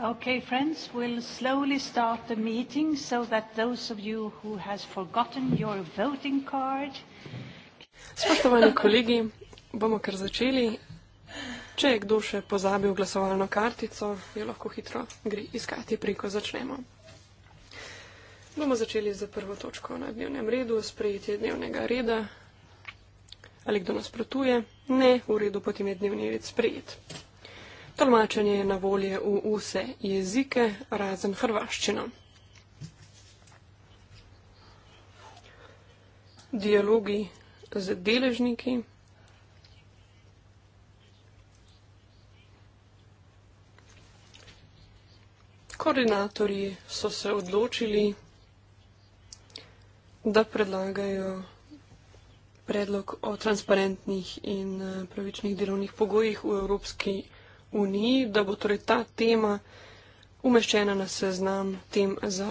Okay, friends, we'll slowly start the meeting so that those of you who has forgotten your voting card. Spoštovani kolegi, bomo kar začeli. Če je kdo še pozabil glasovalno kartico, jo lahko hitro gre iskati, preko začnemo. Bomo začeli z prvo točko na dnevnem redu, sprejetje dnevnega reda. Ali kdo nasprotuje? Ne, v redu potem je dnevni red sprejet. Tolmačenje je na volje v vse jezike, razen hrvaščino. Dialogi z deležniki. Koordinatorji so se odločili, da predlagajo predlog o transparentnih in eh, pravičnih delovnih pogojih v Evropski uniji, da bo torej ta tema umeščena na seznam tem za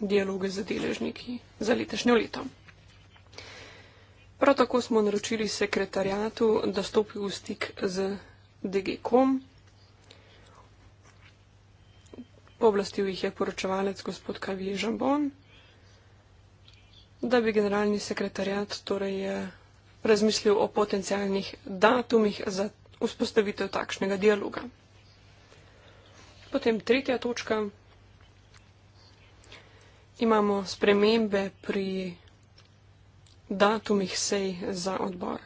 dialoge z deležniki za letošnjo leto. Prav tako smo naročili sekretarjatu, da stopi v stik z DGKOM. Poblastil jih je poročevalec gospod Kavije Žambon, da bi generalni sekretarjat torej eh, razmislil o potencijalnih datumih za vzpostavitev takšnega dialoga. Potem tretja točka. Imamo spremembe pri datumih sej za odbor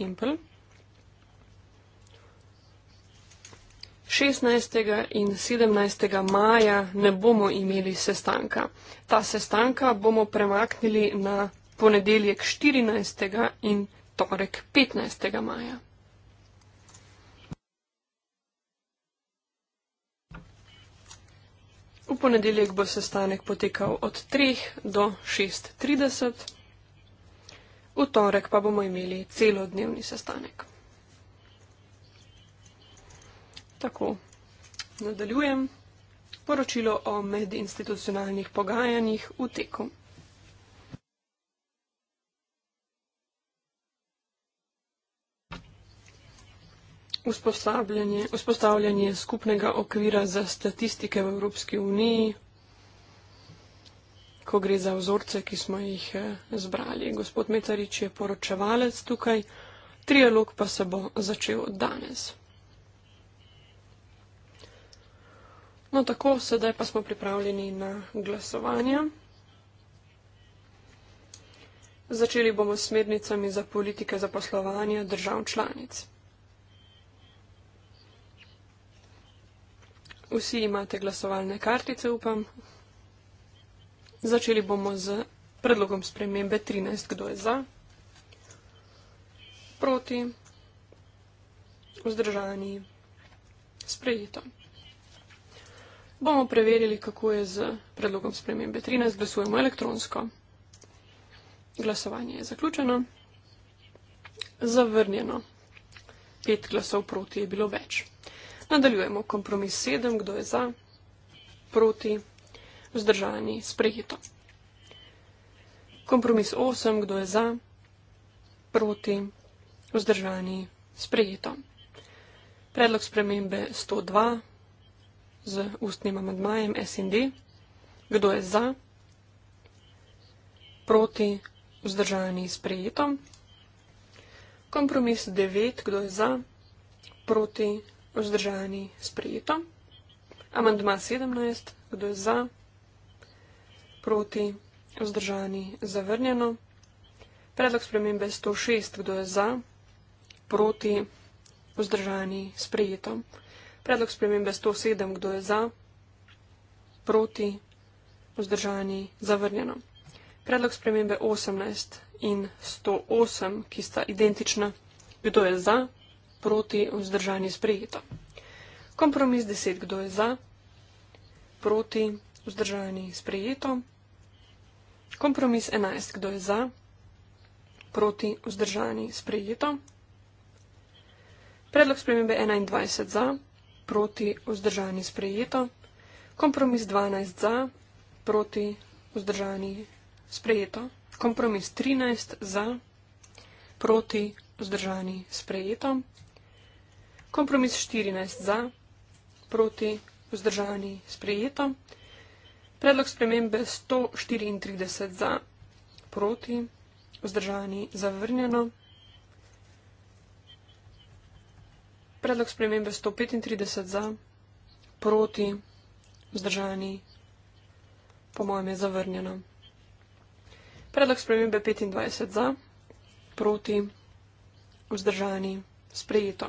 IMPL. 16. in 17. maja ne bomo imeli sestanka. Ta sestanka bomo premaknili na ponedeljek 14. in torek 15. maja. V ponedeljek bo sestanek potekal od 3 do 6.30, v torek pa bomo imeli celodnevni sestanek. Tako, nadaljujem. Poročilo o medinstitucionalnih pogajanjih v tekom. Vzpostavljanje, vzpostavljanje skupnega okvira za statistike v Evropski uniji, ko gre za vzorce, ki smo jih eh, zbrali. Gospod Metarič je poročevalec tukaj, trialog pa se bo začel danes. No tako, sedaj pa smo pripravljeni na glasovanje. Začeli bomo s smernicami za politike zaposlovanja držav članic. Vsi imate glasovalne kartice, upam. Začeli bomo z predlogom spremembe 13. Kdo je za? Proti? Vzdržani? Sprejeto. Bomo preverili, kako je z predlogom spremembe 13. Glasujemo elektronsko. Glasovanje je zaključeno. Zavrnjeno. Pet glasov proti je bilo več. Nadaljujemo kompromis 7, kdo je za, proti, vzdržani, sprejeto. Kompromis 8, kdo je za, proti, vzdržani, sprejeto. Predlog spremembe 102 z ustnim amadmajem SND, kdo je za, proti, vzdržani, sprejeto. Kompromis 9, kdo je za, proti, vzdržani, sprejeto vzdržani sprejeto. Amandma 17, kdo je za, proti, vzdržani zavrnjeno. Predlog spremembe 106, kdo je za, proti, vzdržani sprejeto. Predlog spremembe 107, kdo je za, proti, vzdržani zavrnjeno. Predlog spremembe 18 in 108, ki sta identična, kdo je za, proti, vzdržanje sprejeto. Kompromis 10, kdo je za, proti, vzdržanje sprejeto. Kompromis 11, kdo je za, proti, vzdržanje sprejeto. Predlog spremembe 21 za, proti, vzdržanje sprejeto. Kompromis 12 za, proti, vzdržanje sprejeto. Kompromis 13 za, proti, vzdržanje sprejeto. Kompromis 14 za, proti, vzdržani, sprejeto. Predlog spremembe 134 za, proti, vzdržani, zavrnjeno. Predlog spremembe 135 za, proti, vzdržani, po mojem je zavrnjeno. Predlog spremembe 25 za, proti, vzdržani, sprejeto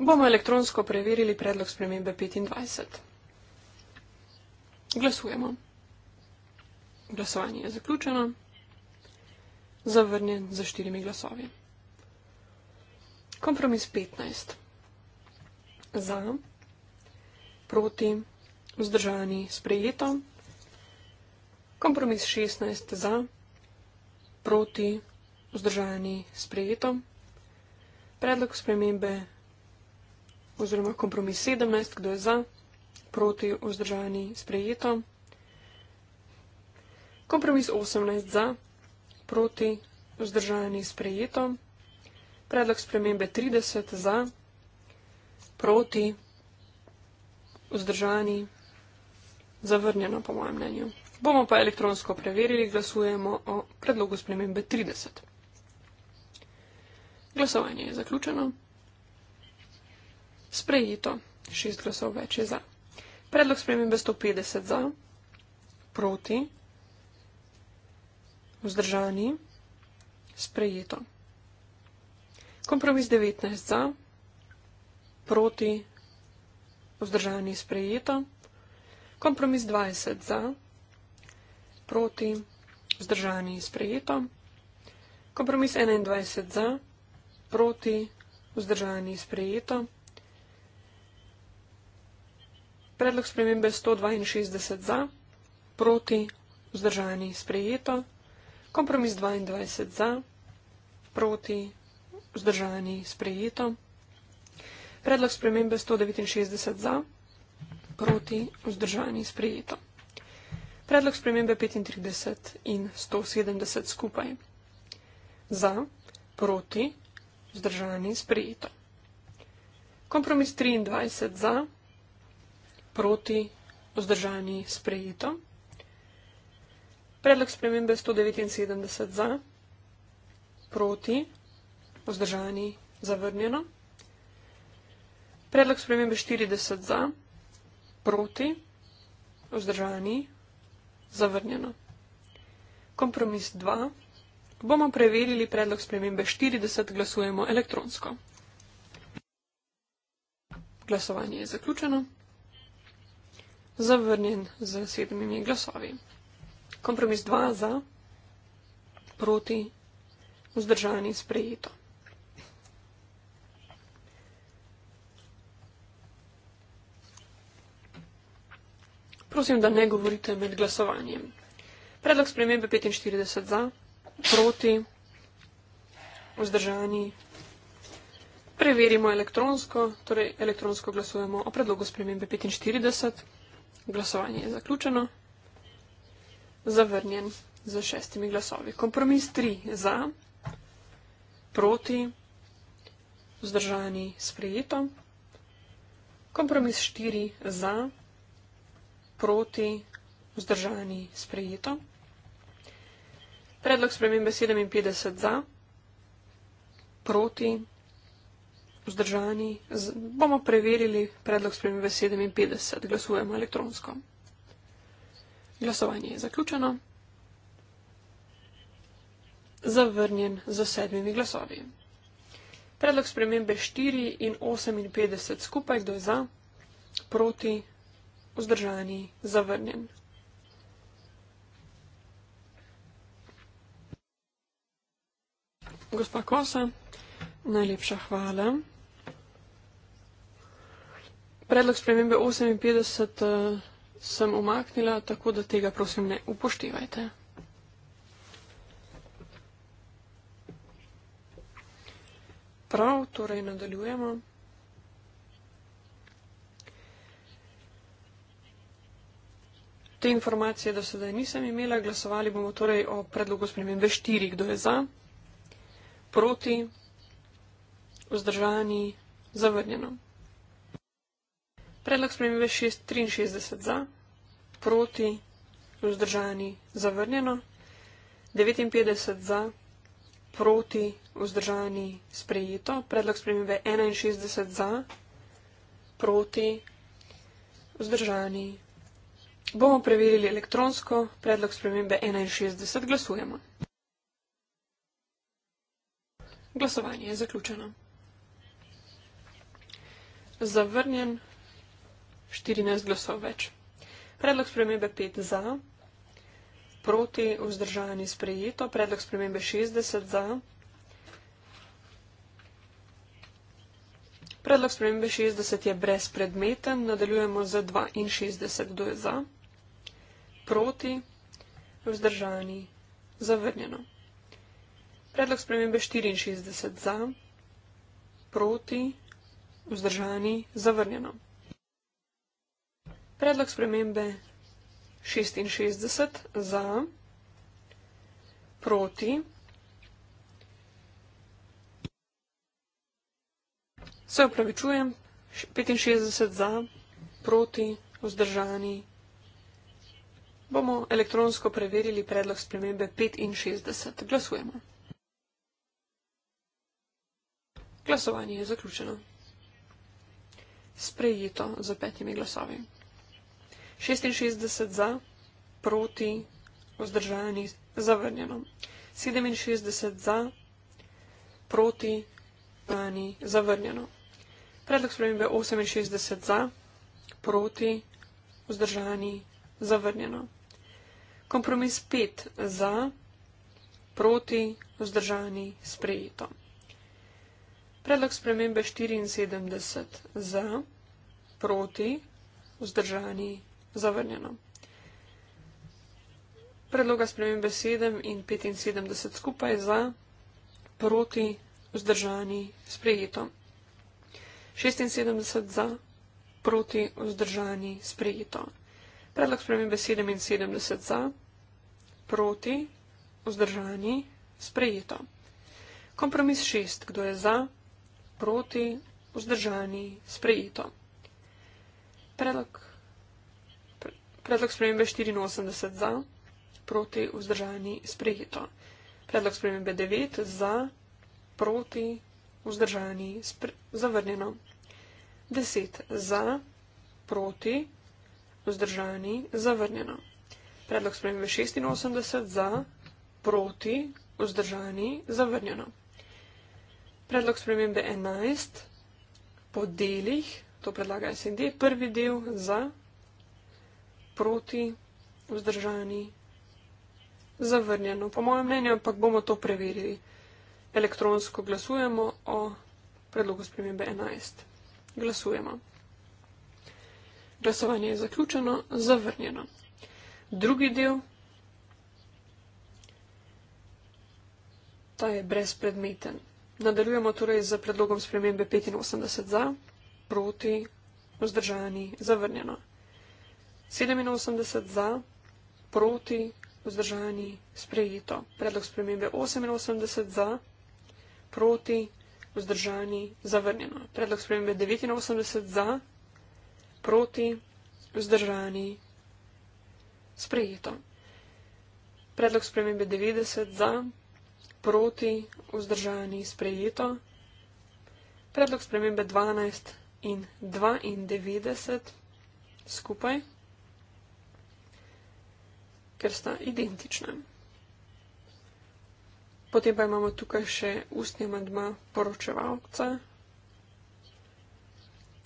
bomo elektronsko preverili predlog spremembe 25. Glasujemo. Glasovanje je zaključeno. Zavrnjen za štirimi glasovi. Kompromis 15. Za, proti, vzdržani, sprejeto. Kompromis 16. Za, proti, vzdržani, sprejeto. Predlog spremembe oziroma kompromis 17, kdo je za, proti, vzdržani, sprejeto. Kompromis 18 za, proti, vzdržani, sprejeto. Predlog spremembe 30 za, proti, vzdržani, zavrnjeno po mojem mnenju. Bomo pa elektronsko preverili, glasujemo o predlogu spremembe 30. Glasovanje je zaključeno sprejeto, šest glasov več je za. Predlog spremembe 150 za, proti, vzdržani, sprejeto. Kompromis 19 za, proti, vzdržani, sprejeto. Kompromis 20 za, proti, vzdržani, sprejeto. Kompromis 21 za, proti, vzdržani, sprejeto. Predlog spremembe 162 za, proti, vzdržani, sprejeto. Kompromis 22 za, proti, vzdržani, sprejeto. Predlog spremembe 169 za, proti, vzdržani, sprejeto. Predlog spremembe 35 in 170 skupaj. Za, proti, vzdržani, sprejeto. Kompromis 23 za, proti, vzdržani, sprejeto proti vzdržani sprejeto. Predlog spremembe 179 za, proti vzdržani zavrnjeno. Predlog spremembe 40 za, proti vzdržani zavrnjeno. Kompromis 2. Bomo preverili predlog spremembe 40, glasujemo elektronsko. Glasovanje je zaključeno zavrnjen z sedmimi glasovi. Kompromis 2 za, proti, vzdržani sprejeto. Prosim, da ne govorite med glasovanjem. Predlog spremembe 45 za, proti, vzdržani. Preverimo elektronsko, torej elektronsko glasujemo o predlogu spremembe 45. Glasovanje je zaključeno. Zavrnjen z šestimi glasovi. Kompromis tri za, proti, vzdržani sprejeto. Kompromis štiri za, proti, vzdržani sprejeto. Predlog spremembe 57 za, proti, vzdržani sprejeto vzdržani. Z, bomo preverili predlog spremembe 57. Glasujemo elektronsko. Glasovanje je zaključeno. Zavrnjen z za sedmimi glasovi. Predlog spremembe 4 in 58 skupaj, kdo je za, proti, vzdržani, zavrnjen. Gospa Kosa, najlepša hvala. Predlog spremembe 58 eh, sem omaknila, tako da tega prosim ne upoštevajte. Prav, torej nadaljujemo. Te informacije, da sedaj nisem imela, glasovali bomo torej o predlogu spremembe 4, kdo je za, proti, vzdržani, zavrnjeno. Predlog spremembe 63 za, proti, vzdržani, zavrnjeno, 59 za, proti, vzdržani, sprejeto, predlog spremembe 61 za, proti, vzdržani. Bomo preverili elektronsko, predlog spremembe 61 glasujemo. Glasovanje je zaključeno. Zavrnjen 14 glasov več. Predlog spremembe 5 za, proti vzdržani sprejeto, predlog spremembe 60 za, predlog spremembe 60 je brezpredmeten, nadaljujemo z 62, kdo je za, proti vzdržani zavrnjeno. Predlog spremembe 64 za, proti vzdržani zavrnjeno. Predlog spremembe 66 za, proti. Se upravičujem, 65 za, proti, vzdržani. Bomo elektronsko preverili predlog spremembe 65. Glasujemo. Glasovanje je zaključeno. Sprejito z petimi glasovi. 66 za, proti, vzdržani, zavrnjeno. 67 za, proti, vzdržani, zavrnjeno. Predlog spremembe 68 za, proti, vzdržani, zavrnjeno. Kompromis 5 za, proti, vzdržani, sprejeto. Predlog spremembe 74 za, proti, vzdržani, zavrnjeno zavrnjeno. Predloga spremembe 7 in 75 skupaj za, proti, vzdržani, sprejeto. 76 za, proti, vzdržani, sprejeto. Predlog spremembe 77 za, proti, vzdržani, sprejeto. Kompromis 6. Kdo je za, proti, vzdržani, sprejeto. Predlog Predlog spremembe 84 za, proti vzdržani sprejeto. Predlog spremembe 9 za, proti vzdržani spre, zavrnjeno. 10 za, proti vzdržani zavrnjeno. Predlog spremembe 86 za, proti vzdržani zavrnjeno. Predlog spremembe 11 po delih, to predlaga SND, prvi del za proti, vzdržani, zavrnjeno. Po mojem mnenju, ampak bomo to preverili. Elektronsko glasujemo o predlogu spremembe 11. Glasujemo. Glasovanje je zaključeno, zavrnjeno. Drugi del, ta je brezpredmeten. Nadaljujemo torej z predlogom spremembe 85 za, proti, vzdržani, zavrnjeno. 87 za, proti, vzdržani, sprejeto. Predlog spremembe 88 za, proti, vzdržani, zavrnjeno. Predlog spremembe 89 za, proti, vzdržani, sprejeto. Predlog spremembe 90 za, proti, vzdržani, sprejeto. Predlog spremembe 12 in 92 skupaj ker sta identična. Potem pa imamo tukaj še ustni amadma poročevalca,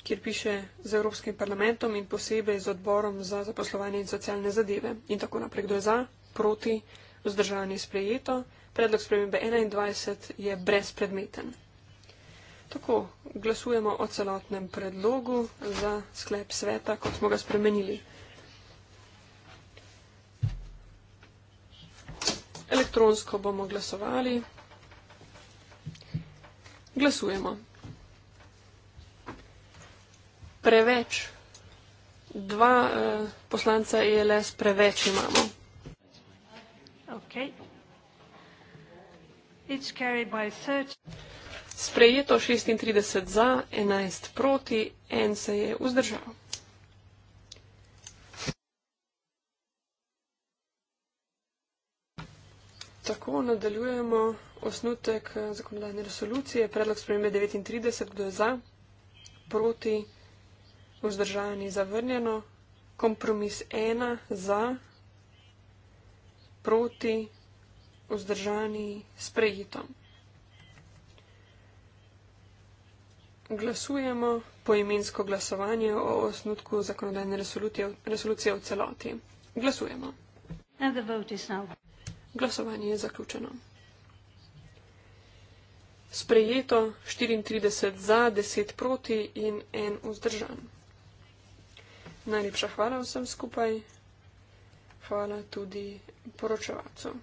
kjer piše z Evropskim parlamentom in posebej z odborom za zaposlovanje in socialne zadeve. In tako naprej, kdo je za, proti, vzdržanje sprejeto, predlog spremembe 21 je brezpredmeten. Tako, glasujemo o celotnem predlogu za sklep sveta, kot smo ga spremenili. elektronsko bomo glasovali. Glasujemo. Preveč. Dva eh, poslanca ELS preveč imamo. Okay. Sprejeto 36 za, 11 proti, en se je vzdržal. Tako nadaljujemo osnutek eh, zakonodajne resolucije, predlog spremembe 39, kdo je za, proti, vzdržani, zavrnjeno, kompromis 1 za, proti, vzdržani, sprejito. Glasujemo poimensko glasovanje o osnutku zakonodajne resolucije v celoti. Glasujemo. And the vote is now. Glasovanje je zaključeno. Sprejeto 34 za, 10 proti in en vzdržan. Najlepša hvala vsem skupaj. Hvala tudi poročevalcu.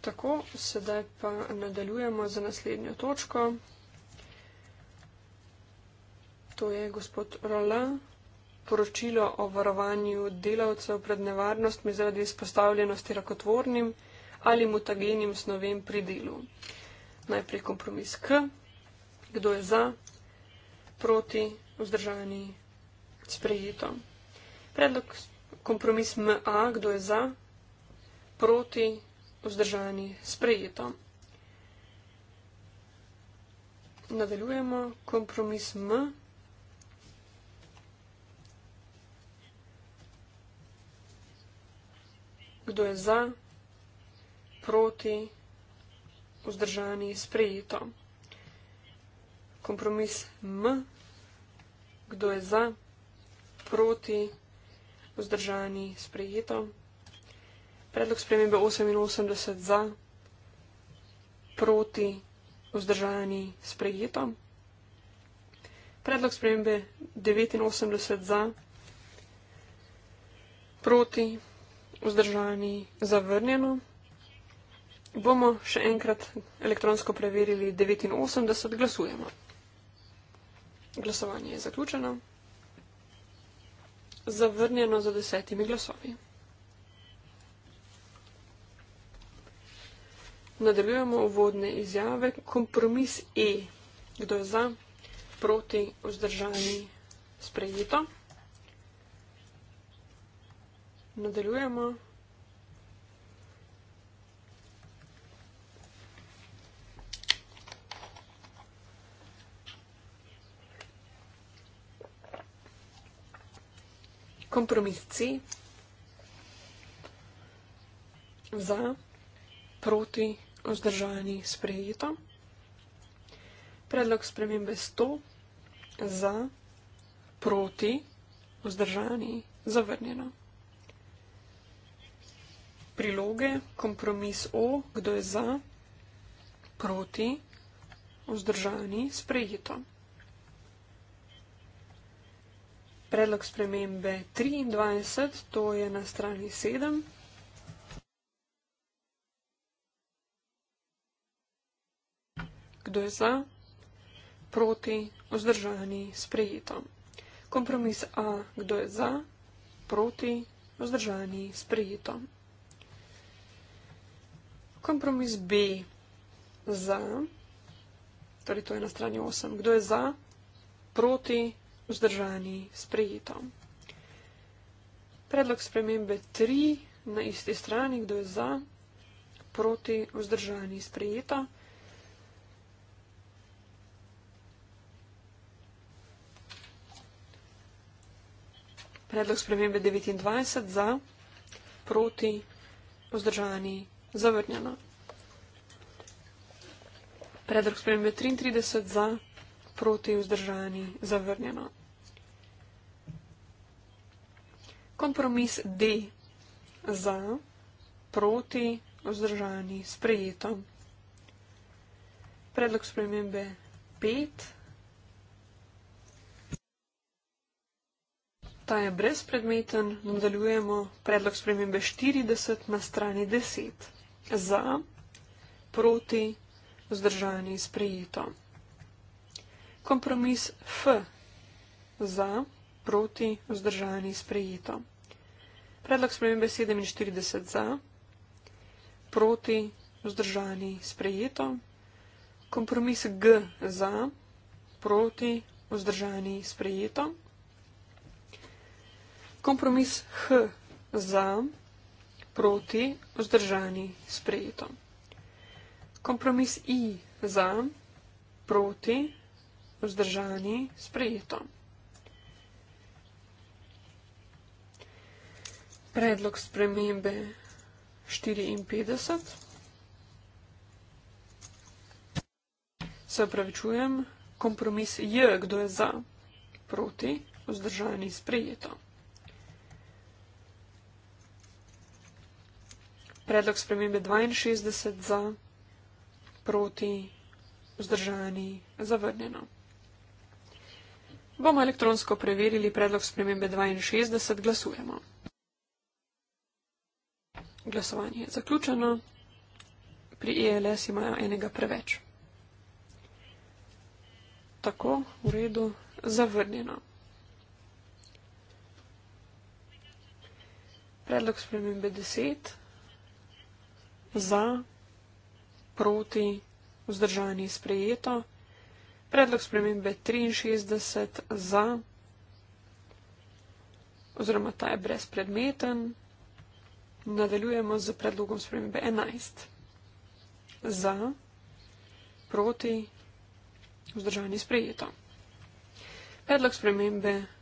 Tako, sedaj pa nadaljujemo z naslednjo točko. To je gospod Roland poročilo o varovanju delavcev pred nevarnostmi zaradi izpostavljenosti rakotvornim ali mutagenim snovem pri delu. Najprej kompromis K, kdo je za, proti, vzdržani, sprejeto. Predlog kompromis MA, kdo je za, proti, vzdržani, sprejeto. Nadaljujemo kompromis M. kdo je za, proti, vzdržani, sprejeto. Kompromis M, kdo je za, proti, vzdržani, sprejeto. Predlog spremembe 88 za, proti, vzdržani, sprejeto. Predlog spremembe 89 za, proti, vzdržani zavrnjeno. Bomo še enkrat elektronsko preverili 89, glasujemo. Glasovanje je zaključeno. Zavrnjeno za desetimi glasovi. Nadaljujemo uvodne izjave. Kompromis E. Kdo je za? Proti vzdržani sprejeto nadaljujemo. Kompromis C za, proti, vzdržani, sprejeto. Predlog spremembe 100 za, proti, vzdržani, zavrnjeno priloge, kompromis O, kdo je za, proti, vzdržani, sprejeto. Predlog spremembe 23, to je na strani 7. Kdo je za, proti, vzdržani, sprejeto. Kompromis A, kdo je za, proti, vzdržani, sprejeto. Kompromis B za, torej to je na strani 8, kdo je za, proti, vzdržani, sprejeto. Predlog spremembe 3 na isti strani, kdo je za, proti, vzdržani, sprejeto. Predlog spremembe 29 za, proti, vzdržani, sprejeto zavrnjeno. Predlog spremembe 33 za, proti vzdržani, zavrnjeno. Kompromis D za, proti vzdržani, sprejeto. Predlog spremembe 5. Ta je brezpredmeten, nadaljujemo predlog spremembe 40 na strani 10 za, proti, vzdržani, sprejeto. Kompromis F za, proti, vzdržani, sprejeto. Predlog spremembe 47 za, proti, vzdržani, sprejeto. Kompromis G za, proti, vzdržani, sprejeto. Kompromis H za, proti, vzdržani, sprejeto proti, vzdržani, sprejeto. Kompromis I za, proti, vzdržani, sprejeto. Predlog spremembe 54. Se opravičujem, kompromis J, kdo je za, proti, vzdržani, sprejeto. predlog spremembe 62 za, proti, vzdržani, zavrnjeno. Bomo elektronsko preverili predlog spremembe 62, glasujemo. Glasovanje je zaključeno, pri ELS imajo enega preveč. Tako, v redu, zavrnjeno. Predlog spremembe 10 za, proti, vzdržani, sprejeto. Predlog spremembe 63 za, oziroma ta je brezpredmeten. Nadaljujemo z predlogom spremembe 11. Za, proti, vzdržani, sprejeto. Predlog spremembe 63.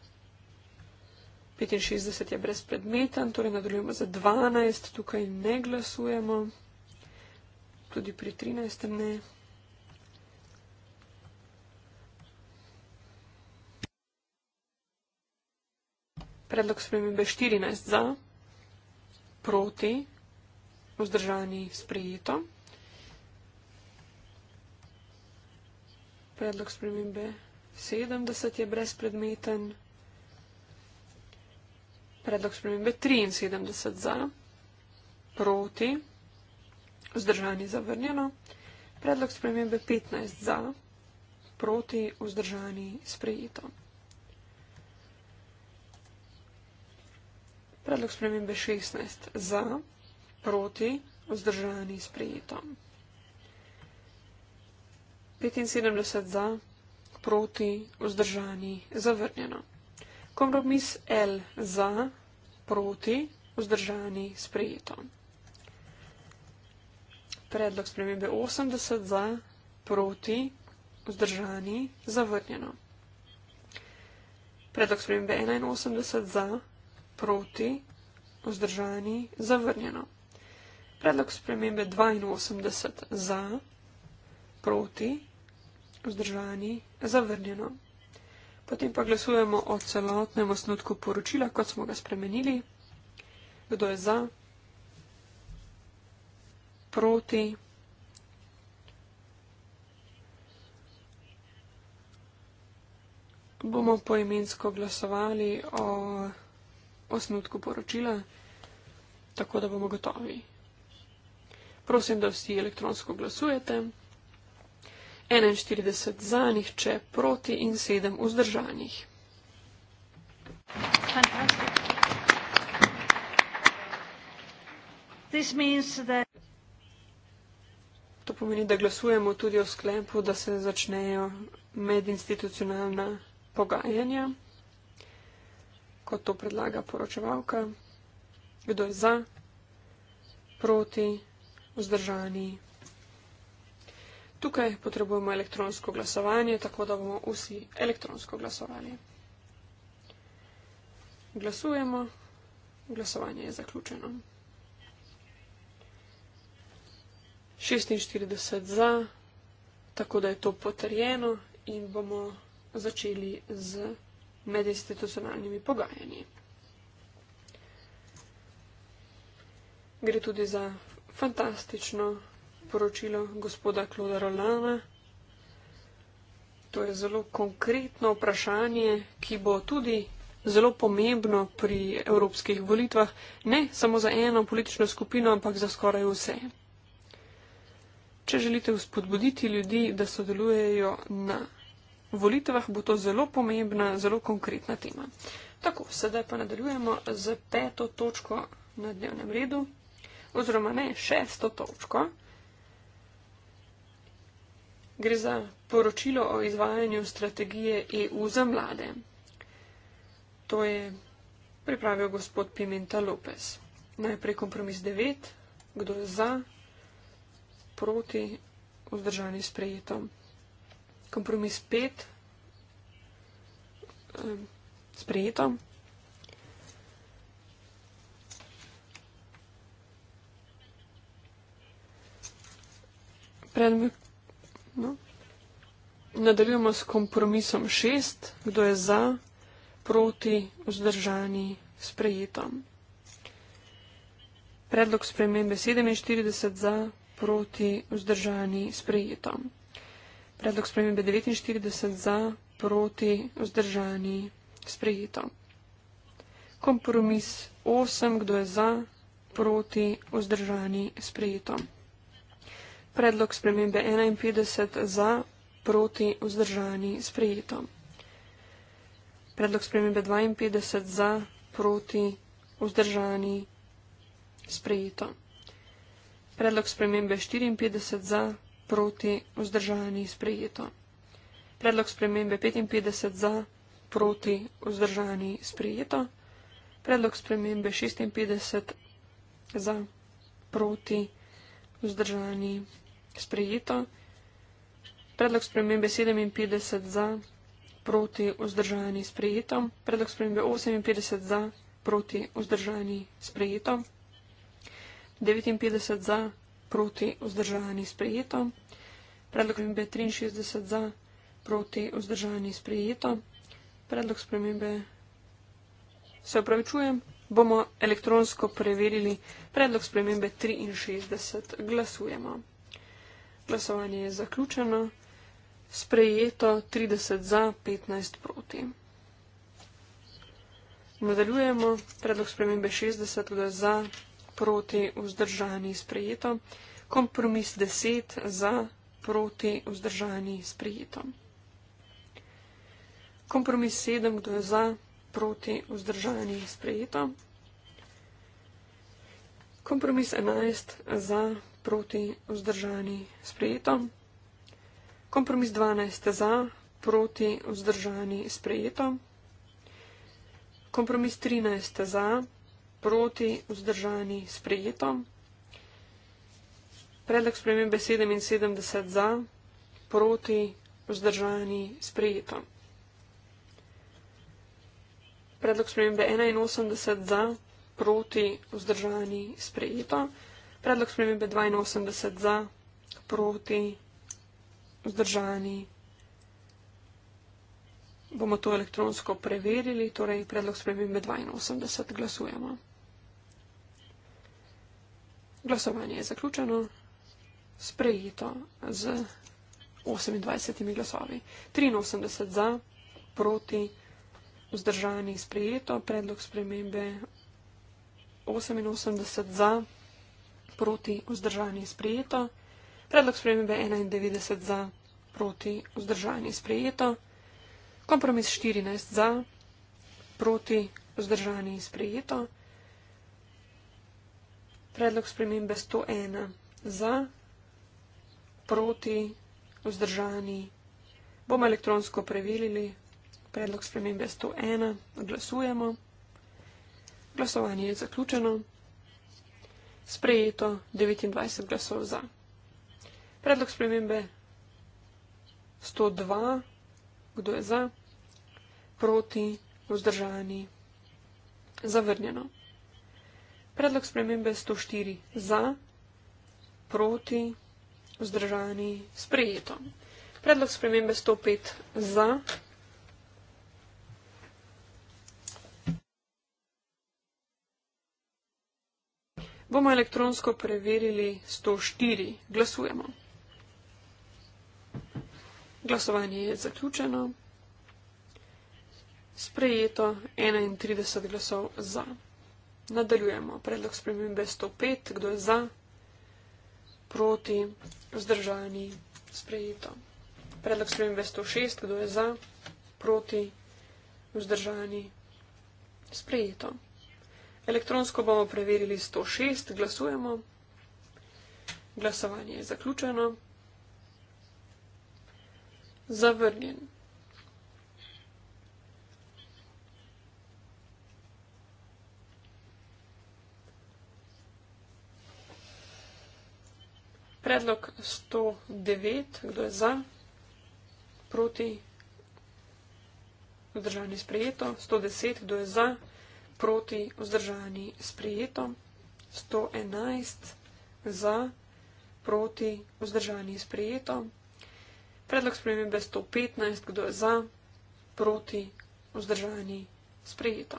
65 je brezpredmeten, torej nadaljujemo za 12, tukaj ne glasujemo, tudi pri 13 ne. Predlog spremembe 14 za, proti, vzdržani sprejeto. Predlog spremembe 70 je brezpredmeten predlog spremembe 73 za, proti, vzdržani zavrnjeno, predlog spremembe 15 za, proti, vzdržani sprejeto. Predlog spremembe 16 za, proti, vzdržani sprejeto. 75 za, proti, vzdržani zavrnjeno. Kompromis L za proti, vzdržani, sprejeto. Predlog spremembe 80 za, proti, vzdržani, zavrnjeno. Predlog spremembe 81 za, proti, vzdržani, zavrnjeno. Predlog spremembe 82 za, proti, vzdržani, zavrnjeno. Potem pa glasujemo o celotnem osnutku poročila, kot smo ga spremenili. Kdo je za? Proti? Bomo poimensko glasovali o osnutku poročila, tako da bomo gotovi. Prosim, da vsi elektronsko glasujete. 41 za, nihče proti in 7 vzdržanih. To pomeni, da glasujemo tudi o sklepu, da se začnejo medinstitucionalna pogajanja, kot to predlaga poročevalka. Kdo je za, proti, vzdržani? Tukaj potrebujemo elektronsko glasovanje, tako da bomo vsi elektronsko glasovali. Glasujemo, glasovanje je zaključeno. 46 za, tako da je to potrjeno in bomo začeli z medinstitucionalnimi pogajanji. Gre tudi za fantastično poročilo gospoda Kloda Rolana. To je zelo konkretno vprašanje, ki bo tudi zelo pomembno pri evropskih volitvah, ne samo za eno politično skupino, ampak za skoraj vse. Če želite vzpodbuditi ljudi, da sodelujejo na volitvah, bo to zelo pomembna, zelo konkretna tema. Tako, sedaj pa nadaljujemo z peto točko na dnevnem redu, oziroma ne, šesto točko. Gre za poročilo o izvajanju strategije EU za mlade. To je pripravil gospod Pimenta Lopez. Najprej kompromis 9, kdo je za, proti, vzdržani sprejeto. Kompromis 5, sprejeto. Predmet No. Nadaljujemo s kompromisom šest, kdo je za, proti, vzdržani, sprejeto. Predlog spremembe 47 za, proti, vzdržani, sprejeto. Predlog spremembe 49 za, proti, vzdržani, sprejeto. Kompromis 8, kdo je za, proti, vzdržani, sprejeto. Predlog spremembe 51 za, proti, vzdržani, sprejeto. Predlog spremembe 52 za, proti, vzdržani, sprejeto. Predlog spremembe 54 za, proti, vzdržani, sprejeto. Predlog spremembe 55 za, proti, vzdržani, sprejeto. Predlog spremembe 56 za, proti, vzdržani, sprejeto vzdržani, sprejeto. Predlog spremembe 57 za, proti vzdržani, sprejeto. Predlog spremembe 58 za, proti vzdržani, sprejeto. 59 za, proti vzdržani, sprejeto. Predlog spremembe 63 za, proti vzdržani, sprejeto. Predlog spremembe. Se opravičujem, bomo elektronsko preverili predlog spremembe 63. Glasujemo. Glasovanje je zaključeno. Sprejeto 30 za, 15 proti. Nadaljujemo. Predlog spremembe 60 za, proti, vzdržani, sprejeto. Kompromis 10 za, proti, vzdržani, sprejeto. Kompromis 7, kdo je za, proti vzdržani sprejeto. Kompromis 11 za proti vzdržani sprejeto. Kompromis 12 za proti vzdržani sprejeto. Kompromis 13 za proti vzdržani sprejeto. Predlog spremembe 77 za proti vzdržani sprejeto predlog spremembe 81 za, proti, vzdržani, sprejeto. Predlog spremembe 82 za, proti, vzdržani. Bomo to elektronsko preverili, torej predlog spremembe 82 glasujemo. Glasovanje je zaključeno, sprejeto z 28 glasovi. 83 za, proti, vzdržani vzdržanih sprejeto, predlog spremembe 88 za, proti vzdržanih sprejeto, predlog spremembe 91 za, proti vzdržanih sprejeto, kompromis 14 za, proti vzdržanih sprejeto, predlog spremembe 101 za, proti vzdržanih. Bomo elektronsko preverili predlog spremembe 101, glasujemo. Glasovanje je zaključeno. Sprejeto 29 glasov za. Predlog spremembe 102, kdo je za, proti, vzdržani, zavrnjeno. Predlog spremembe 104 za, proti, vzdržani, sprejeto. Predlog spremembe 105 za, bomo elektronsko preverili 104. Glasujemo. Glasovanje je zaključeno. Sprejeto 31 glasov za. Nadaljujemo. Predlog spremembe 105. Kdo je za? Proti. Vzdržani. Sprejeto. Predlog spremembe 106. Kdo je za? Proti. Vzdržani. Sprejeto. Elektronsko bomo preverili 106, glasujemo. Glasovanje je zaključeno. Zavrnjen. Predlog 109, kdo je za, proti, vzdržanje sprejeto, 110, kdo je za, proti, vzdržani, sprijeto, 111 za, proti, vzdržani, sprijeto, predlog spremembe 115, kdo je za, proti, vzdržani, sprijeto,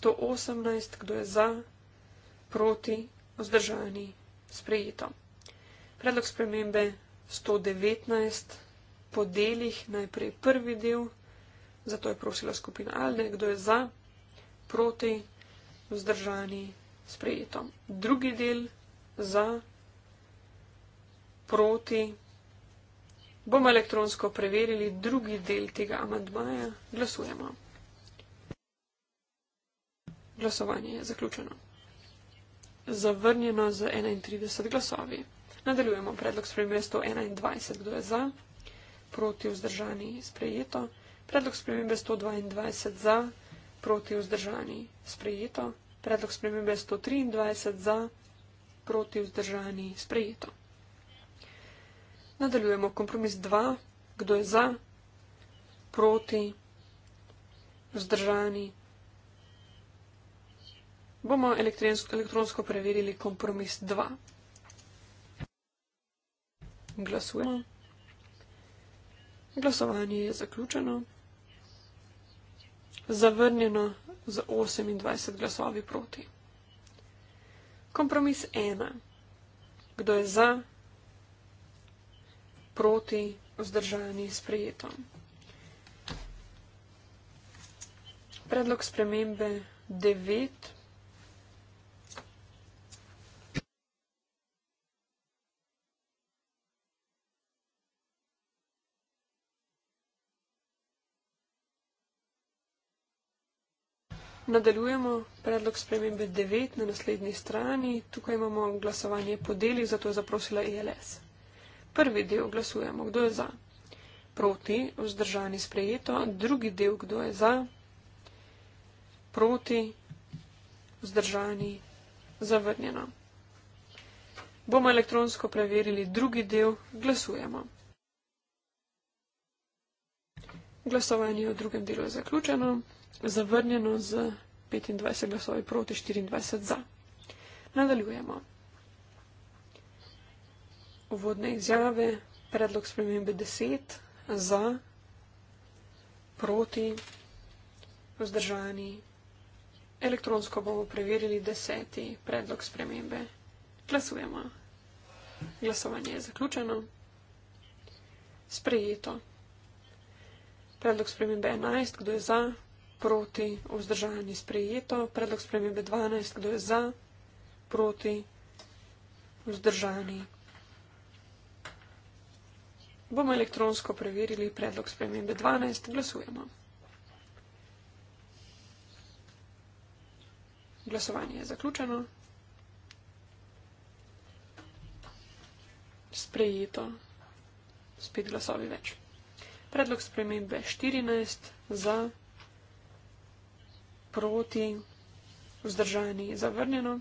118, kdo je za, proti, vzdržani, sprijeto, predlog spremembe 119, po delih najprej prvi del, zato je prosila skupina Alde, kdo je za, proti, vzdržani, sprijeto, proti, vzdržani, sprejeto. Drugi del za, proti, bomo elektronsko preverili drugi del tega amandmaja, glasujemo. Glasovanje je zaključeno. Zavrnjeno z 31 glasovi. Nadaljujemo predlog spremembe 121, kdo je za, proti, vzdržani, sprejeto. Predlog spremembe 122 za, proti vzdržani sprejeto, predlog spremembe 123 za proti vzdržani sprejeto. Nadaljujemo kompromis 2, kdo je za, proti, vzdržani. Bomo elektronsko preverili kompromis 2. Glasujemo. Glasovanje je zaključeno zavrnjeno z 28 glasovi proti. Kompromis ena. Kdo je za, proti, vzdržani, sprejeto. Predlog spremembe devet Nadaljujemo predlog spremembe 9 na naslednji strani. Tukaj imamo glasovanje po delih, zato je zaprosila ILS. E Prvi del glasujemo, kdo je za. Proti, vzdržani sprejeto. Drugi del, kdo je za. Proti, vzdržani, zavrnjeno. Bomo elektronsko preverili drugi del, glasujemo. Glasovanje v drugem delu je zaključeno zavrnjeno z 25 glasovi proti 24 za. Nadaljujemo. Uvodne izjave, predlog spremembe 10 za, proti, vzdržani. Elektronsko bomo preverili deseti predlog spremembe. Glasujemo. Glasovanje je zaključeno. Sprejeto. Predlog spremembe 11. Kdo je za? proti, vzdržanje sprejeto, predlog spremembe 12, kdo je za, proti, vzdržanje. Bomo elektronsko preverili predlog spremembe 12, glasujemo. Glasovanje je zaključeno. Sprejeto. Spet glasovi več. Predlog spremembe 14 za 14 proti, vzdržani, zavrnjeno.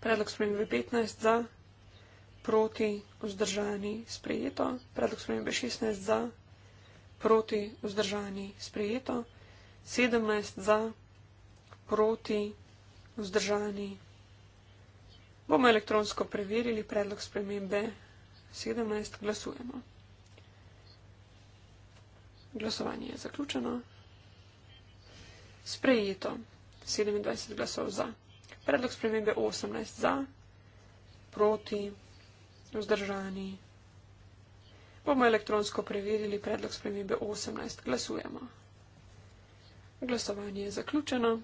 Predlog spremembe 15 za, proti, vzdržani, sprejeto. Predlog spremembe 16 za, proti, vzdržani, sprejeto. 17 za, proti, vzdržani. Bomo elektronsko preverili predlog spremembe 17, glasujemo. Glasovanje je zaključeno sprejeto 27 glasov za. Predlog spremembe 18 za, proti, vzdržani. Bomo elektronsko preverili predlog spremembe 18. Glasujemo. Glasovanje je zaključeno.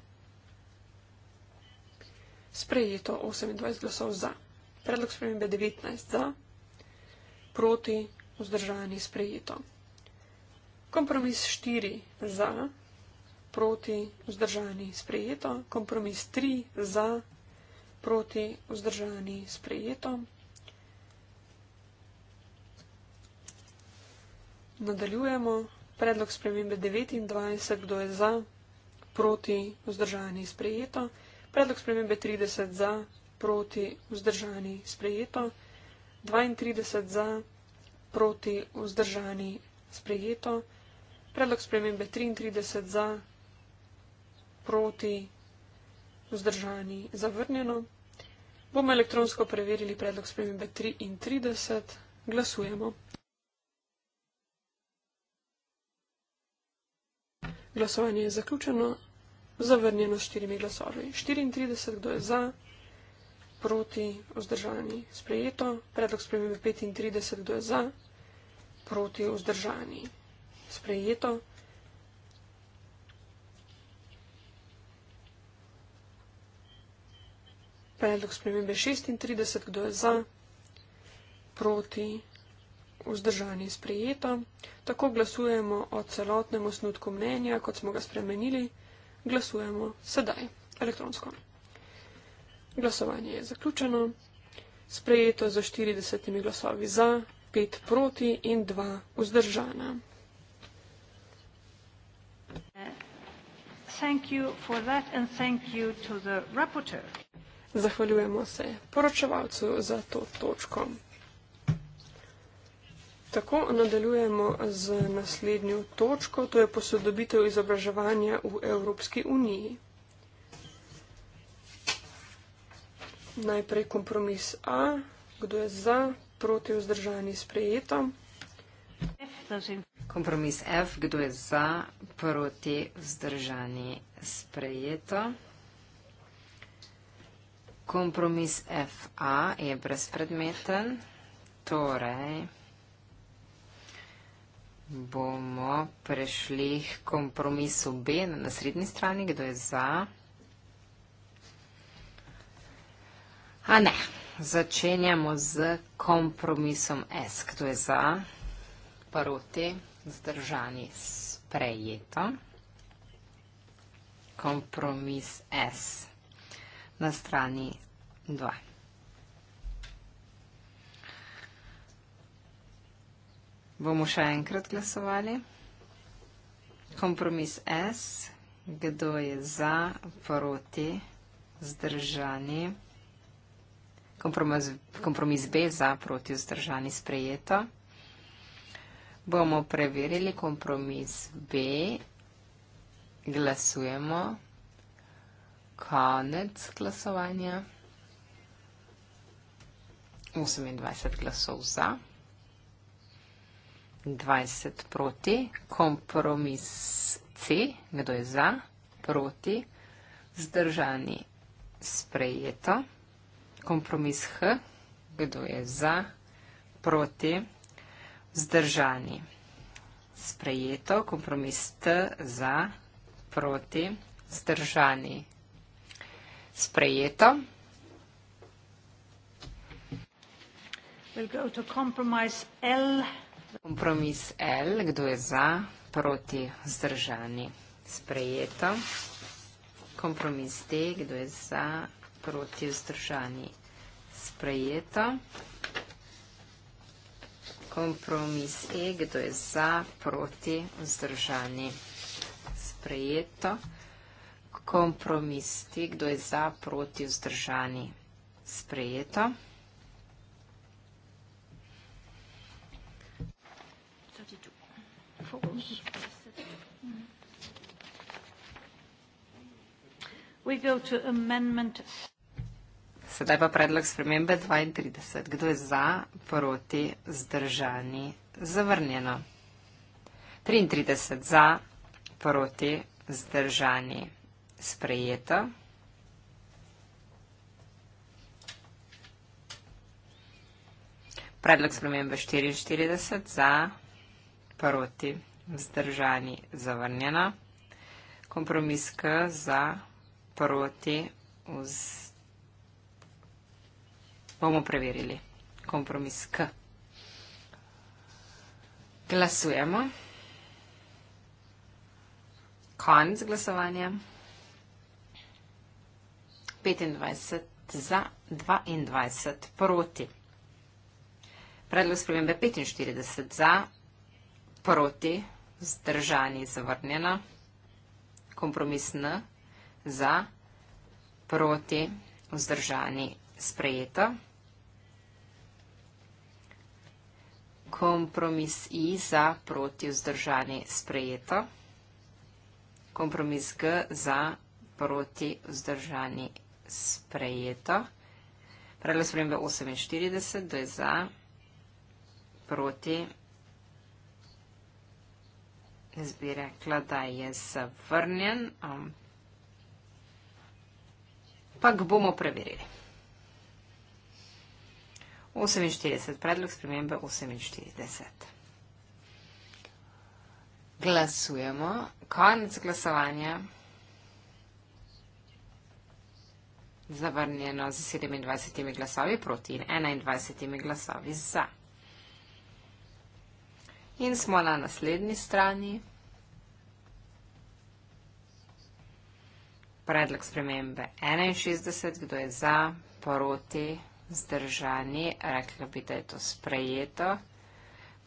Sprejeto 28 glasov za. Predlog spremembe 19 za, proti, vzdržani, sprejeto. Kompromis 4 za proti, vzdržani, sprejeto, kompromis 3 za, proti, vzdržani, sprejeto. Nadaljujemo. Predlog spremembe 29, kdo je za, proti, vzdržani, sprejeto. Predlog spremembe 30 za, proti, vzdržani, sprejeto. 32 za, proti, vzdržani, sprejeto. Predlog spremembe 33 za, proti, vzdržani, zavrnjeno. Bomo elektronsko preverili predlog spremembe 33. Glasujemo. Glasovanje je zaključeno, zavrnjeno s štirimi glasovi. 34, kdo je za, proti, vzdržani, sprejeto. Predlog spremembe 35, kdo je za, proti, vzdržani, sprejeto. predlog spremembe 36, kdo je za, proti, vzdržani, sprejeto. Tako glasujemo o celotnem osnutku mnenja, kot smo ga spremenili. Glasujemo sedaj, elektronsko. Glasovanje je zaključeno. Sprejeto za 40 glasovi za, 5 proti in 2 vzdržana. Thank you for that and thank you to the rapporteur. Zahvaljujemo se poročevalcu za to točko. Tako nadaljujemo z naslednjo točko, to je posodobitev izobraževanja v Evropski uniji. Najprej kompromis A, kdo je za, proti vzdržani sprejeto. Kompromis F, kdo je za, proti vzdržani sprejeto. Kompromis FA je brezpredmeten, torej bomo prešli k kompromisu B na naslednji strani, kdo je za. A ne, začenjamo z kompromisom S, kdo je za, proti, zdržani, sprejeto. Kompromis S na strani 2. Bomo še enkrat glasovali. Kompromis S, kdo je za, proti, zdržani. Kompromis, kompromis B, za, proti, zdržani, sprejeto. Bomo preverili kompromis B. Glasujemo konec glasovanja. 28 glasov za, 20 proti, kompromis C, kdo je za, proti, zdržani sprejeto, kompromis H, kdo je za, proti, zdržani sprejeto, kompromis T za, proti, zdržani sprejeto sprejeto. Kompromis L, kdo je za, proti, zdržani, sprejeto. Kompromis D, kdo je za, proti, zdržani, sprejeto. Kompromis E, kdo je za, proti, zdržani, sprejeto. Kompromis D, kdo je za, proti, zdržani, sprejeto kompromis, ti, kdo je za, proti, vzdržani, sprejeto. Sedaj pa predlog spremembe 32. Kdo je za, proti, zdržani, zavrnjeno? 33. Za, proti, zdržani, zavrnjeno sprejeta. Predlog spremembe 44 za proti vzdržani zavrnjena. Kompromis K za proti vz... Bomo preverili. Kompromis K. Glasujemo. Konc glasovanja. 25 za, 22 proti. Predlog spremembe 45 za, proti, zdržani, zavrnjena. Kompromis N za, proti, vzdržani, sprejeto. Kompromis I za, proti, vzdržani, sprejeto. Kompromis G za, proti, vzdržani, sprejeto sprejeto. Predlog spremembe 48, kdo je za, proti, jaz bi rekla, da je zavrnjen, um, pa ga bomo preverili. 48, predlog spremembe 48. Glasujemo, konec glasovanja. zavrnjeno z 27 glasovi proti in 21 glasovi za. In smo na naslednji strani. Predlog spremembe 61, kdo je za, proti, zdržani, rekli bi, da je to sprejeto.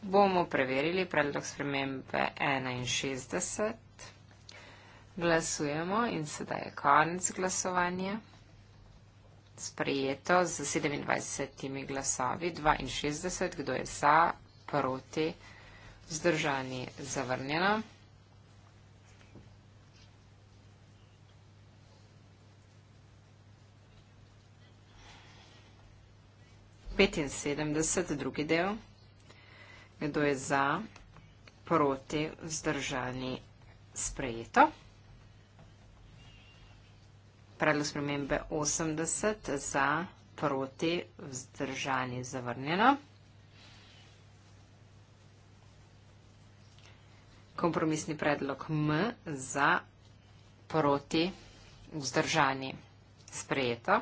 Bomo preverili predlog spremembe 61. Glasujemo in sedaj je konec glasovanja sprejeto z 27 glasovi, 62, kdo je za, proti, vzdržani, zavrnjeno. Petinsedemdeset, drugi del, kdo je za, proti, vzdržani, sprejeto predlog spremembe 80 za proti vzdržani zavrnjeno. Kompromisni predlog M za proti vzdržani sprejeto.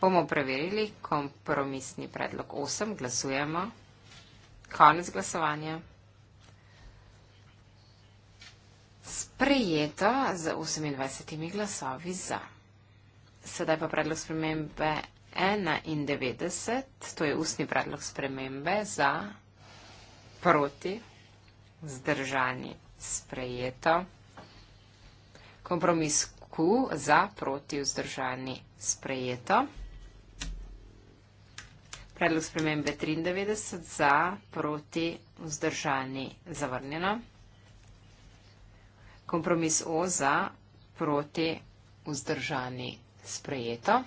Bomo preverili kompromisni predlog 8. Glasujemo. Konec glasovanja. sprejeto z 28 glasovi za. Sedaj pa predlog spremembe 91, to je ustni predlog spremembe za, proti, zdržani, sprejeto. Kompromis Q za, proti, vzdržani, sprejeto. Predlog spremembe 93 za, proti, vzdržani, zavrnjeno kompromis O za, proti, vzdržani, sprejeto.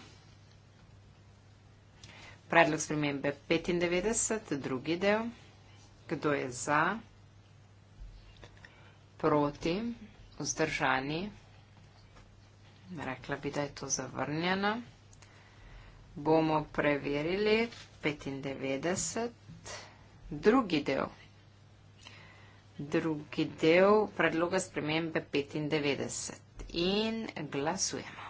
Predlog spremembe 95, drugi del. Kdo je za, proti, vzdržani, rekla bi, da je to zavrnjeno. Bomo preverili 95, drugi del. 95 drugi del predloga spremembe 95 in glasujemo.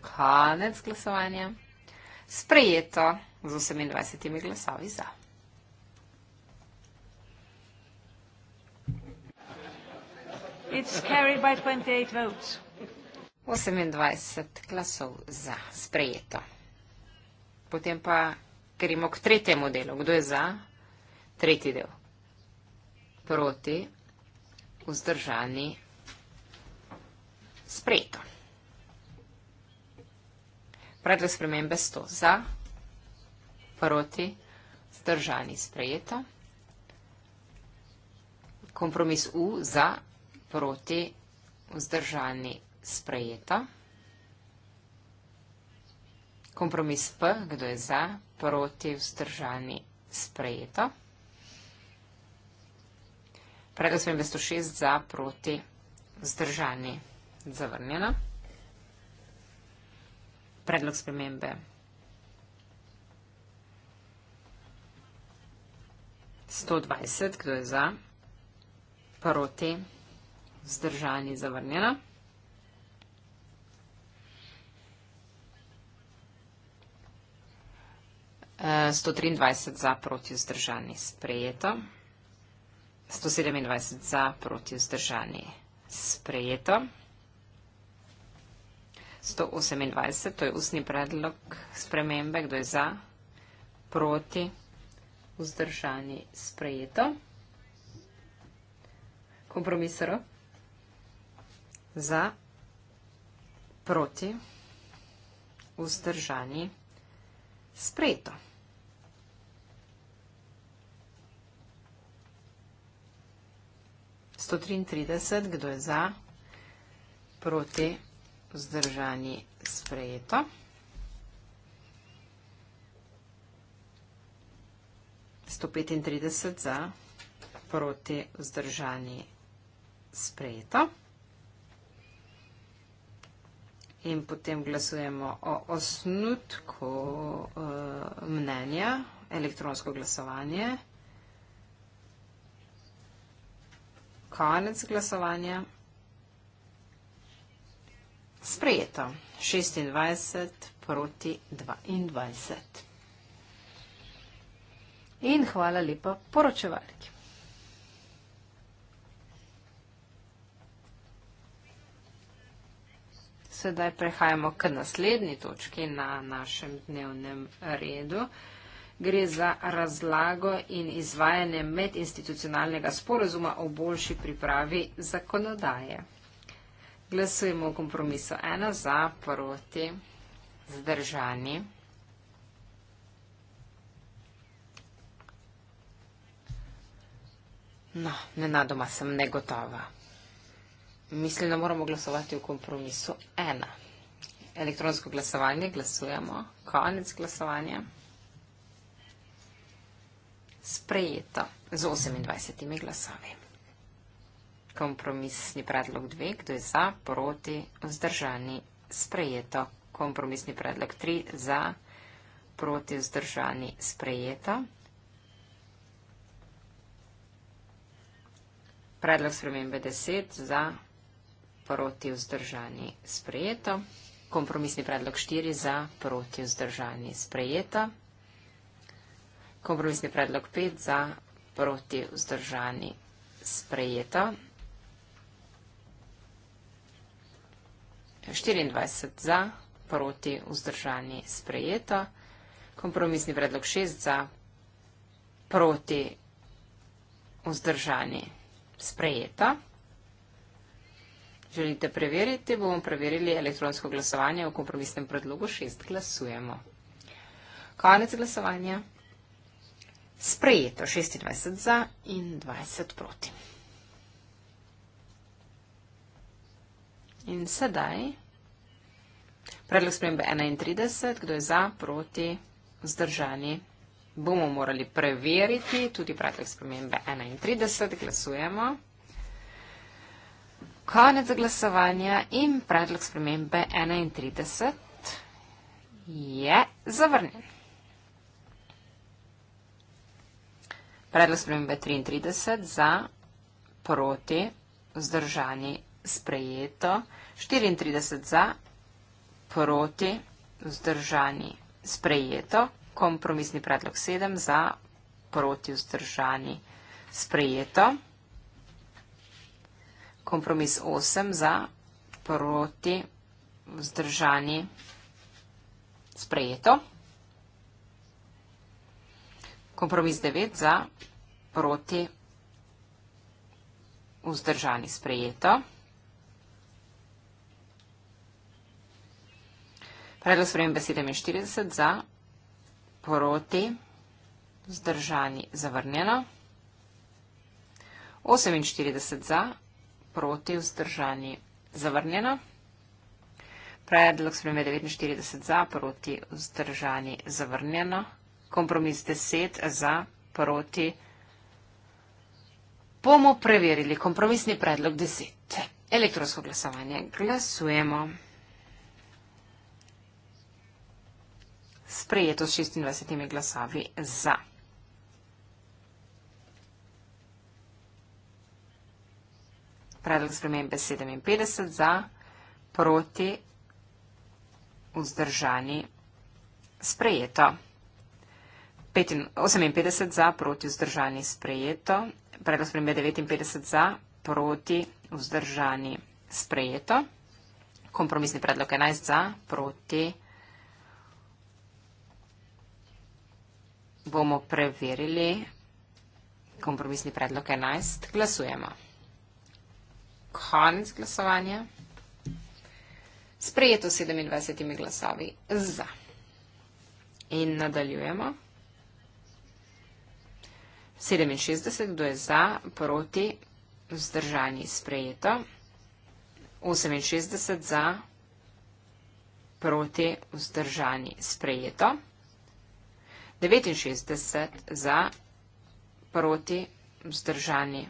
Konec glasovanja. Sprejeto z 28 glasovi za. It's carried by 28 votes. 28 glasov za sprejeto. Potem pa gremo k tretjemu delu. Kdo je za? Tretji del. Proti, vzdržani, sprejeto. Predlog spremembe 100. Za, proti, vzdržani, sprejeto. Kompromis U za, proti, vzdržani, sprejeto. Kompromis P, kdo je za, proti, vzdržani, sprejeto. Predlog sprejme 106, za, proti, vzdržani, zavrnjeno. Predlog spremembe 120, kdo je za, proti, vzdržani, zavrnjeno. 123 za proti vzdržani sprejeto. 127 za proti vzdržani sprejeto. 128, to je ustni predlog spremembe, kdo je za proti vzdržani sprejeto. Kompromisero za proti vzdržani sprejeto. 133, kdo je za, proti, vzdržani, sprejeto. Sto petintrideset za, proti vzdržani sprejeto. In potem glasujemo o osnutku eh, mnenja, elektronsko glasovanje. konec glasovanja. Sprejeto. 26 proti 22. In hvala lepa poročevalki. Sedaj prehajamo k naslednji točki na našem dnevnem redu gre za razlago in izvajanje medinstitucionalnega sporozuma o boljši pripravi zakonodaje. Glasujemo v kompromisu ena za, proti, zdržani. No, nenadoma sem negotova. Mislim, da moramo glasovati v kompromisu ena. Elektronsko glasovanje, glasujemo. Konec glasovanja sprejeta z 28 glasovi. Kompromisni predlog 2, kdo je za, proti, vzdržani, sprejeto. Kompromisni predlog 3, za, proti, vzdržani, sprejeto. Predlog spremembe 10, za, proti, vzdržani, sprejeto. Kompromisni predlog 4, za, proti, vzdržani, sprejeto. Kompromisni predlog 5 za proti vzdržani sprejeto. 24 za proti vzdržani sprejeto. Kompromisni predlog 6 za proti vzdržani sprejeto. Želite preveriti? Bomo preverili elektronsko glasovanje v kompromisnem predlogu 6. Glasujemo. Konec glasovanja sprejeto 26 za in 20 proti. In sedaj predlog spremembe 31, kdo je za, proti, vzdržani. Bomo morali preveriti tudi predlog spremembe 31, glasujemo. Konec glasovanja in predlog spremembe 31 je zavrnjen. Predlog spremembe 33 za, proti, vzdržani, sprejeto. 34 za, proti, vzdržani, sprejeto. Kompromisni predlog 7 za, proti, vzdržani, sprejeto. Kompromis 8 za, proti, vzdržani, sprejeto. Kompromis 9 za, proti, vzdržani sprejeto. Predlog spremembe 47 za, proti, vzdržani zavrnjeno. 48 za, proti, vzdržani zavrnjeno. Predlog spremembe 49 za, proti, vzdržani zavrnjeno kompromis 10 za proti. Bomo preverili kompromisni predlog 10. Elektronsko glasovanje. Glasujemo. Sprejeto s 26 glasavi za. Predlog spremembe 57 za, proti, vzdržani, sprejeto. 58 za, proti vzdržani sprejeto, predlog spremembe 59 za, proti vzdržani sprejeto, kompromisni predlog 11 za, proti bomo preverili kompromisni predlog 11, glasujemo. Konec glasovanja. Sprejeto 27 glasovi za. In nadaljujemo. 67, kdo je za, proti, vzdržani, sprejeto. 68 za, proti, vzdržani, sprejeto. 69 za, proti, vzdržani,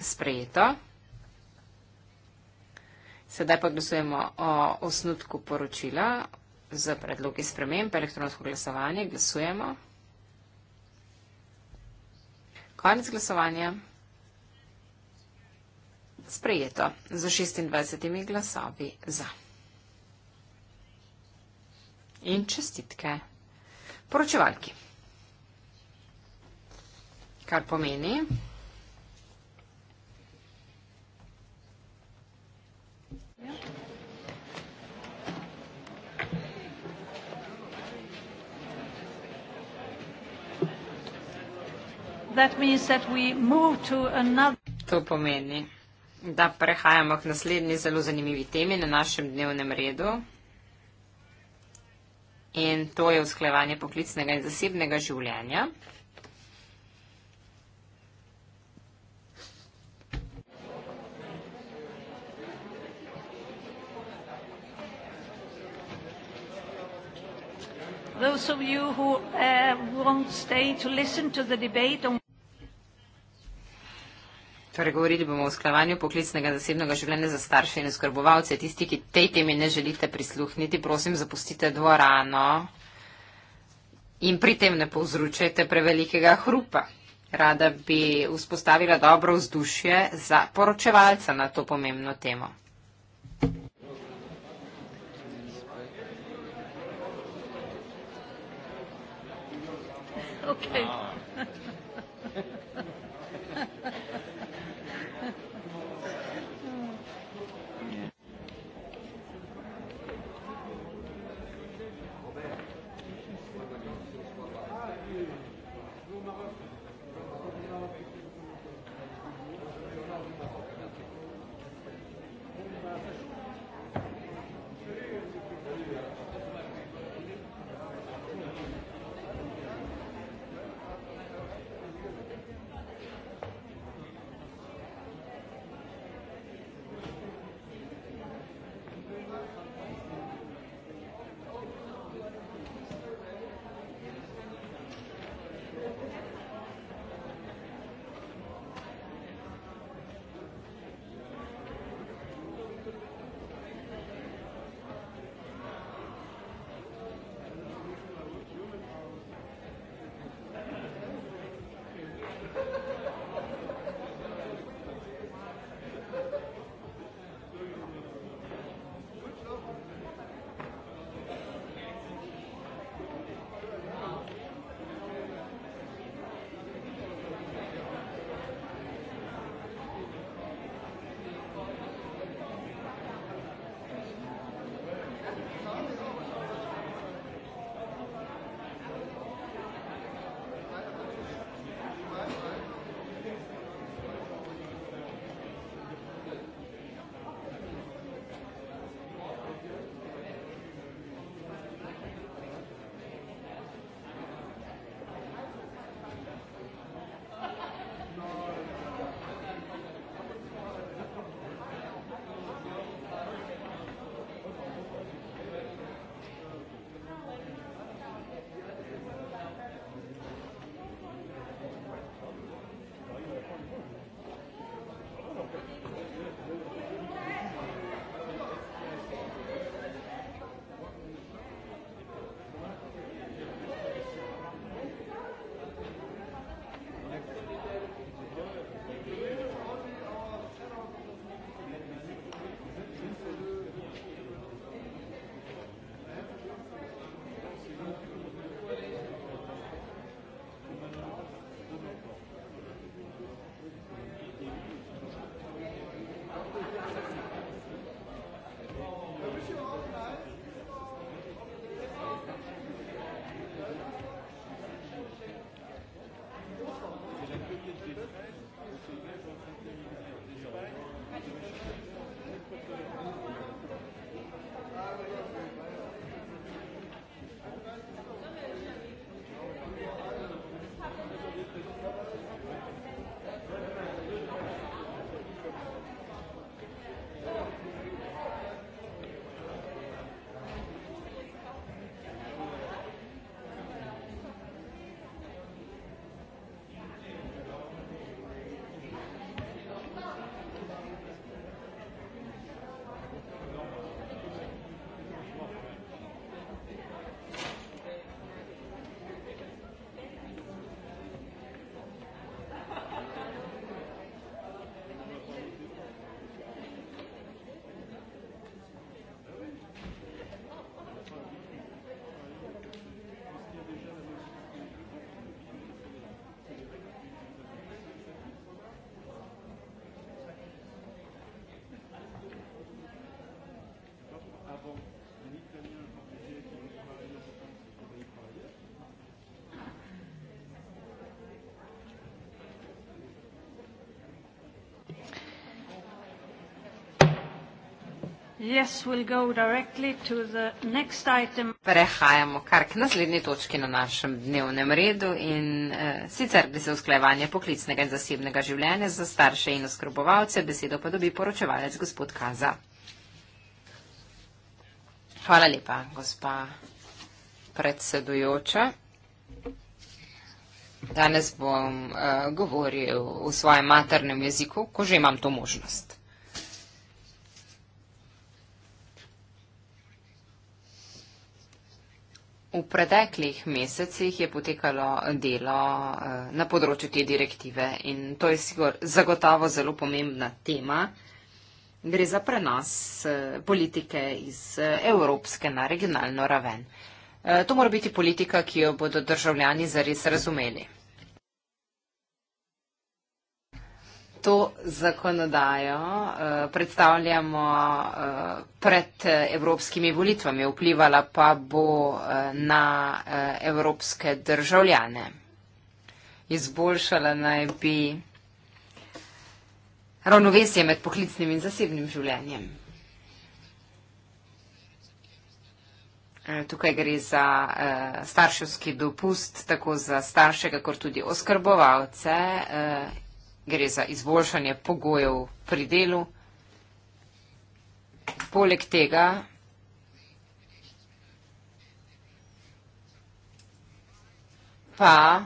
sprejeto. Sedaj pa glasujemo o osnutku poročila za predlogi spremembe elektronsko glasovanje. Glasujemo. Konec glasovanja. Sprejeto z 26 glasovi za. In čestitke poročevalki. Kar pomeni, To pomeni, da prehajamo k naslednji zelo zanimivi temi na našem dnevnem redu. In to je usklajevanje poklicnega in zasebnega življenja. Those of you who uh, won't stay to listen to the debate on Torej, govorili bomo o sklavanju poklicnega zasebnega življenja za starše in skrbovalce. Tisti, ki tej temi ne želite prisluhniti, prosim, zapustite dvorano in pri tem ne povzročajte prevelikega hrupa. Rada bi vzpostavila dobro vzdušje za poročevalca na to pomembno temo. Okay. Wow. Yes, we'll Prehajamo kar k naslednji točki na našem dnevnem redu in eh, sicer bi se usklajevanje poklicnega in zasebnega življenja za starše in oskrbovalce, besedo pa dobi poročevalec gospod Kaza. Hvala lepa, gospa predsedujoča. Danes bom eh, govoril v svojem maternem jeziku, ko že imam to možnost. V preteklih mesecih je potekalo delo eh, na področju te direktive in to je zagotovo zelo pomembna tema. Gre za prenos eh, politike iz eh, evropske na regionalno raven. To mora biti politika, ki jo bodo državljani zares razumeli. to zakonodajo uh, predstavljamo uh, pred evropskimi volitvami, vplivala pa bo uh, na uh, evropske državljane. Izboljšala naj bi ravnovesje med poklicnim in zasebnim življenjem. Tukaj gre za starševski dopust, tako za starše, kakor tudi oskrbovalce gre za izboljšanje pogojev pri delu. Poleg tega pa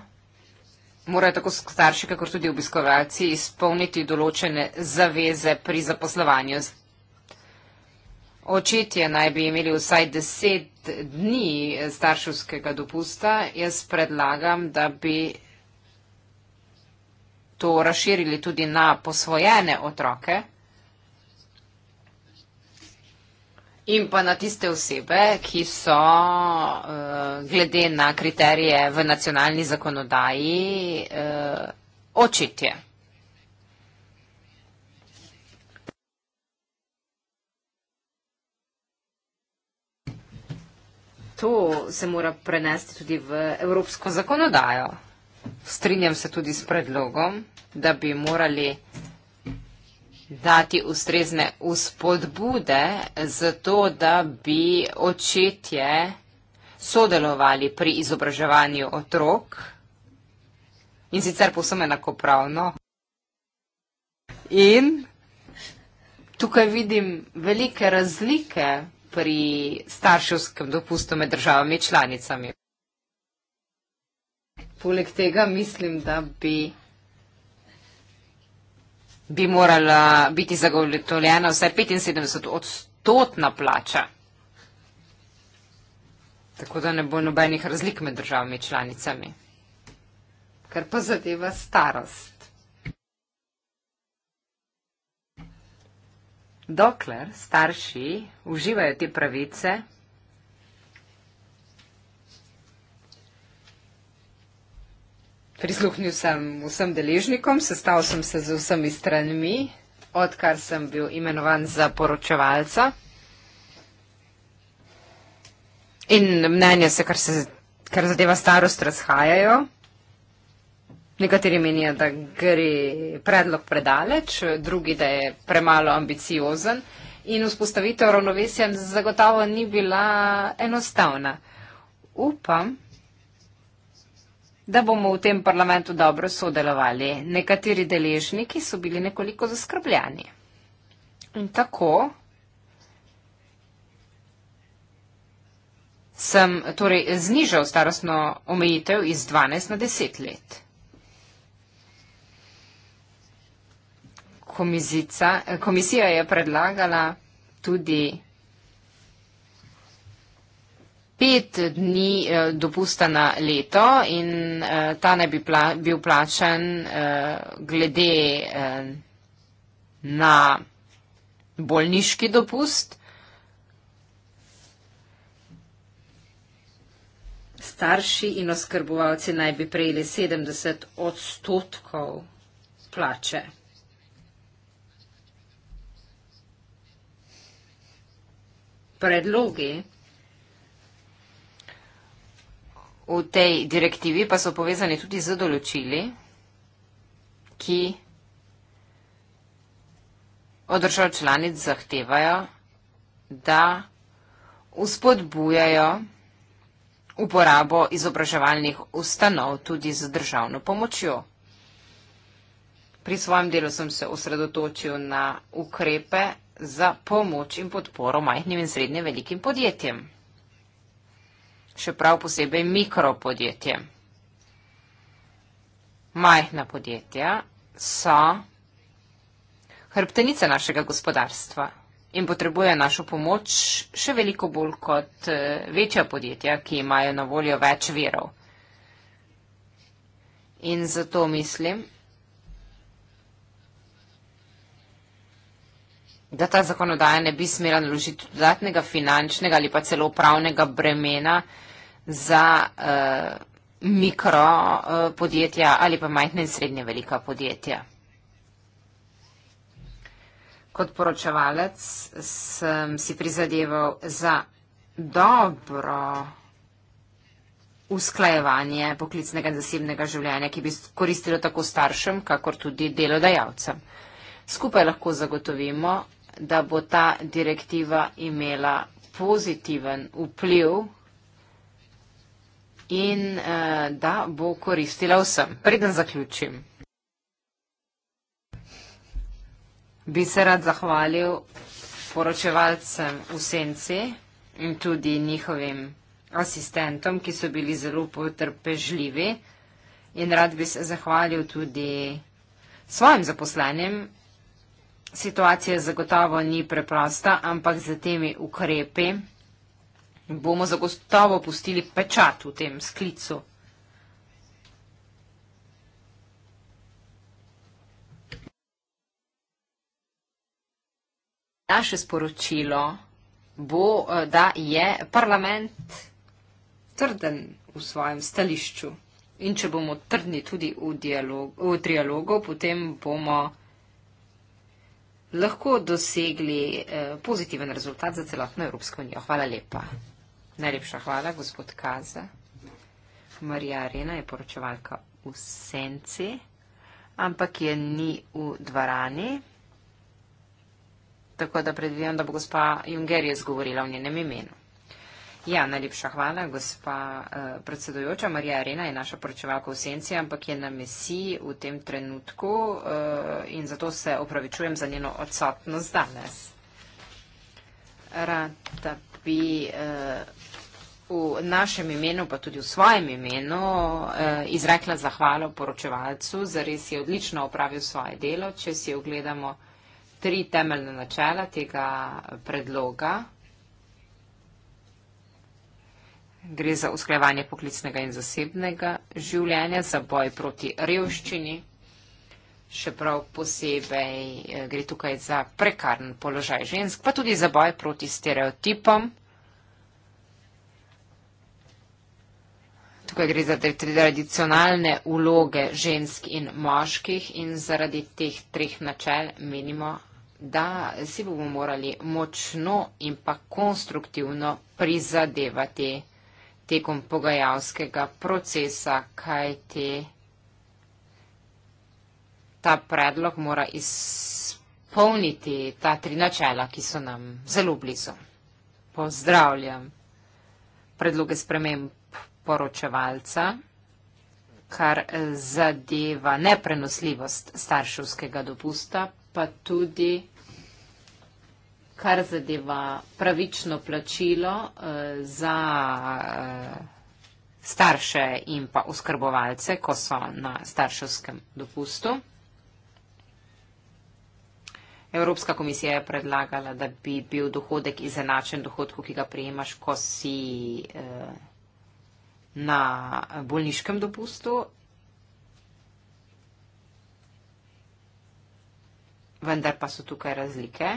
morajo tako starši, kakor tudi obiskovalci, izpolniti določene zaveze pri zaposlovanju. Očetje naj bi imeli vsaj deset dni starševskega dopusta. Jaz predlagam, da bi to razširili tudi na posvojene otroke in pa na tiste osebe, ki so eh, glede na kriterije v nacionalni zakonodaji eh, očitje. To se mora prenesti tudi v evropsko zakonodajo. Strinjam se tudi s predlogom, da bi morali dati ustrezne uspodbude za to, da bi očetje sodelovali pri izobraževanju otrok in sicer povsem enakopravno. In tukaj vidim velike razlike pri starševskem dopustu med državami članicami. Poleg tega mislim, da bi, bi morala biti zagotovljena vsaj 75 odstotna plača. Tako da ne bo nobenih razlik med državami članicami. Kar pa zadeva starost. Dokler starši uživajo te pravice, prisluhnil sem vsem deležnikom, sestal sem se z vsemi stranmi, odkar sem bil imenovan za poročevalca. In mnenja se, kar, se, kar zadeva starost, razhajajo. Nekateri menijo, da gre predlog predaleč, drugi, da je premalo ambiciozen. In vzpostavitev ravnovesja zagotovo ni bila enostavna. Upam, da bomo v tem parlamentu dobro sodelovali. Nekateri deležniki so bili nekoliko zaskrbljeni. In tako sem torej znižal starostno omejitev iz 12 na 10 let. Komisica, komisija je predlagala tudi pet dni uh, dopusta na leto in uh, ta naj bi pla bil plačen uh, eh, glede uh, na bolniški dopust. Starši in oskrbovalci naj bi prejeli 70 odstotkov plače. Predlogi v tej direktivi pa so povezani tudi z določili, ki od držav članic zahtevajo, da uspodbujajo uporabo izobraževalnih ustanov tudi z državno pomočjo. Pri svojem delu sem se osredotočil na ukrepe za pomoč in podporo majhnim in srednje velikim podjetjem še prav posebej mikropodjetje. Majhna podjetja so hrbtenice našega gospodarstva in potrebuje našo pomoč še veliko bolj kot eh, večja podjetja, ki imajo na voljo več verov. In zato mislim, da ta zakonodaja ne bi smela naložiti dodatnega finančnega ali pa celo pravnega bremena, za uh, mikro uh, podjetja ali pa majhne in srednje velika podjetja. Kot poročevalec sem si prizadeval za dobro usklajevanje poklicnega in zasebnega življenja, ki bi koristilo tako staršem, kakor tudi delodajalcem. Skupaj lahko zagotovimo, da bo ta direktiva imela pozitiven vpliv in uh, da bo koristila vsem. Preden zaključim. Bi se rad zahvalil poročevalcem v senci in tudi njihovim asistentom, ki so bili zelo potrpežljivi. In rad bi se zahvalil tudi svojim zaposlenim. Situacija zagotovo ni preprosta, ampak za temi ukrepi. Bomo zagotovo pustili pečat v tem sklicu. Naše sporočilo bo, eh, da je parlament trden v svojem stališču. In če bomo trdni tudi v, dialogu, v trialogu, potem bomo lahko dosegli eh, pozitiven rezultat za celotno Evropsko unijo. Hvala lepa. Najlepša hvala, gospod Kaza. Marija Arena je poročevalka v Senci, ampak je ni v dvorani. Tako da predvidevam, da bo gospa Junger je zgovorila v njenem imenu. Ja, najlepša hvala, gospa eh, predsedujoča. Marija Arena je naša poročevalka v Senci, ampak je na misiji v tem trenutku eh, in zato se opravičujem za njeno odsotnost danes. Rada bi eh, v našem imenu, pa tudi v svojem imenu, eh, izrekla zahvalo poročevalcu, zares je odlično opravil svoje delo, če si ogledamo tri temeljne načela tega predloga. Gre za usklajevanje poklicnega in zasebnega življenja, za boj proti revščini še prav posebej eh, gre tukaj za prekarn položaj žensk, pa tudi za boj proti stereotipom. Tukaj gre za tradicionalne uloge žensk in moških in zaradi teh treh načel menimo, da si bomo morali močno in pa konstruktivno prizadevati tekom pogajalskega procesa, kaj te ta predlog mora izpolniti ta tri načela, ki so nam zelo blizu. Pozdravljam predloge sprememb poročevalca, kar zadeva neprenosljivost starševskega dopusta, pa tudi kar zadeva pravično plačilo eh, za eh, starše in pa oskrbovalce, ko so na starševskem dopustu. Evropska komisija je predlagala, da bi bil dohodek izenačen dohodku, ki ga prijemaš, ko si eh, na bolniškem dopustu. Vendar pa so tukaj razlike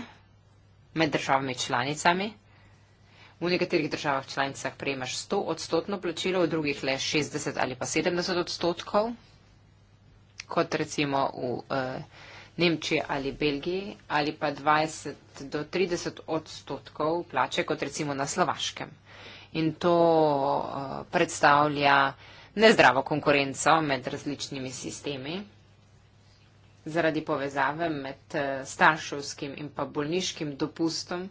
med državami članicami. V nekaterih državah članicah prejmaš 100 odstotno plačilo, v drugih le 60 ali pa 70 odstotkov, kot recimo v. Eh, Nemčiji ali Belgiji ali pa 20 do 30 odstotkov plače, kot recimo na Slovaškem. In to uh, predstavlja nezdravo konkurenco med različnimi sistemi zaradi povezave med eh, starševskim in pa bolniškim dopustom.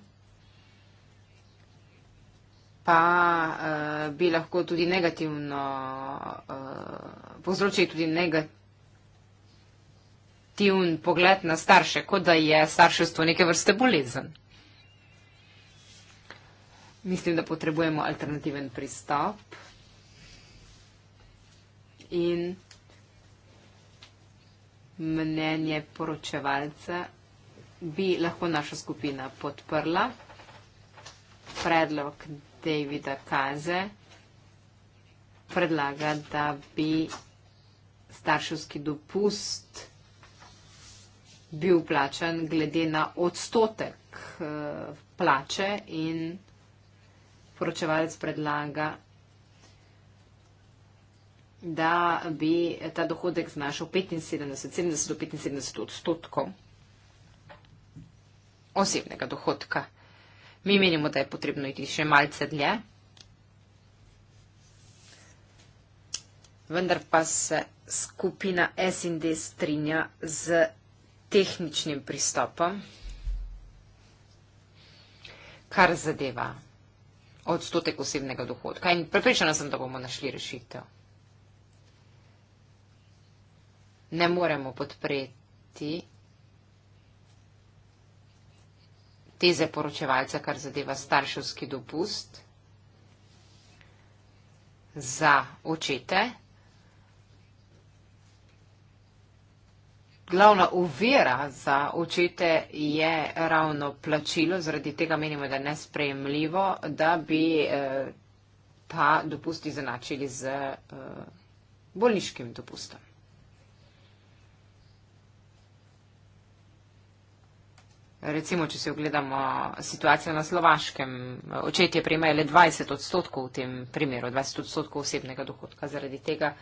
Pa uh, bi lahko tudi negativno, uh, povzročili tudi negativno negativen pogled na starše, kot da je starševstvo neke vrste bolezen. Mislim, da potrebujemo alternativen pristop. In mnenje poročevalca bi lahko naša skupina podprla. Predlog Davida Kaze predlaga, da bi starševski dopust bil plačan glede na odstotek eh, plače in poročevalec predlaga, da bi ta dohodek znašal 75, 70 do 75 odstotkov osebnega dohodka. Mi menimo, da je potrebno iti še malce dlje. Vendar pa se skupina SND strinja z tehničnim pristopom, kar zadeva odstotek osebnega dohodka. In prepričana sem, da bomo našli rešitev. Ne moremo podpreti teze poročevalca, kar zadeva starševski dopust za očete, glavna uvira za očete je ravno plačilo, zaradi tega menimo, da je nesprejemljivo, da bi eh, ta dopust izenačili z eh, bolniškim dopustom. Recimo, če si ogledamo situacijo na Slovaškem, očetje prejmejo le 20 odstotkov v tem primeru, 20 odstotkov osebnega dohodka zaradi tega,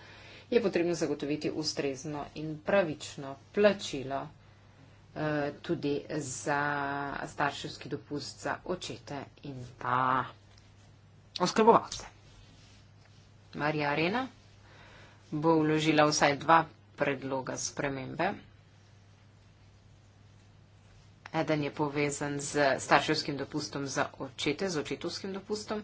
je potrebno zagotoviti ustrezno in pravično plačilo eh, tudi za starševski dopust za očete in pa oskrbovalce. Marija Arena bo vložila vsaj dva predloga spremembe. Eden je povezan z starševskim dopustom za očete, z očetovskim dopustom.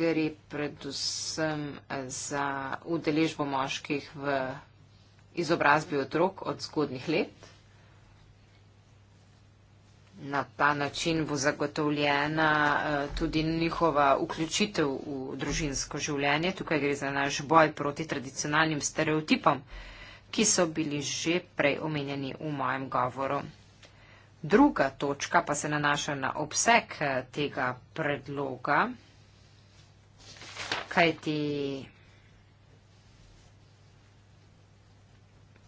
gre predvsem za udeležbo moških v izobrazbi otrok od zgodnih let. Na ta način bo zagotovljena eh, tudi njihova vključitev v družinsko življenje. Tukaj gre za naš boj proti tradicionalnim stereotipom, ki so bili že prej omenjeni v mojem govoru. Druga točka pa se nanaša na obseg eh, tega predloga kajti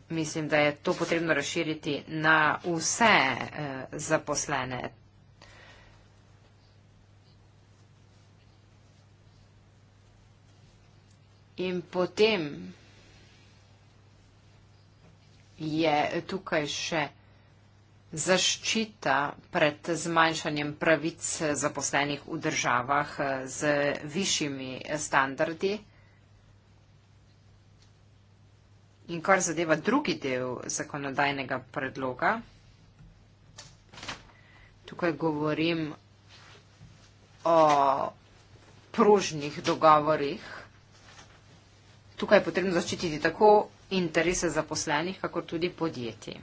mislim, da je to potrebno razširiti na vse eh, zaposlene. In potem je tukaj še zaščita pred zmanjšanjem pravic zaposlenih v državah eh, z višjimi standardi. In kar zadeva drugi del zakonodajnega predloga, tukaj govorim o prožnih dogovorih. Tukaj je potrebno zaščititi tako interese zaposlenih, kako tudi podjetij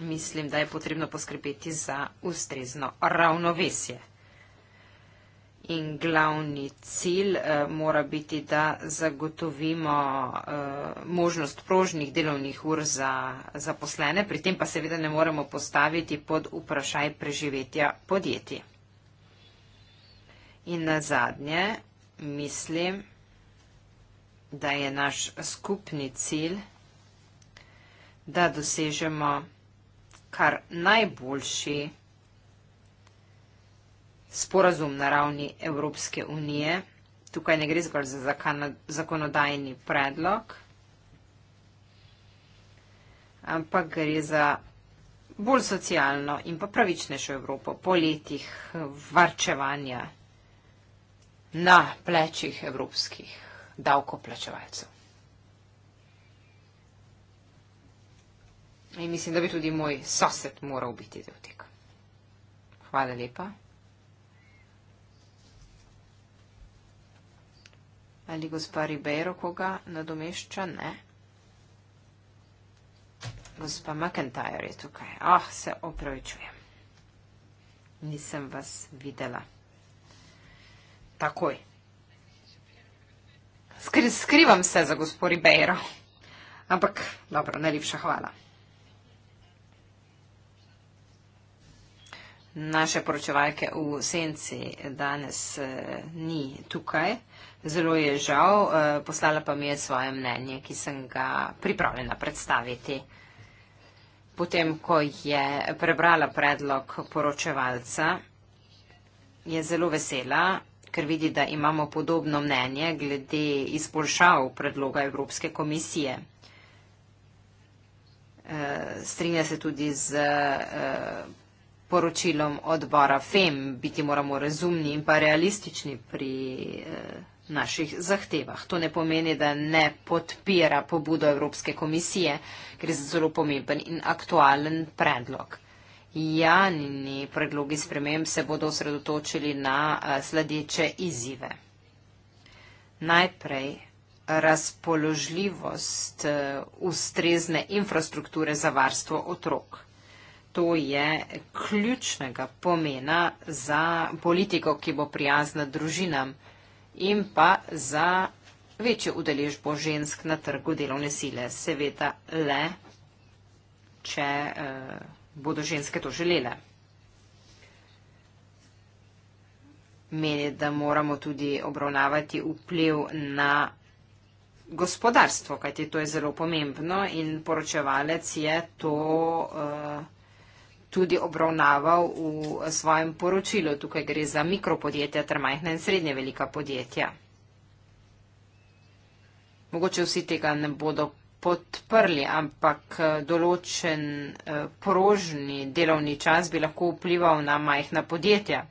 mislim, da je potrebno poskrbeti za ustrezno ravnovesje. In glavni cilj eh, mora biti, da zagotovimo eh, možnost prožnih delovnih ur za zaposlene, pri tem pa seveda ne moremo postaviti pod vprašaj preživetja podjetij. In na zadnje, mislim, da je naš skupni cilj, da dosežemo kar najboljši sporazum na ravni Evropske unije. Tukaj ne gre zgolj za zakonodajni predlog, ampak gre za bolj socialno in pa pravičnejšo Evropo po letih varčevanja na plečih evropskih davkoplačevalcev. In mislim, da bi tudi moj sosed moral biti za vtek. Hvala lepa. Ali gospa Ribeiro koga nadomešča? Ne. Gospa McIntyre je tukaj. Ah, oh, se opravičujem. Nisem vas videla. Takoj. Skri skrivam se za gospo Ribeiro. Ampak, dobro, najlepša hvala. naše poročevalke v senci danes eh, ni tukaj. Zelo je žal, eh, poslala pa mi je svoje mnenje, ki sem ga pripravljena predstaviti. Potem, ko je prebrala predlog poročevalca, je zelo vesela, ker vidi, da imamo podobno mnenje glede izboljšav predloga Evropske komisije. Eh, strinja se tudi z eh, poročilom odbora FEM. Biti moramo razumni in pa realistični pri eh, naših zahtevah. To ne pomeni, da ne podpira pobudo Evropske komisije, ker je zelo pomemben in aktualen predlog. Janini predlogi sprememb se bodo osredotočili na eh, sledeče izzive. Najprej razpoložljivost eh, ustrezne infrastrukture za varstvo otrok to je ključnega pomena za politiko, ki bo prijazna družinam in pa za večjo udeležbo žensk na trgu delovne sile. Seveda le, če eh, bodo ženske to želele. Meni, da moramo tudi obravnavati vpliv na gospodarstvo, kajti to je zelo pomembno in poročevalec je to. Eh, tudi obravnaval v svojem poročilu. Tukaj gre za mikropodjetja ter majhna in srednje velika podjetja. Mogoče vsi tega ne bodo podprli, ampak eh, določen eh, porožni delovni čas bi lahko vplival na majhna podjetja.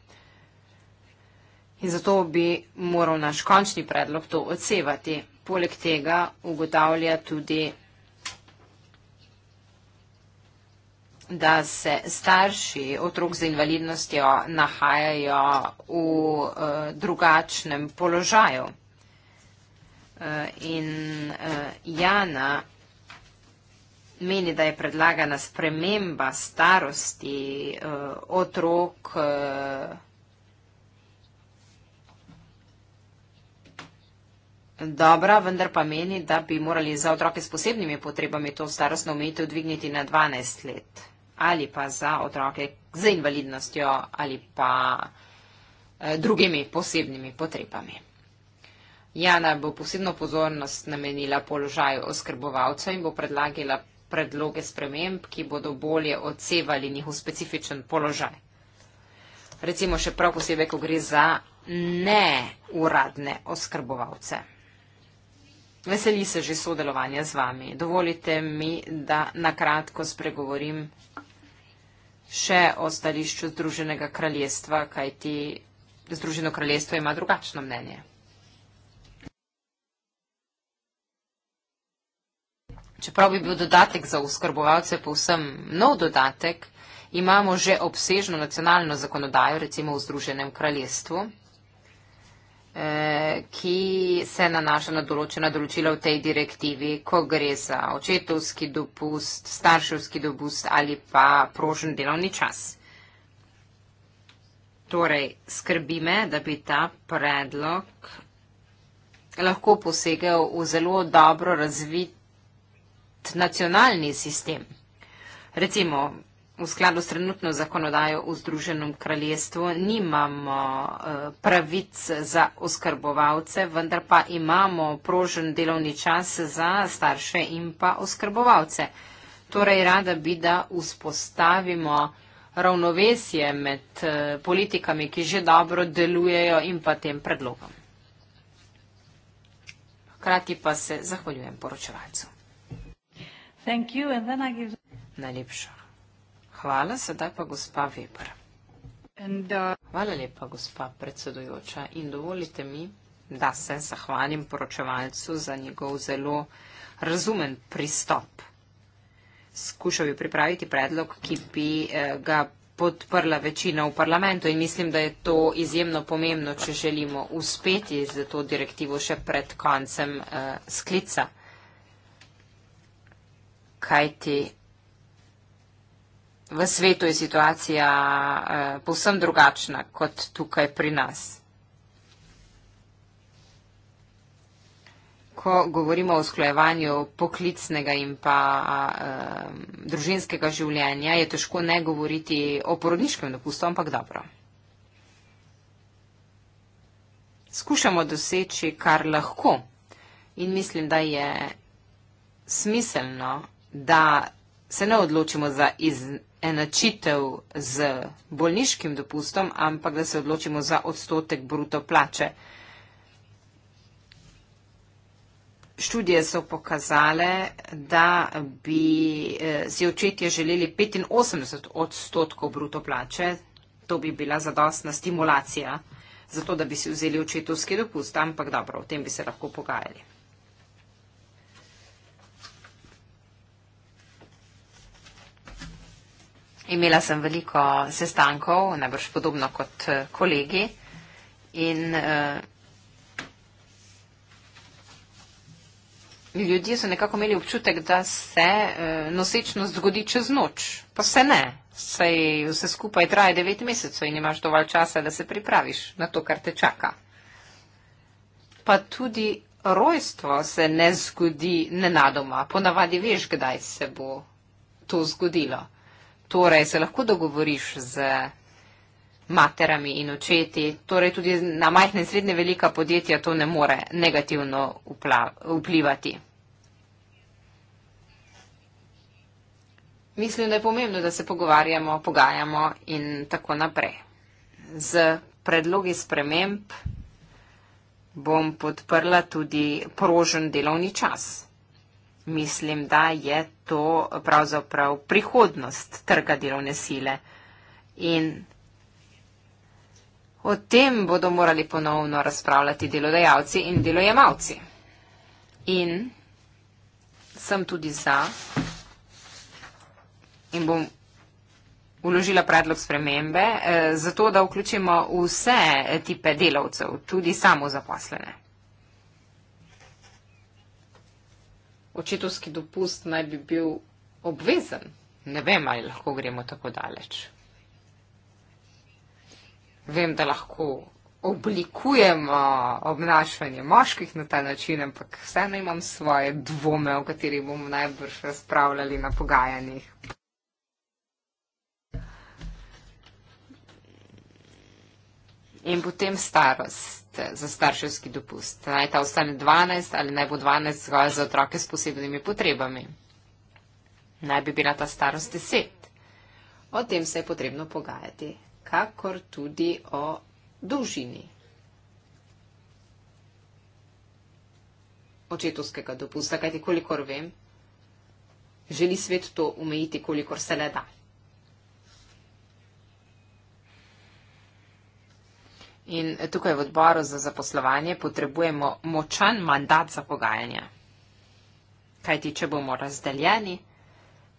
In zato bi moral naš končni predlog to odsevati. Poleg tega ugotavlja tudi da se starši otrok z invalidnostjo nahajajo v uh, drugačnem položaju. Uh, in uh, Jana meni, da je predlagana sprememba starosti uh, otrok uh, dobra, vendar pa meni, da bi morali za otroke s posebnimi potrebami to starostno omejitev dvigniti na 12 let ali pa za otroke z invalidnostjo ali pa eh, drugimi posebnimi potrebami. Jana bo posebno pozornost namenila položaju oskrbovalcev in bo predlagila predloge sprememb, ki bodo bolje odsevali njihov specifičen položaj. Recimo še prav posebej, ko gre za neuradne oskrbovalce. Veseli se že sodelovanja z vami. Dovolite mi, da nakratko spregovorim še o stališču Združenega kraljestva, kajti Združeno kraljestvo ima drugačno mnenje. Čeprav bi bil dodatek za uskrbovalce povsem nov dodatek, imamo že obsežno nacionalno zakonodajo, recimo v Združenem kraljestvu. Eh, ki se nanaša na določena določila v tej direktivi, ko gre za očetovski dopust, starševski dopust ali pa prožen delovni čas. Torej, skrbi me, da bi ta predlog lahko posegel v zelo dobro razvit nacionalni sistem. Recimo, v skladu s trenutno zakonodajo v Združenem kraljestvu nimamo eh, pravic za oskrbovalce, vendar pa imamo prožen delovni čas za starše in pa oskrbovalce. Torej rada bi, da vzpostavimo ravnovesje med eh, politikami, ki že dobro delujejo in pa tem predlogom. Hkrati pa se zahvaljujem poročevalcu. Najlepša. Hvala, sedaj pa gospa Weber. And, uh... Hvala lepa, gospa predsedujoča. In dovolite mi, da se zahvalim poročevalcu za njegov zelo razumen pristop. Skušal bi pripraviti predlog, ki bi eh, ga podprla večina v parlamentu in mislim, da je to izjemno pomembno, če želimo uspeti z to direktivo še pred koncem eh, sklica. Kaj ti v svetu je situacija eh, povsem drugačna kot tukaj pri nas. Ko govorimo o usklajevanju poklicnega in pa eh, družinskega življenja, je težko ne govoriti o porodniškem dopustu, ampak dobro. Skušamo doseči, kar lahko in mislim, da je smiselno, da se ne odločimo za iz, enačitev z bolniškim dopustom, ampak da se odločimo za odstotek bruto plače. Študije so pokazale, da bi eh, si očetje želeli 85 odstotkov bruto plače, to bi bila zadostna stimulacija, zato da bi si vzeli očetovski dopust, ampak dobro, o tem bi se lahko pogajali. Imela sem veliko sestankov, najbrž podobno kot eh, kolegi. In uh, ljudje so nekako imeli občutek, da se uh, nosečnost zgodi čez noč. Pa se ne. Sej vse skupaj traje devet mesecev in imaš dovolj časa, da se pripraviš na to, kar te čaka. Pa tudi rojstvo se ne zgodi nenadoma. Ponavadi veš, kdaj se bo to zgodilo. Torej, se lahko dogovoriš z materami in očeti, torej tudi na majhne in srednje velika podjetja to ne more negativno upla, vplivati. Mislim, da je pomembno, da se pogovarjamo, pogajamo in tako naprej. Z predlogi sprememb bom podprla tudi prožen delovni čas mislim, da je to pravzaprav prihodnost trga delovne sile. In o tem bodo morali ponovno razpravljati delodajalci in delojemalci. In sem tudi za in bom uložila predlog spremembe, eh, zato da vključimo vse tipe delavcev, tudi samozaposlene. očetovski dopust naj bi bil obvezen. Ne vem, ali lahko gremo tako daleč. Vem, da lahko oblikujemo obnašanje moških na ta način, ampak vseeno imam svoje dvome, o katerih bomo najbrž razpravljali na pogajanjih. In potem starost za starševski dopust. Naj ta ostane 12 ali naj bo 12 zgolj za otroke s posebnimi potrebami. Naj bi bila ta starost 10. O tem se je potrebno pogajati, kakor tudi o dolžini. Očetovskega dopusta, kajti kolikor vem, želi svet to omejiti, kolikor se le da. In tukaj v odboru za zaposlovanje potrebujemo močan mandat za pogajanja. Kaj ti, če bomo razdeljeni,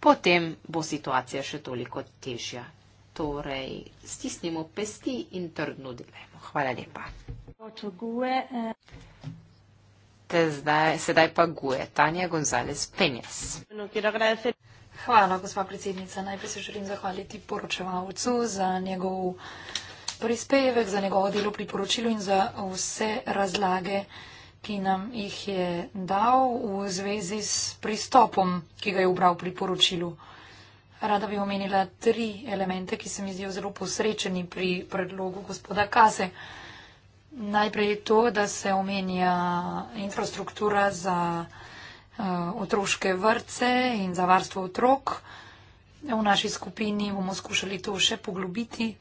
potem bo situacija še toliko težja. Torej, stisnimo pesti in trdno delajmo. Hvala lepa. Te zdaj, sedaj pa guje Tanja González Penjas. Hvala, gospa predsednica. Najprej se želim zahvaliti poročevalcu za njegov prispevek, za njegovo delo pri poročilu in za vse razlage, ki nam jih je dal v zvezi s pristopom, ki ga je obral pri poročilu. Rada bi omenila tri elemente, ki se mi zdijo zelo posrečeni pri predlogu gospoda Kase. Najprej je to, da se omenja infrastruktura za uh, otroške vrtce in za varstvo otrok. V naši skupini bomo skušali to še poglobiti.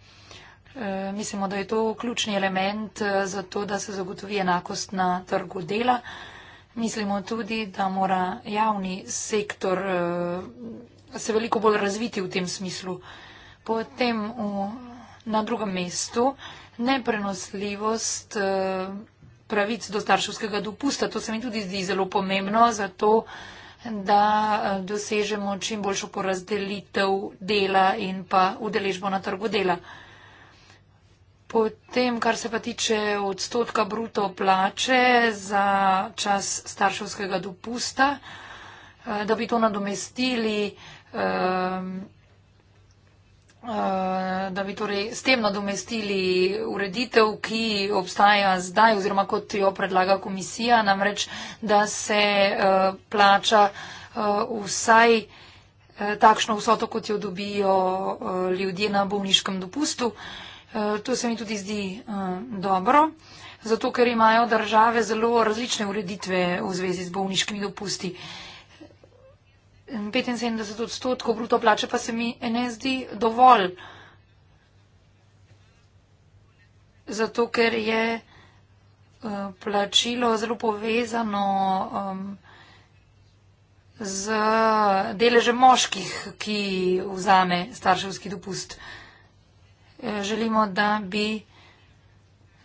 Eh, mislimo, da je to ključni element eh, za to, da se zagotovi enakost na trgu dela. Mislimo tudi, da mora javni sektor eh, se veliko bolj razviti v tem smislu. Potem v, na drugem mestu neprenosljivost pravic do starševskega dopusta. To se mi tudi zdi zelo pomembno, zato da dosežemo čim boljšo porazdelitev dela in pa udeležbo na trgu dela. Potem, kar se pa tiče odstotka bruto plače za čas starševskega dopusta, eh, da bi to nadomestili, ehm, eh, da bi torej s tem nadomestili ureditev, ki obstaja zdaj oziroma kot jo predlaga komisija, namreč, da se eh, plača vsaj takšno vsoto, kot jo dobijo ljudje na bolniškem dopustu. Eh, to se mi tudi zdi eh, dobro, zato ker imajo države zelo različne ureditve v zvezi z bolniškimi dopusti. 75 odstotkov bruto plače pa se mi eh, ne zdi dovolj, zato ker je plačilo zelo povezano z deležem moških, ki vzame starševski dopust želimo, da bi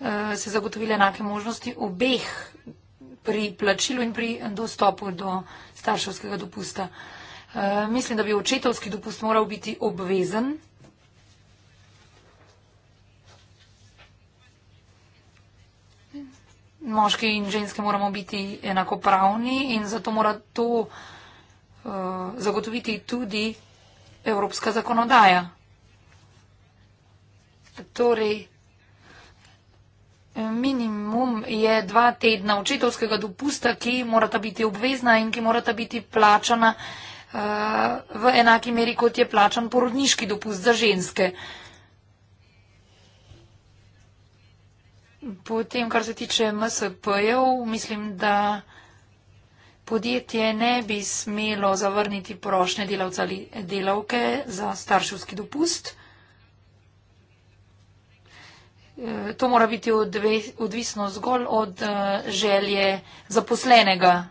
eh, se zagotovile enake možnosti obeh pri plačilu in pri dostopu do starševskega dopusta. Eh, mislim, da bi očetovski dopust moral biti obvezen. Moški in ženske moramo biti enakopravni in zato mora to uh, zagotoviti tudi evropska zakonodaja. Torej, minimum je dva tedna očetovskega dopusta, ki morata biti obvezna in ki morata biti plačana uh, v enaki meri, kot je plačan porodniški dopust za ženske. Potem, kar se tiče MSP-jev, mislim, da podjetje ne bi smelo zavrniti prošnje delavca ali delavke za starševski dopust. Uh, Eh, to mora biti odve, odvisno zgolj od uh, želje zaposlenega.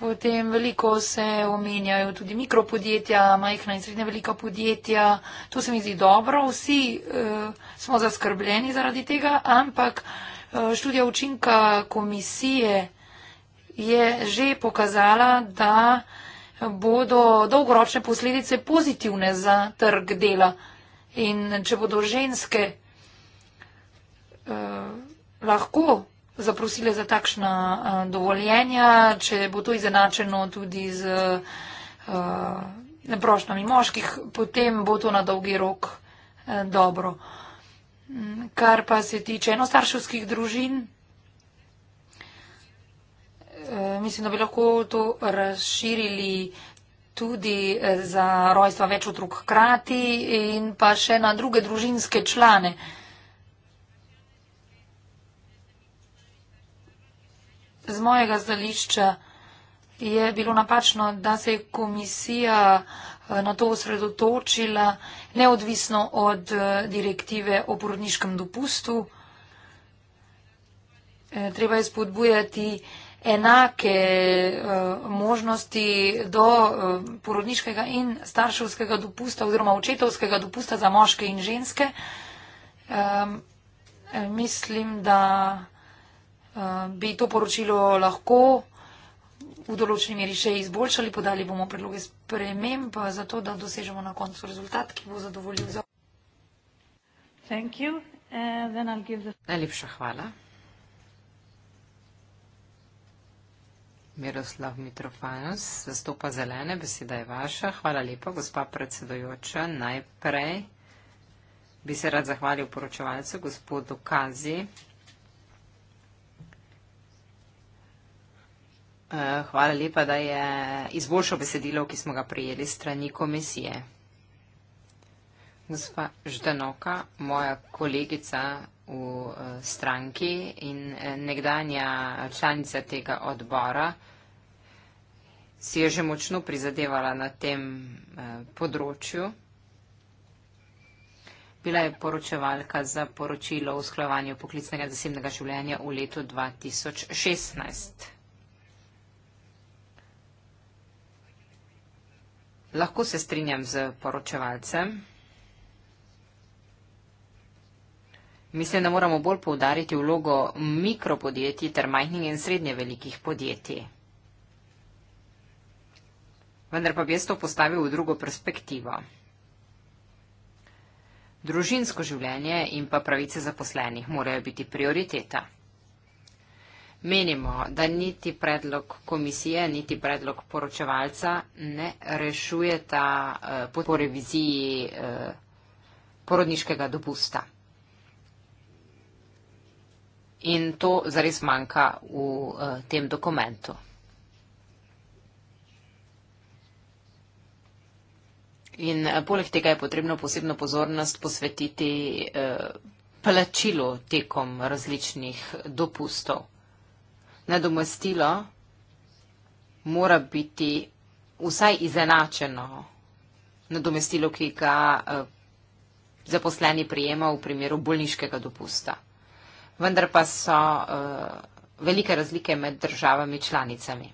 Potem veliko se omenjajo tudi mikropodjetja, majhna in srednja velika podjetja. To se mi zdi dobro, vsi uh, smo zaskrbljeni zaradi tega, ampak uh, študija učinka komisije je že pokazala, da uh, bodo dolgoročne posledice pozitivne za trg dela. In če bodo ženske uh, lahko zaprosile za takšna uh, dovoljenja, če bo to izenačeno tudi z uh, prošnjami moških, potem bo to na dolgi rok uh, dobro. Mm, kar pa se tiče enostarševskih družin, Eh, mislim, da bi lahko to razširili tudi eh, za rojstva več otrok hkrati in pa še na druge družinske člane. Z mojega stališča je bilo napačno, da se je komisija eh, na to osredotočila neodvisno od direktive o porodniškem dopustu. Treba je spodbujati enake eh, možnosti do eh, porodniškega in starševskega dopusta oziroma očetovskega dopusta za moške in ženske. Mislim, da eh, bi to poročilo lahko v določeni meri še izboljšali, podali bomo predloge sprememb, za to, da dosežemo na koncu rezultat, ki bo zadovoljil za. Najlepša hvala. Miroslav Mitrofanus, zastopa zelene, beseda je vaša. Hvala lepa, gospa predsedojoča. Najprej bi se rad zahvalil poročevalcu, gospodu Kazi. Eh, hvala lepa, da je izboljšal besedilo, ki smo ga prijeli strani komisije. Gospa Ždanoka, moja kolegica v eh, stranki in eh, nekdanja članica tega odbora, si je že močno prizadevala na tem eh, področju. Bila je poročevalka za poročilo o usklajevanju poklicnega zasebnega življenja v letu 2016. Lahko se strinjam z poročevalcem. Mislim, da moramo bolj povdariti vlogo mikropodjetij ter majhnih in srednje velikih podjetij. Vendar pa bi jaz to postavil v drugo perspektivo. Družinsko življenje in pa pravice zaposlenih morajo biti prioriteta. Menimo, da niti predlog komisije, niti predlog poročevalca ne rešujeta eh, po reviziji eh, porodniškega dopusta. In to zares manjka v eh, tem dokumentu. In eh, poleg tega je potrebno posebno pozornost posvetiti eh, plačilo tekom različnih dopustov. Nadomestilo mora biti vsaj izenačeno nadomestilo, ki ga zaposleni prijema v primeru bolniškega dopusta vendar pa so uh, velike razlike med državami članicami.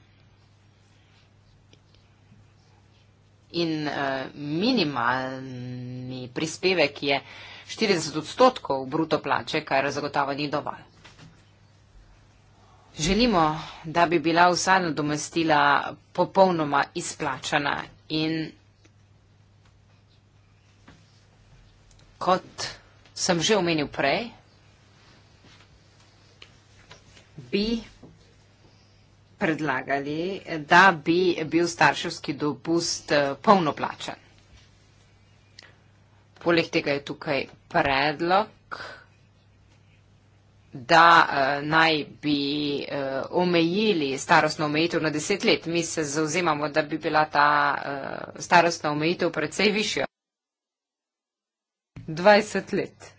In uh, minimalni prispevek je 40 odstotkov bruto plače, kar zagotovo ni dovolj. Želimo, da bi bila vsa nadomestila popolnoma izplačana in kot sem že omenil prej, bi predlagali, da bi bil starševski dopust eh, polnoplačen. Poleg tega je tukaj predlog, da uh, naj bi uh, omejili starostno omejitev na deset let. Mi se zauzemamo, da bi bila ta uh, starostna omejitev precej višja. 20 let.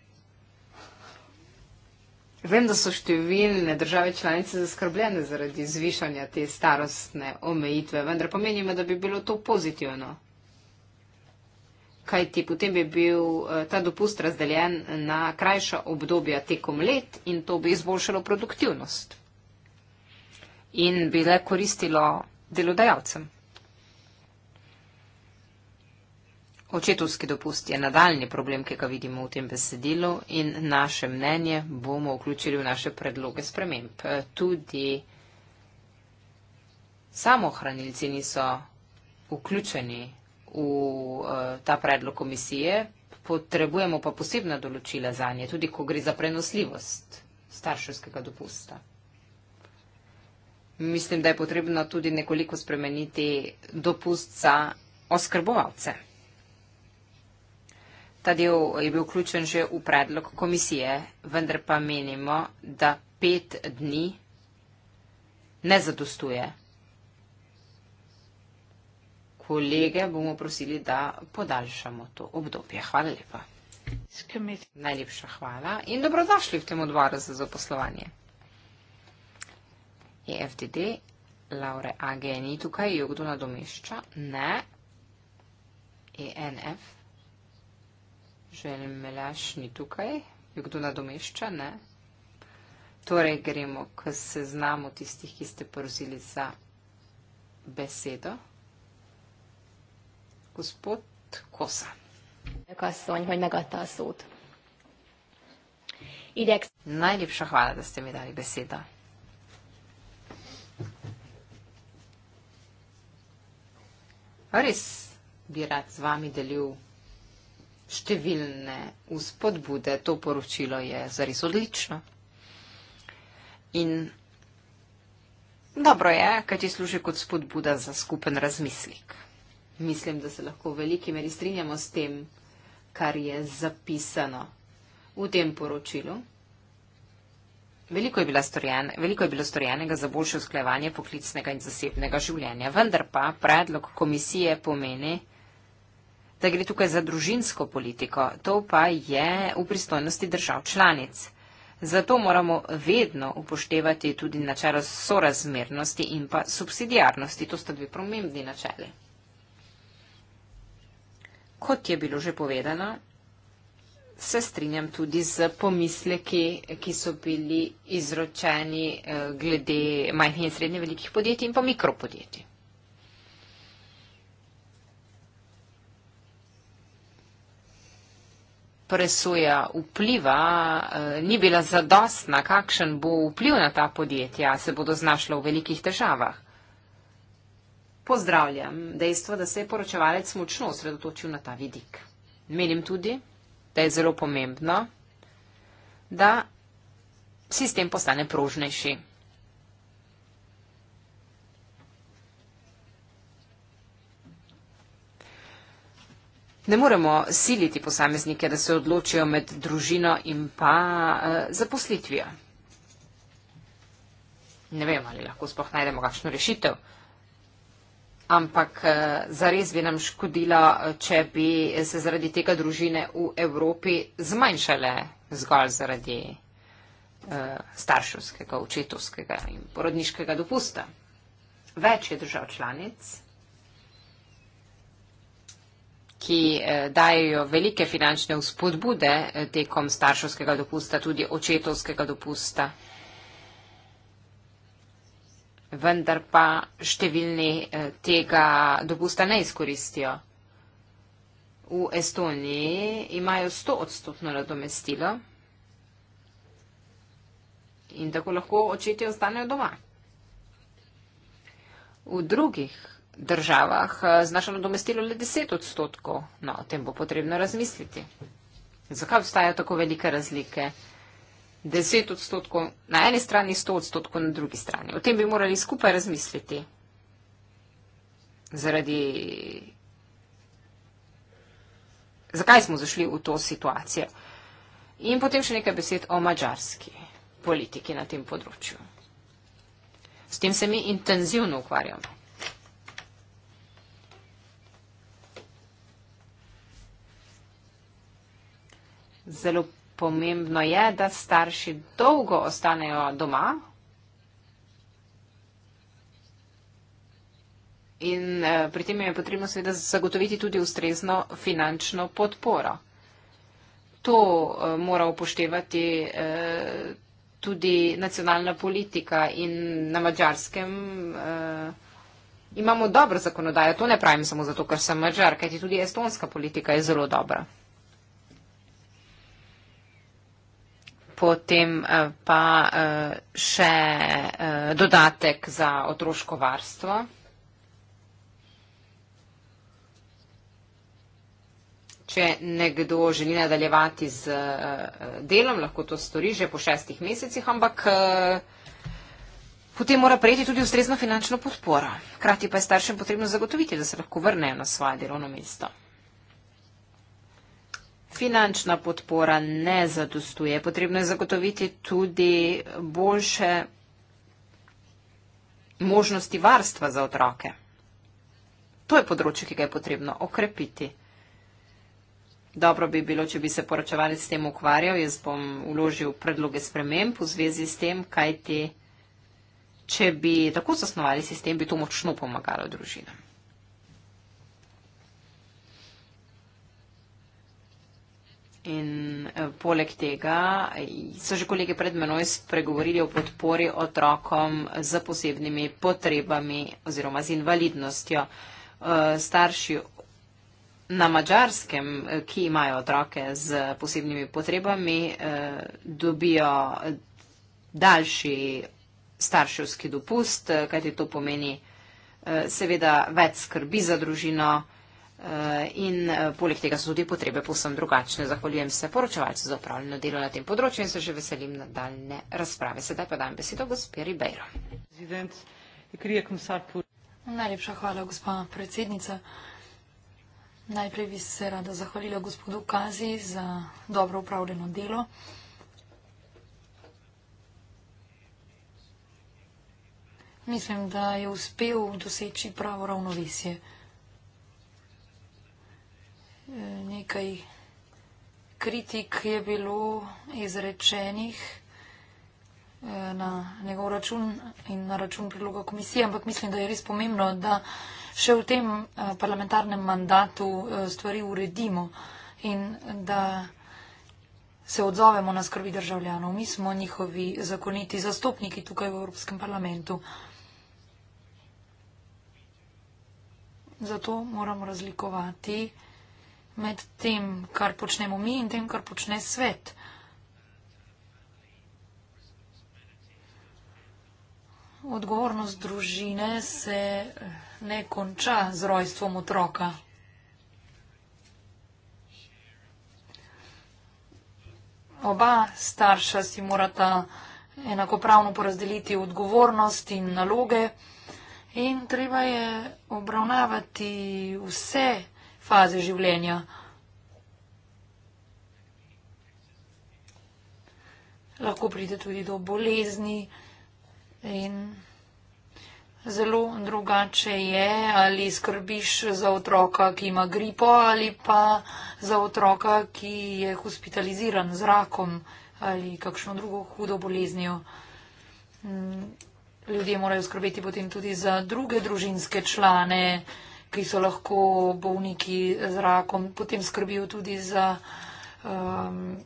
Vem, da so številne države članice zaskrbljene zaradi zvišanja te starostne omejitve, vendar pa menimo, da bi bilo to pozitivno. Kaj ti potem bi bil eh, ta dopust razdeljen na krajša obdobja tekom let in to bi izboljšalo produktivnost in bi le koristilo delodajalcem. Očetovski dopust je nadaljni problem, ki ga vidimo v tem besedilu in naše mnenje bomo vključili v naše predloge sprememb. Tudi samohranilci niso vključeni v uh, ta predlog komisije, potrebujemo pa posebna določila za nje, tudi ko gre za prenosljivost starševskega dopusta. Mislim, da je potrebno tudi nekoliko spremeniti dopust za oskrbovalce. Ta del je bil vključen že v predlog komisije, vendar pa menimo, da pet dni ne zadostuje. Kolege bomo prosili, da podaljšamo to obdobje. Hvala lepa. Najlepša hvala in dobrodošli v tem odboru za zaposlovanje. EFDD, Laure AG ni tukaj, jo kdo nadomešča? Ne. ENF. Žen Meleš ni tukaj, je kdo nadomešča, ne? Torej gremo k seznamu tistih, ki ste porozili za besedo. Gospod Kosa. Kasson, hogy megadta a szót. Idex. Najlepša hvala, da ste mi dali besedo. Res bi rad z vami delil številne vzpodbude, to poročilo je zares odlično. In dobro je, kaj ti služi kot spodbuda za skupen razmislik. Mislim, da se lahko v veliki meri strinjamo s tem, kar je zapisano v tem poročilu. Veliko je, storjen, veliko je bilo storjenega za boljše usklajevanje poklicnega in zasebnega življenja, vendar pa predlog komisije pomeni, da gre tukaj za družinsko politiko, to pa je v pristojnosti držav članic. Zato moramo vedno upoštevati tudi načelo sorazmernosti in pa subsidijarnosti. To sta dve pomembni načeli. Kot je bilo že povedano, se strinjam tudi z pomisleki, ki so bili izročeni eh, glede majhnih in srednje velikih podjetij in pa mikropodjetij. presuja vpliva eh, ni bila zadostna, kakšen bo vpliv na ta podjetja, se bodo znašla v velikih težavah. Pozdravljam dejstvo, da se je poročevalec močno osredotočil na ta vidik. Menim tudi, da je zelo pomembno, da sistem postane prožnejši. Ne moremo siliti posameznike, da se odločijo med družino in pa uh, zaposlitvijo. Ne vem, ali lahko spoh najdemo kakšno rešitev. Ampak eh, zares bi nam škodila, eh, če bi se zaradi tega družine v Evropi zmanjšale zgolj zaradi uh, starševskega, očetovskega in porodniškega dopusta. Več je držav članic ki eh, dajo velike finančne vzpodbude eh, tekom starševskega dopusta, tudi očetovskega dopusta. Vendar pa številni eh, tega dopusta ne izkoristijo. V Estoniji imajo 100 odstotno nadomestilo in tako lahko očetje ostanejo doma. V drugih državah eh, znaša nadomestilo le 10 odstotkov. No, o tem bo potrebno razmisliti. Zakaj obstajajo tako velike razlike? 10 odstotkov na eni strani, 100 odstotkov na drugi strani. O tem bi morali skupaj razmisliti. Zaradi. Zakaj smo zašli v to situacijo? In potem še nekaj besed o mačarski politiki na tem področju. S tem se mi intenzivno ukvarjamo. zelo pomembno je, da starši dolgo ostanejo doma in eh, pri tem je potrebno seveda zagotoviti tudi ustrezno finančno podporo. To eh, mora upoštevati eh, tudi nacionalna politika in na mačarskem imamo dobro zakonodajo. To ne pravim samo zato, ker sem mačar, kajti tudi estonska politika je zelo dobra. potem eh, pa eh, še eh, dodatek za otroško varstvo. Če nekdo želi nadaljevati z delom, lahko to stori že po šestih mesecih, ampak potem mora prejeti tudi ustrezno finančno podporo. Hkrati pa je staršem potrebno zagotoviti, da se lahko vrnejo na svoje delovno mesto finančna podpora ne zadostuje. Potrebno je zagotoviti tudi boljše možnosti varstva za otroke. To je področje, ki ga je potrebno okrepiti. Dobro bi bilo, če bi se poročevalec s tem ukvarjal. Jaz bom uložil predloge sprememb v zvezi s tem, kaj ti, če bi tako zasnovali sistem, bi to močno pomagalo družinam. In eh, poleg tega so že kolegi pred menoj spregovorili o podpori otrokom z posebnimi potrebami oziroma z invalidnostjo. Eh, starši na mačarskem, eh, ki imajo otroke z posebnimi potrebami, dobijo daljši starševski dopust, kajti to pomeni seveda več skrbi za družino. Eh, in eh, poleg tega so tudi potrebe povsem drugačne. Zahvaljujem se poročevalcu za upravljeno delo na tem področju in se že veselim nadaljne razprave. Sedaj pa dam besedo gospiri Bejro. Najlepša hvala, gospa predsednica. Najprej bi se rada zahvalila gospodu Kazi za dobro upravljeno delo. Mislim, da je uspel doseči pravo ravnovesje nekaj kritik je bilo izrečenih eh, na njegov račun in na račun priloga komisije, ampak mislim, da je res pomembno, da še v tem eh, parlamentarnem mandatu eh, stvari uredimo in da se odzovemo na skrbi državljanov. Mi smo njihovi zakoniti zastopniki tukaj v Evropskem parlamentu. Zato moramo razlikovati med tem, kar počnemo mi in tem, kar počne svet. Odgovornost družine se eh, ne konča z rojstvom otroka. Oba starša si morata enakopravno porazdeliti odgovornost in naloge in treba je obravnavati vse faze življenja. Lahko pride tudi do bolezni in zelo drugače je, ali skrbiš za otroka, ki ima gripo ali pa za otroka, ki je hospitaliziran z rakom ali kakšno drugo hudo boleznijo. Mm, ljudje morajo skrbeti potem tudi za druge družinske člane, ki so lahko bolniki z rakom, potem skrbijo tudi za um,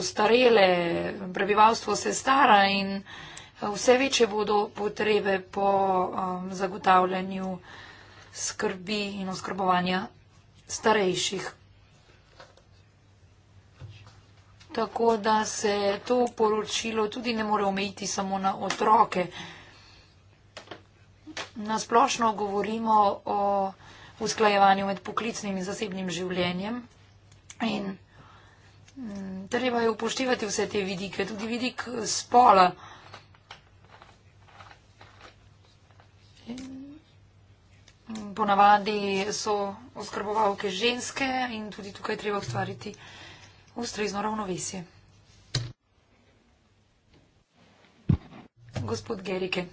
starele, prebivalstvo se stara in uh, vse večje bodo potrebe po um, zagotavljanju skrbi in oskrbovanja starejših. Tako da se to poročilo tudi ne more omejiti samo na otroke nasplošno govorimo o usklajevanju med poklicnim in zasebnim življenjem. In mm, treba je upoštevati vse te vidike, tudi vidik spola. Ponavadi so oskrbovalke ženske in tudi tukaj treba ustvariti ustrezno ravnovesje. Gospod Gerike.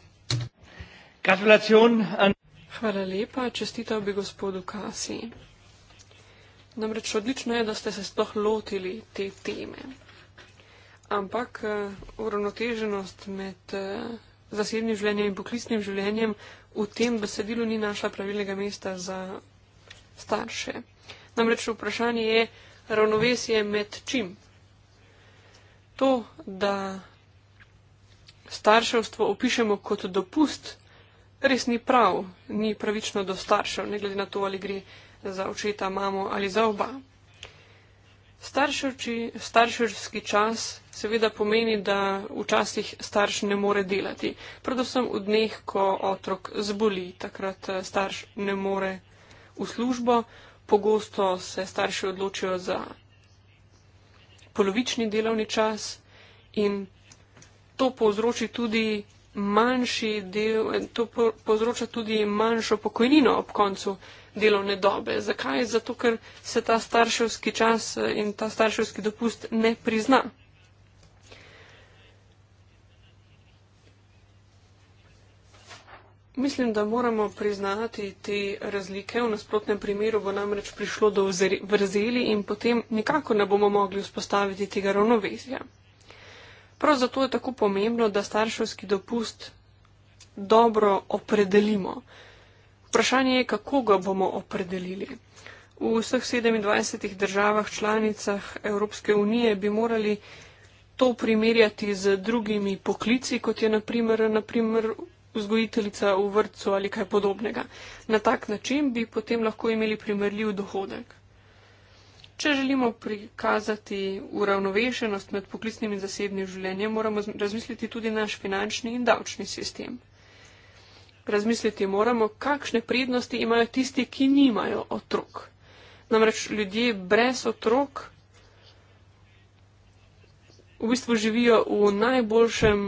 Gratulation an. Hvala lepa, čestitav bi gospodu Kasi. Namreč odlično je, da ste se sploh lotili te teme. Ampak eh, uravnoteženost med eh, zasebnim življenjem in poklicnim življenjem v tem besedilu ni našla pravilnega mesta za starše. Namreč vprašanje je ravnovesje med čim. To, da starševstvo opišemo kot dopust, res ni prav, ni pravično do staršev, ne glede na to, ali gre za očeta, mamo ali za oba. Starševči, starševski čas seveda pomeni, da včasih starš ne more delati, predvsem v dneh, ko otrok zboli, takrat eh, starš ne more v službo, pogosto se starši odločijo za polovični delovni čas in to povzroči tudi manjši del, to povzroča tudi manjšo pokojnino ob koncu delovne dobe. Zakaj? Zato, ker se ta starševski čas eh, in ta starševski dopust ne prizna. Mislim, da moramo priznati te razlike. V nasprotnem primeru bo namreč prišlo do vrzeli in potem nikako ne bomo mogli vzpostaviti tega ravnovesja. Prav zato je tako pomembno, da starševski dopust dobro opredelimo. Vprašanje je, kako ga bomo opredelili. V vseh 27 državah članicah Evropske unije bi morali to primerjati z drugimi poklici, kot je naprimer, naprimer vzgojiteljica v vrtcu ali kaj podobnega. Na tak način bi potem lahko imeli primerljiv dohodek. Če želimo prikazati uravnovešenost med poklicnim in zasebnim življenjem, moramo razmisliti tudi naš finančni in davčni sistem. Razmisliti moramo, kakšne prednosti imajo tisti, ki nimajo otrok. Namreč ljudje brez otrok v bistvu živijo v najboljšem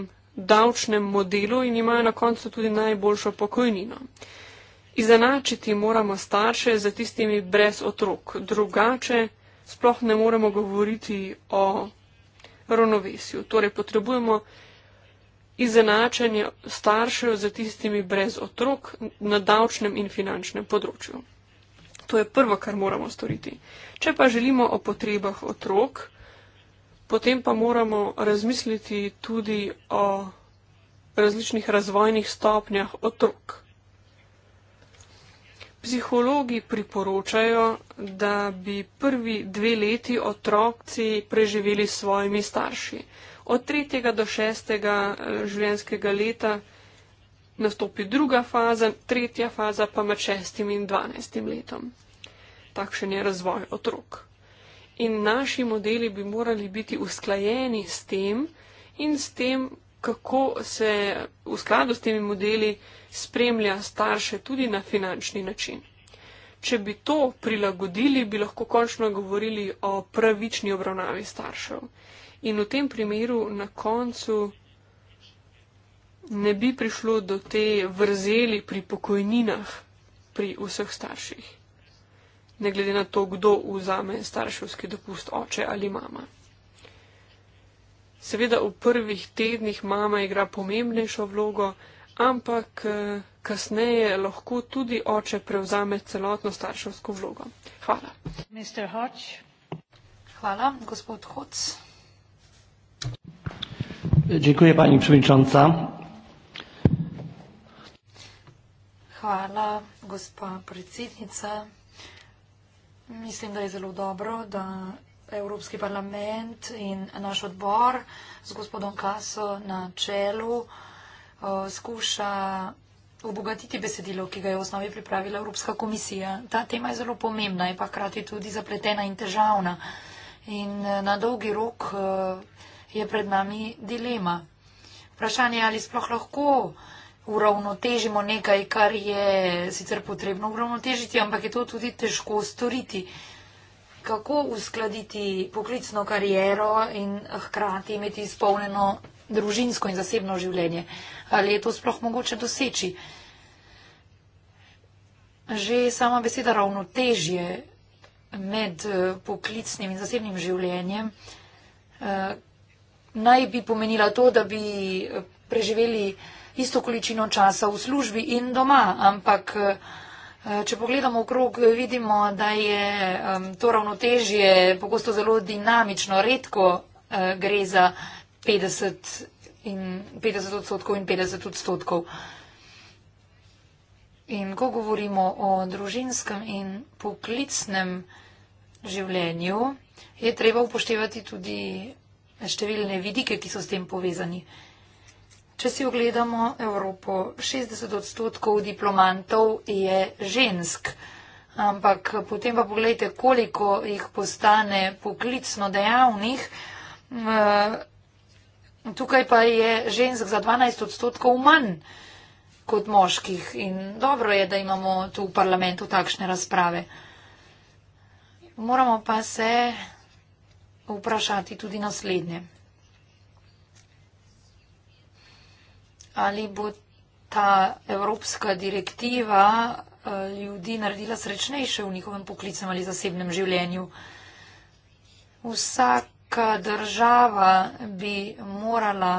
davčnem modelu in imajo na koncu tudi najboljšo pokojnino. Izenačiti moramo starše za tistimi brez otrok. Drugače sploh ne moremo govoriti o ravnovesju. Torej, potrebujemo izenačenje staršev z tistimi brez otrok na davčnem in finančnem področju. To je prvo, kar moramo storiti. Če pa želimo o potrebah otrok, potem pa moramo razmisliti tudi o različnih razvojnih stopnjah otrok. Psihologi priporočajo, da bi prvi dve leti otroci preživeli s svojimi starši. Od tretjega do šestega eh, življenjskega leta nastopi druga faza, tretja faza pa med šestim in dvanajstim letom. Takšen je razvoj otrok. In naši modeli bi morali biti usklajeni s tem in s tem, kako se v skladu s temi modeli spremlja starše tudi na finančni način. Če bi to prilagodili, bi lahko končno govorili o pravični obravnavi staršev. In v tem primeru na koncu ne bi prišlo do te vrzeli pri pokojninah pri vseh starših. Ne glede na to, kdo vzame starševski dopust, oče ali mama. Seveda v prvih tednih mama igra pomembnejšo vlogo, ampak eh, kasneje lahko tudi oče prevzame celotno starševsko vlogo. Hvala. Hvala. Gospod Hoc. Dziękuję Pani Przewodnicząca. Hvala, gospa predsednica. Mislim, da je zelo dobro, da Evropski parlament in naš odbor z gospodom Kaso na čelu skuša obogatiti besedilo, ki ga je v osnovi pripravila Evropska komisija. Ta tema je zelo pomembna, je pa hkrati tudi zapletena in težavna. In e, na dolgi rok e, je pred nami dilema. Vprašanje je, ali sploh lahko uravnotežimo nekaj, kar je sicer potrebno uravnotežiti, ampak je to tudi težko storiti. Kako uskladiti poklicno kariero in hkrati imeti izpolneno družinsko in zasebno življenje. Ali je to sploh mogoče doseči? Že sama beseda ravnotežje med eh, poklicnim in zasebnim življenjem eh, naj bi pomenila to, da bi eh, preživeli isto količino časa v službi in doma, ampak če pogledamo okrog, vidimo, da je to ravnotežje pogosto zelo dinamično, redko gre za. 50, in, 50 odstotkov in 50 odstotkov. In ko govorimo o družinskem in poklicnem življenju, je treba upoštevati tudi številne vidike, ki so s tem povezani. Če si ogledamo Evropo, 60 odstotkov diplomantov je žensk, ampak potem pa pogledajte, koliko jih postane poklicno dejavnih. Uh, Tukaj pa je žensk za 12 odstotkov manj kot moških in dobro je, da imamo tu v parlamentu takšne razprave. Moramo pa se vprašati tudi naslednje. Ali bo ta evropska direktiva eh, ljudi naredila srečnejše v njihovem poklicem ali zasebnem življenju? Vsak Vsaka država bi morala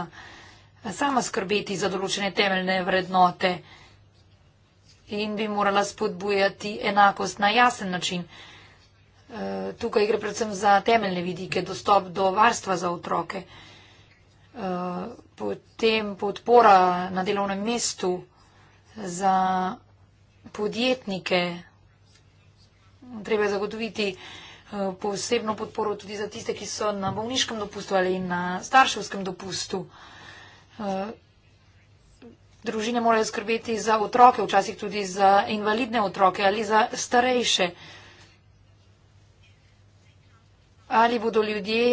sama skrbeti za določene temeljne vrednote in bi morala spodbujati enakost na jasen način. E, tukaj gre predvsem za temeljne vidike, dostop do varstva za otroke, e, potem podpora na delovnem mestu za podjetnike. Treba je zagotoviti Eh, posebno podporo tudi za tiste, ki so na bolniškem dopustu ali na starševskem dopustu. Eh, družine morajo skrbeti za otroke, včasih tudi za invalidne otroke ali za starejše. Ali bodo ljudje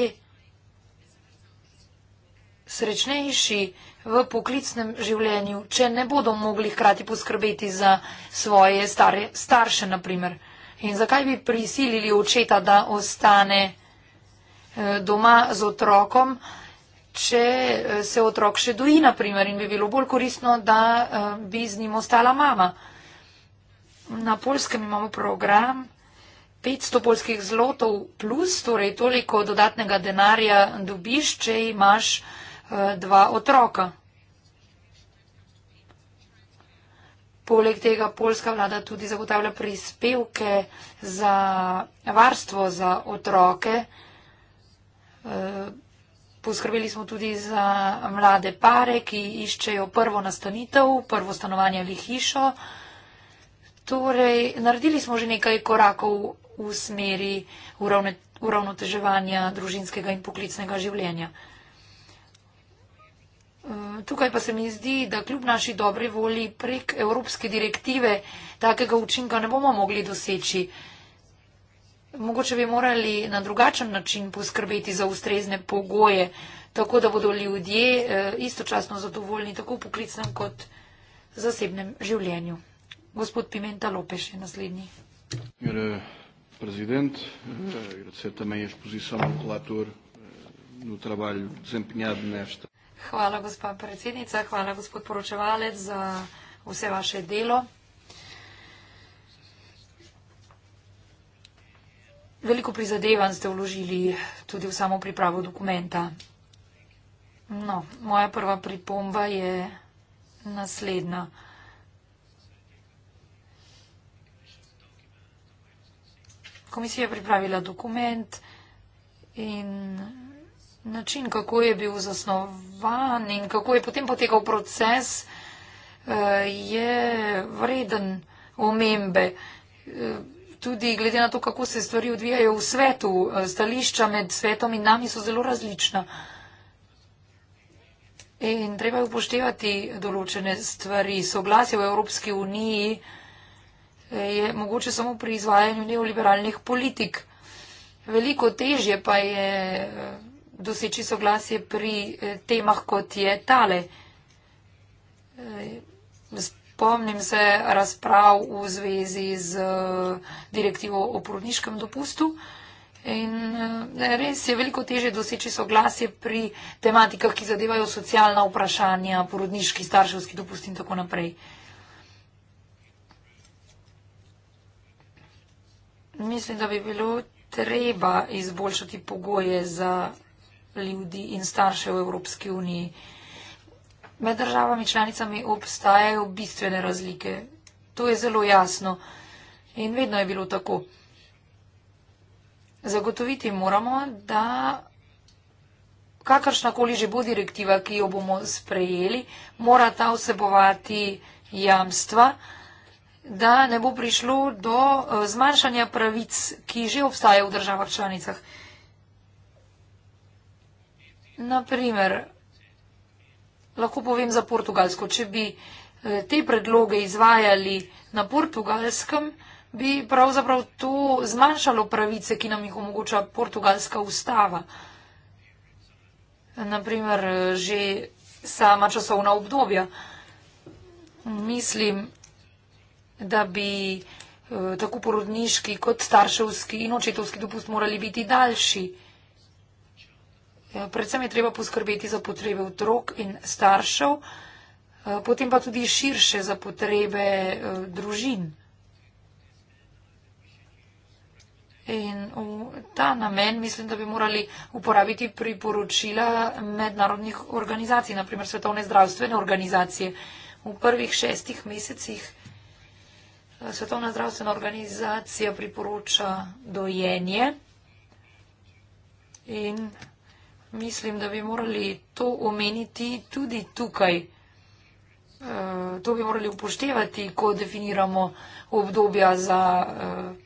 srečnejši v poklicnem življenju, če ne bodo mogli hkrati poskrbeti za svoje stare, starše, naprimer. In zakaj bi prisilili očeta, da ostane eh, doma z otrokom, če eh, se otrok še doji, na primer, in bi bilo bolj koristno, da eh, bi z njim ostala mama. Na polskem imamo program 500 polskih zlotov plus, torej toliko dodatnega denarja dobiš, če imaš dva otroka. Poleg tega polska vlada tudi zagotavlja prispevke za varstvo za otroke. Eh, poskrbeli smo tudi za mlade pare, ki iščejo prvo nastanitev, prvo stanovanje ali hišo. Torej, naredili smo že nekaj korakov v smeri uravnoteževanja družinskega in poklicnega življenja. Tukaj pa se mi zdi, da kljub naši dobre volji prek evropske direktive takega učinka ne bomo mogli doseči. Mogoče bi morali na drugačen način poskrbeti za ustrezne pogoje, tako da bodo ljudje eh, istočasno zadovoljni tako v poklicnem kot zasebnem življenju. Gospod Pimenta Lopeš je naslednji. Gre prezident, eh, gre se tam je ekspozicija, eh, no, trabalj, zempnjad nešte. Hvala, gospa predsednica. Hvala, gospod poročevalec, za vse vaše delo. Veliko prizadevanj ste vložili tudi v samo pripravo dokumenta. No, moja prva pripomba je naslednja. Komisija je pripravila dokument in način, kako je bil zasnovan in kako je potem potekal proces, eh, je vreden omembe. Eh, tudi glede na to, kako se stvari odvijajo v svetu, eh, stališča med svetom in nami so zelo različna. In treba je upoštevati določene stvari. Soglasje v Evropski uniji je mogoče samo pri izvajanju neoliberalnih politik. Veliko težje pa je doseči soglasje pri eh, temah, kot je tale. Eh, spomnim se razprav v zvezi z eh, direktivo o porodniškem dopustu. In res je veliko teže doseči soglasje pri tematikah, ki zadevajo socialna vprašanja, porodniški, starševski dopust in tako naprej. Mislim, da bi bilo treba izboljšati pogoje za ljudi in staršev v Evropski uniji. Med državami članicami obstajajo bistvene razlike. To je zelo jasno in vedno je bilo tako. Zagotoviti moramo, da kakršnakoli že bo direktiva, ki jo bomo sprejeli, mora ta vsebovati jamstva, da ne bo prišlo do eh, zmanjšanja pravic, ki že obstajajo v državah članicah. Naprimer, lahko povem za portugalsko, če bi eh, te predloge izvajali na portugalskem, bi pravzaprav to zmanjšalo pravice, ki nam jih omogoča portugalska ustava. Naprimer, eh, že sama časovna obdobja. Mislim, da bi eh, tako porodniški kot starševski in očetovski dopust morali biti daljši. Eh, predvsem je treba poskrbeti za potrebe otrok in staršev, eh, potem pa tudi širše za potrebe eh, družin. In v ta namen mislim, da bi morali uporabiti priporočila mednarodnih organizacij, naprimer Svetovne zdravstvene organizacije. V prvih šestih mesecih Svetovna zdravstvena organizacija priporoča dojenje in mislim, da bi morali to omeniti tudi tukaj. E, to bi morali upoštevati, ko definiramo obdobja za e,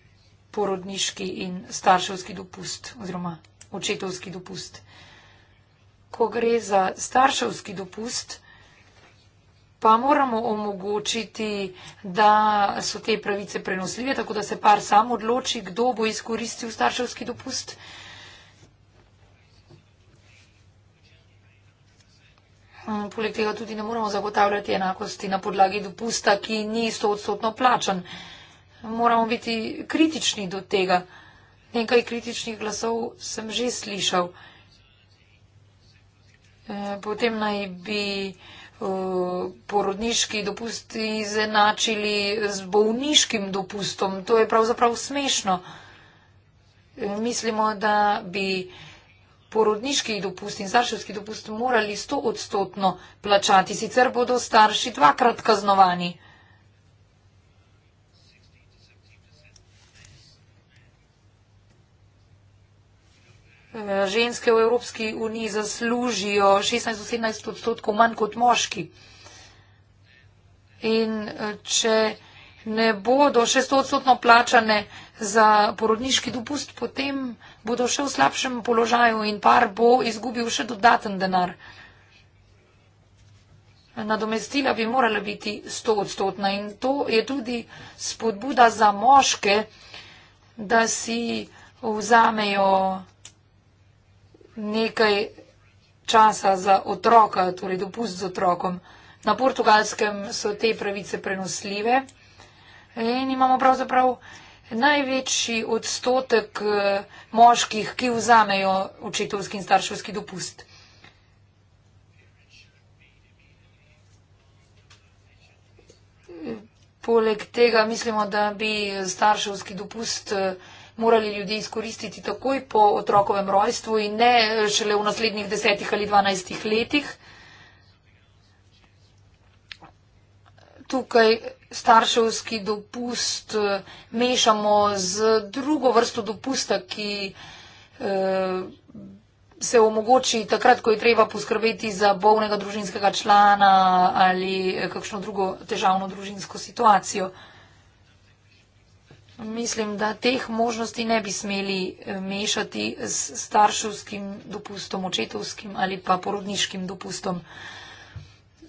porodniški in starševski dopust oziroma očetovski dopust. Ko gre za starševski dopust, pa moramo omogočiti, da so te pravice prenosljive, tako da se par sam odloči, kdo bo izkoristil starševski dopust. Mm, poleg tega tudi ne moramo zagotavljati enakosti na podlagi dopusta, ki ni stotstotno plačan. Moramo biti kritični do tega. Nekaj kritičnih glasov sem že slišal. E, potem naj bi e, porodniški dopust izenačili z bolniškim dopustom. To je pravzaprav smešno. E, mislimo, da bi porodniški dopust in starševski dopust morali sto odstotno plačati, sicer bodo starši dvakrat kaznovani. Ženske v Evropski uniji zaslužijo 16-17 odstotkov manj kot moški. In eh, če ne bodo 600-odstotno plačane za porodniški dopust, potem bodo še v slabšem položaju in par bo izgubil še dodaten denar. Nadomestila bi morala biti 100-odstotna in to je tudi spodbuda za moške, da si vzamejo nekaj časa za otroka, torej dopust z otrokom. Na portugalskem so te pravice prenosljive. In imamo pravzaprav največji odstotek eh, moških, ki vzamejo očetovski in starševski dopust. Poleg tega mislimo, da bi starševski dopust eh, morali ljudje izkoristiti takoj po otrokovem rojstvu in ne eh, šele v naslednjih desetih ali dvanajstih letih. Tukaj starševski dopust eh, mešamo z drugo vrsto dopusta, ki eh, se omogoči takrat, ko je treba poskrbeti za bolnega družinskega člana ali eh, kakšno drugo težavno družinsko situacijo. Mislim, da teh možnosti ne bi smeli mešati s starševskim dopustom, očetovskim ali pa porodniškim dopustom.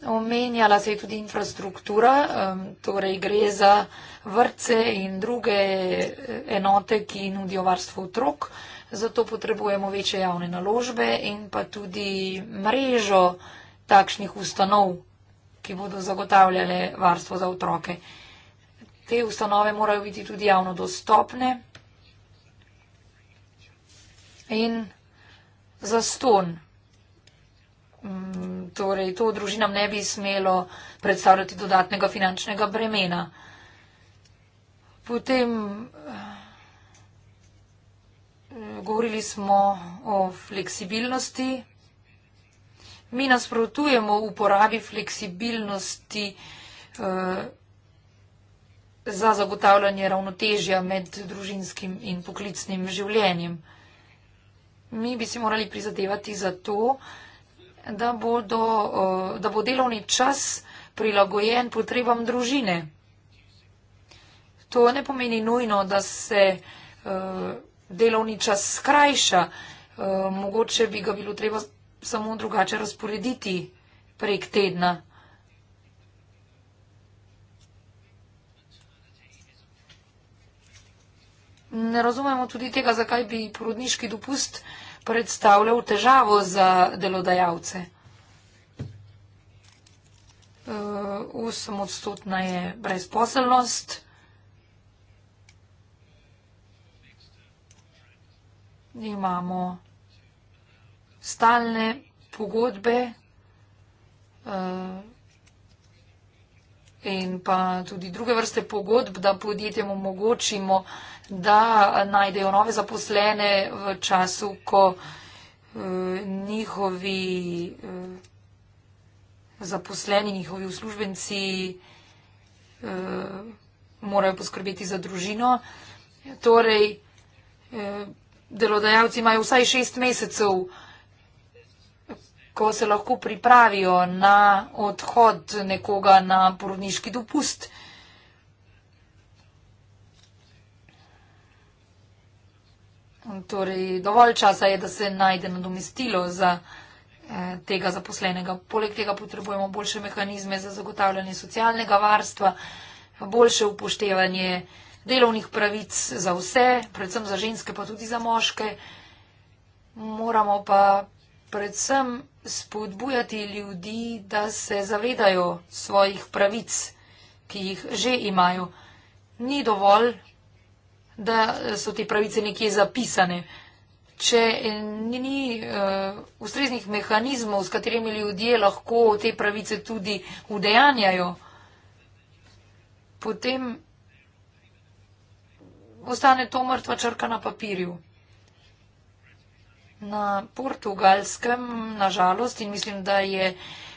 Omenjala se je tudi infrastruktura, torej gre za vrtce in druge eh, enote, ki nudijo varstvo otrok. Zato potrebujemo večje javne naložbe in pa tudi mrežo takšnih ustanov, ki bodo zagotavljale varstvo za otroke. Te ustanove morajo biti tudi javno dostopne in zaston. Mm, torej, to družinam ne bi smelo predstavljati dodatnega finančnega bremena. Potem eh, govorili smo o fleksibilnosti. Mi nasprotujemo uporabi fleksibilnosti eh, za zagotavljanje ravnotežja med družinskim in poklicnim življenjem. Mi bi si morali prizadevati za to, da da, bodo, da bo delovni čas prilagojen potrebam družine. To ne pomeni nujno, da se delovni čas skrajša, mogoče bi ga bilo treba samo drugače razporediti prek tedna. Ne razumemo tudi tega, zakaj bi porodniški dopust uh, predstavljal težavo za delodajalce. Eh, Osem odstotna je brezposelnost. Imamo stalne pogodbe. Eh, in pa tudi druge vrste pogodb, da podjetjem omogočimo, da najdejo nove zaposlene v času, ko eh, njihovi eh, zaposleni, njihovi uslužbenci eh, morajo poskrbeti za družino. Torej, eh, delodajalci imajo vsaj šest mesecev eh, ko se lahko pripravijo na odhod nekoga na porodniški dopust. Torej, dovolj časa je, da se najde nadomestilo za eh, tega zaposlenega. Poleg tega potrebujemo boljše mehanizme za zagotavljanje socialnega varstva, boljše upoštevanje delovnih pravic za vse, predvsem za ženske, pa tudi za moške. Moramo pa predvsem spodbujati ljudi, da se zavedajo svojih pravic, ki jih že imajo. Ni dovolj, da so te pravice nekje zapisane. Če ni, ni uh, ustreznih mehanizmov, s katerimi ljudje lahko te pravice tudi udejanjajo, potem ostane to mrtva črka na papirju na portugalskem, nažalost, in mislim, da je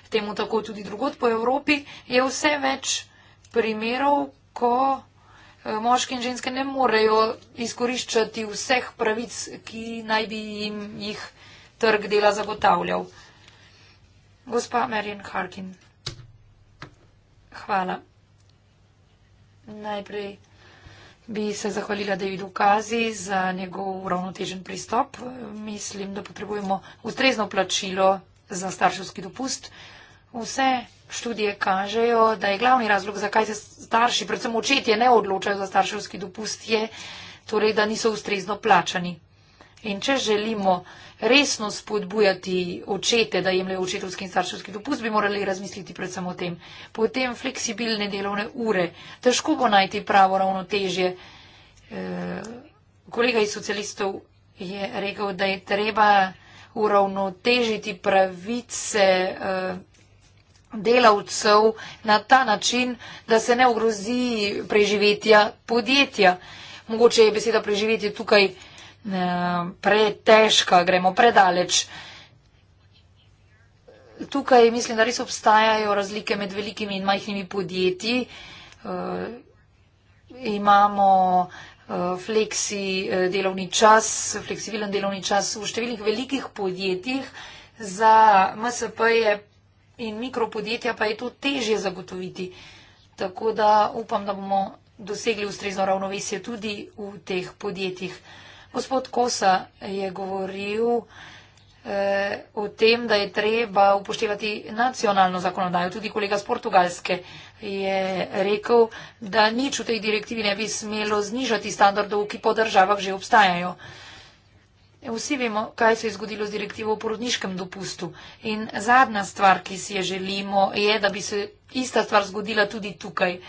temu tako tudi drugot po Evropi, je vse več primerov, ko eh, moški in ženske ne morejo izkoriščati vseh pravic, ki naj bi jim jih trg dela zagotavljal. Gospa Marjen Harkin, hvala. Najprej. Bi se zahvalila Davidu Kazi za njegov uravnotežen pristop. Mislim, da potrebujemo ustrezno plačilo za starševski dopust. Vse študije kažejo, da je glavni razlog, zakaj se starši, predvsem očetje, ne odločajo za starševski dopust, je torej, da niso ustrezno plačani. In če želimo, resno spodbujati očete, da jemljajo očetovski in starševski dopust, bi morali razmisliti predvsem o tem. Potem fleksibilne delovne ure. Težko bo najti pravo ravnotežje. E, kolega iz socialistov je rekel, da je treba uravnotežiti pravice. E, delavcev na ta način, da se ne ogrozi preživetja podjetja. Mogoče je beseda preživetje tukaj uh, Eh, pretežka, gremo predaleč. Tukaj mislim, da res obstajajo razlike med velikimi in majhnimi podjetji. Eh, imamo eh, fleksi delovni čas, fleksibilen delovni čas v številnih velikih podjetjih. Za MSP je in mikropodjetja pa je to težje zagotoviti. Tako da upam, da bomo dosegli ustrezno ravnovesje tudi v teh podjetjih. Gospod Kosa je govoril eh, o tem, da je treba upoštevati nacionalno zakonodajo. Tudi kolega z Portugalske je rekel, da nič v tej direktivi ne bi smelo znižati standardov, ki po državah že obstajajo. Vsi vemo, kaj se je zgodilo z direktivo o porodniškem dopustu. In zadnja stvar, ki si je želimo, je, da bi se ista stvar zgodila tudi tukaj.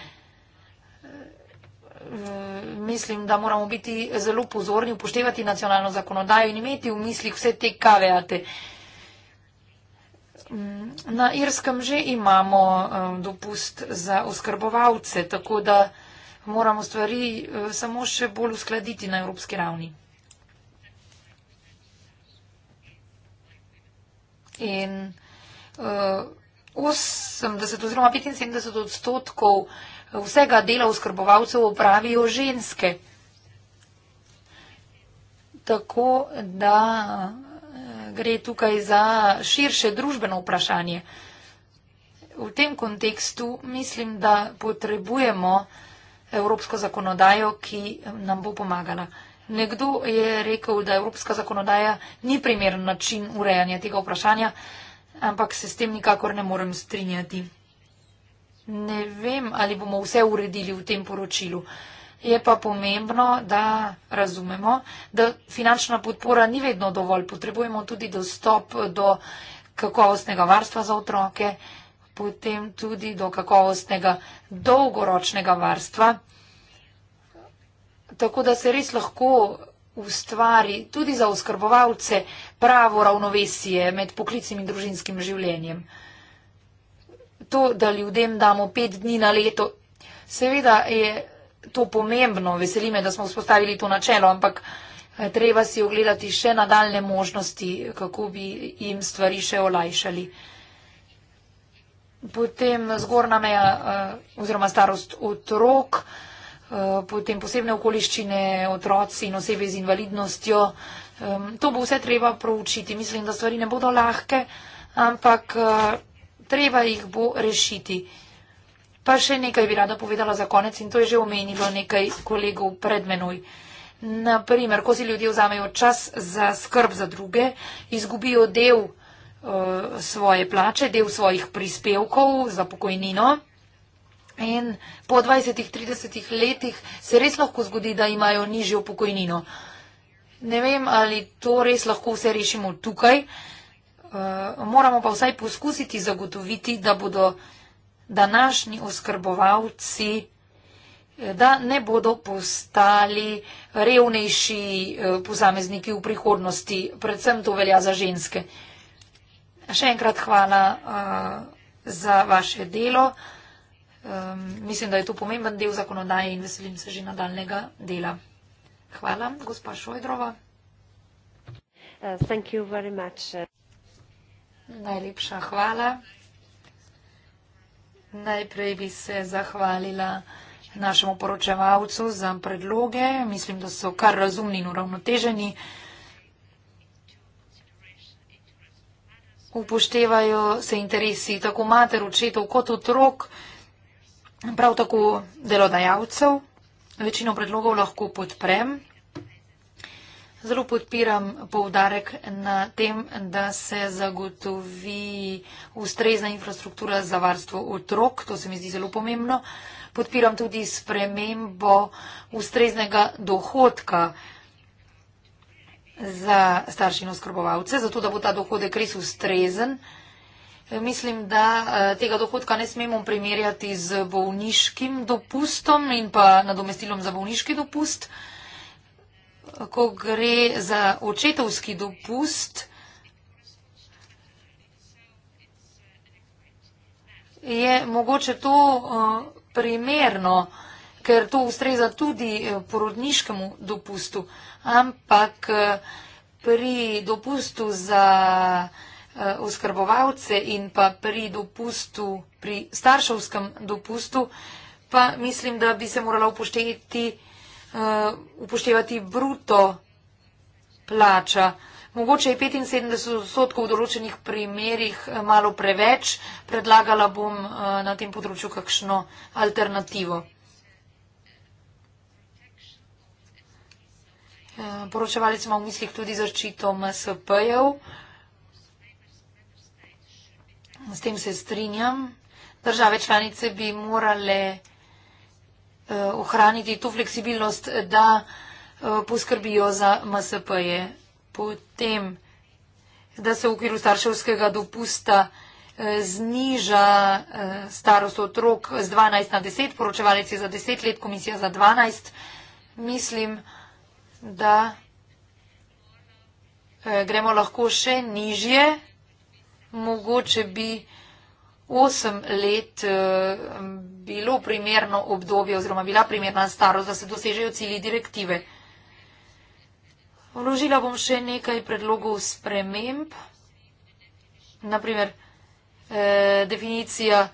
Eh, mislim, da moramo biti zelo pozorni, upoštevati nacionalno zakonodajo in imeti v mislih vse te kaveate. Mm, na Irskem že imamo eh, dopust za oskrbovalce, tako da moramo stvari eh, samo še bolj uskladiti na evropski ravni. In 80 oziroma 75 odstotkov vsega dela oskrbovalcev opravijo ženske. Tako da eh, gre tukaj za širše družbeno vprašanje. V tem kontekstu mislim, da potrebujemo evropsko zakonodajo, ki nam bo pomagala. Nekdo je rekel, da evropska zakonodaja ni primeren način urejanja tega vprašanja, ampak se s tem nikakor ne morem strinjati ne vem, ali bomo vse uredili v tem poročilu. Je pa pomembno, da razumemo, da finančna podpora ni vedno dovolj. Potrebujemo tudi dostop do kakovostnega varstva za otroke, potem tudi do kakovostnega dolgoročnega varstva. Tako da se res lahko ustvari tudi za oskrbovalce pravo ravnovesje med poklicnim in družinskim življenjem to, da ljudem damo pet dni na leto. Seveda je to pomembno, veseli me, da smo vzpostavili to načelo, ampak eh, treba si ogledati še nadaljne možnosti, kako bi jim stvari še olajšali. Potem zgorna meja eh, oziroma starost otrok, eh, potem posebne okoliščine otroci in osebe z invalidnostjo. To bo vse treba proučiti. Mislim, da stvari ne bodo lahke, ampak treba jih bo rešiti. Pa še nekaj bi rada povedala za konec in to je že omenilo nekaj kolegov pred menoj. Naprimer, ko si ljudje vzamejo čas za skrb za druge, izgubijo del uh, svoje plače, del svojih prispevkov za pokojnino. In po 20-30 letih se res lahko zgodi, da imajo nižjo pokojnino. Ne vem, ali to res lahko vse rešimo tukaj. Uh, Eh, moramo pa vsaj poskusiti zagotoviti, da bodo današnji oskrbovalci, eh, da ne bodo postali revnejši eh, posamezniki v prihodnosti. Predvsem to velja za ženske. Še enkrat hvala za vaše delo. Mislim, da je to pomemben del zakonodaje in veselim se že nadaljnega dela. Hvala, gospa Šojdrova. Uh, thank you very much. Najlepša hvala. Najprej bi se zahvalila našemu poročevalcu za predloge. Mislim, da so kar razumni in uravnoteženi. Upoštevajo se interesi tako mater, očetov kot otrok, prav tako delodajalcev. Večino predlogov lahko podprem. Zelo podpiram poudarek na tem, da se zagotovi ustrezna infrastruktura za varstvo otrok. To se mi zdi zelo pomembno. Podpiram tudi spremembo ustreznega dohodka za starši in oskrbovalce, zato da bo ta dohodek res ustrezen. Mislim, da eh, tega dohodka ne smemo primerjati z bolniškim dopustom in pa nadomestilom za bolniški dopust ko gre za očetovski dopust, je mogoče to eh, primerno, ker to ustreza tudi eh, porodniškemu dopustu, ampak eh, pri dopustu za oskrbovalce in pa pri dopustu, pri starševskem dopustu, pa mislim, da bi se morala upoštejiti tudi Uh, upoštevati bruto plača. Mogoče je 75 odstotkov v določenih primerjih eh, malo preveč. Predlagala bom eh, na tem področju kakšno alternativo. Eh, Poročevali smo v mislih tudi zaščito MSP-jev. S tem se strinjam. Države članice bi morale Eh, ohraniti to fleksibilnost, da eh, poskrbijo za MSP-je. Potem, da se v okviru starševskega dopusta eh, zniža starost otrok z 12 na 10, poročevalec je za 10 let, komisija za 12. Mislim, da gremo lahko še nižje. Mogoče bi osem let eh, bilo primerno obdobje oziroma bila primerna starost, da se dosežejo cilji direktive. Vložila bom še nekaj predlogov sprememb, naprimer eh, definicija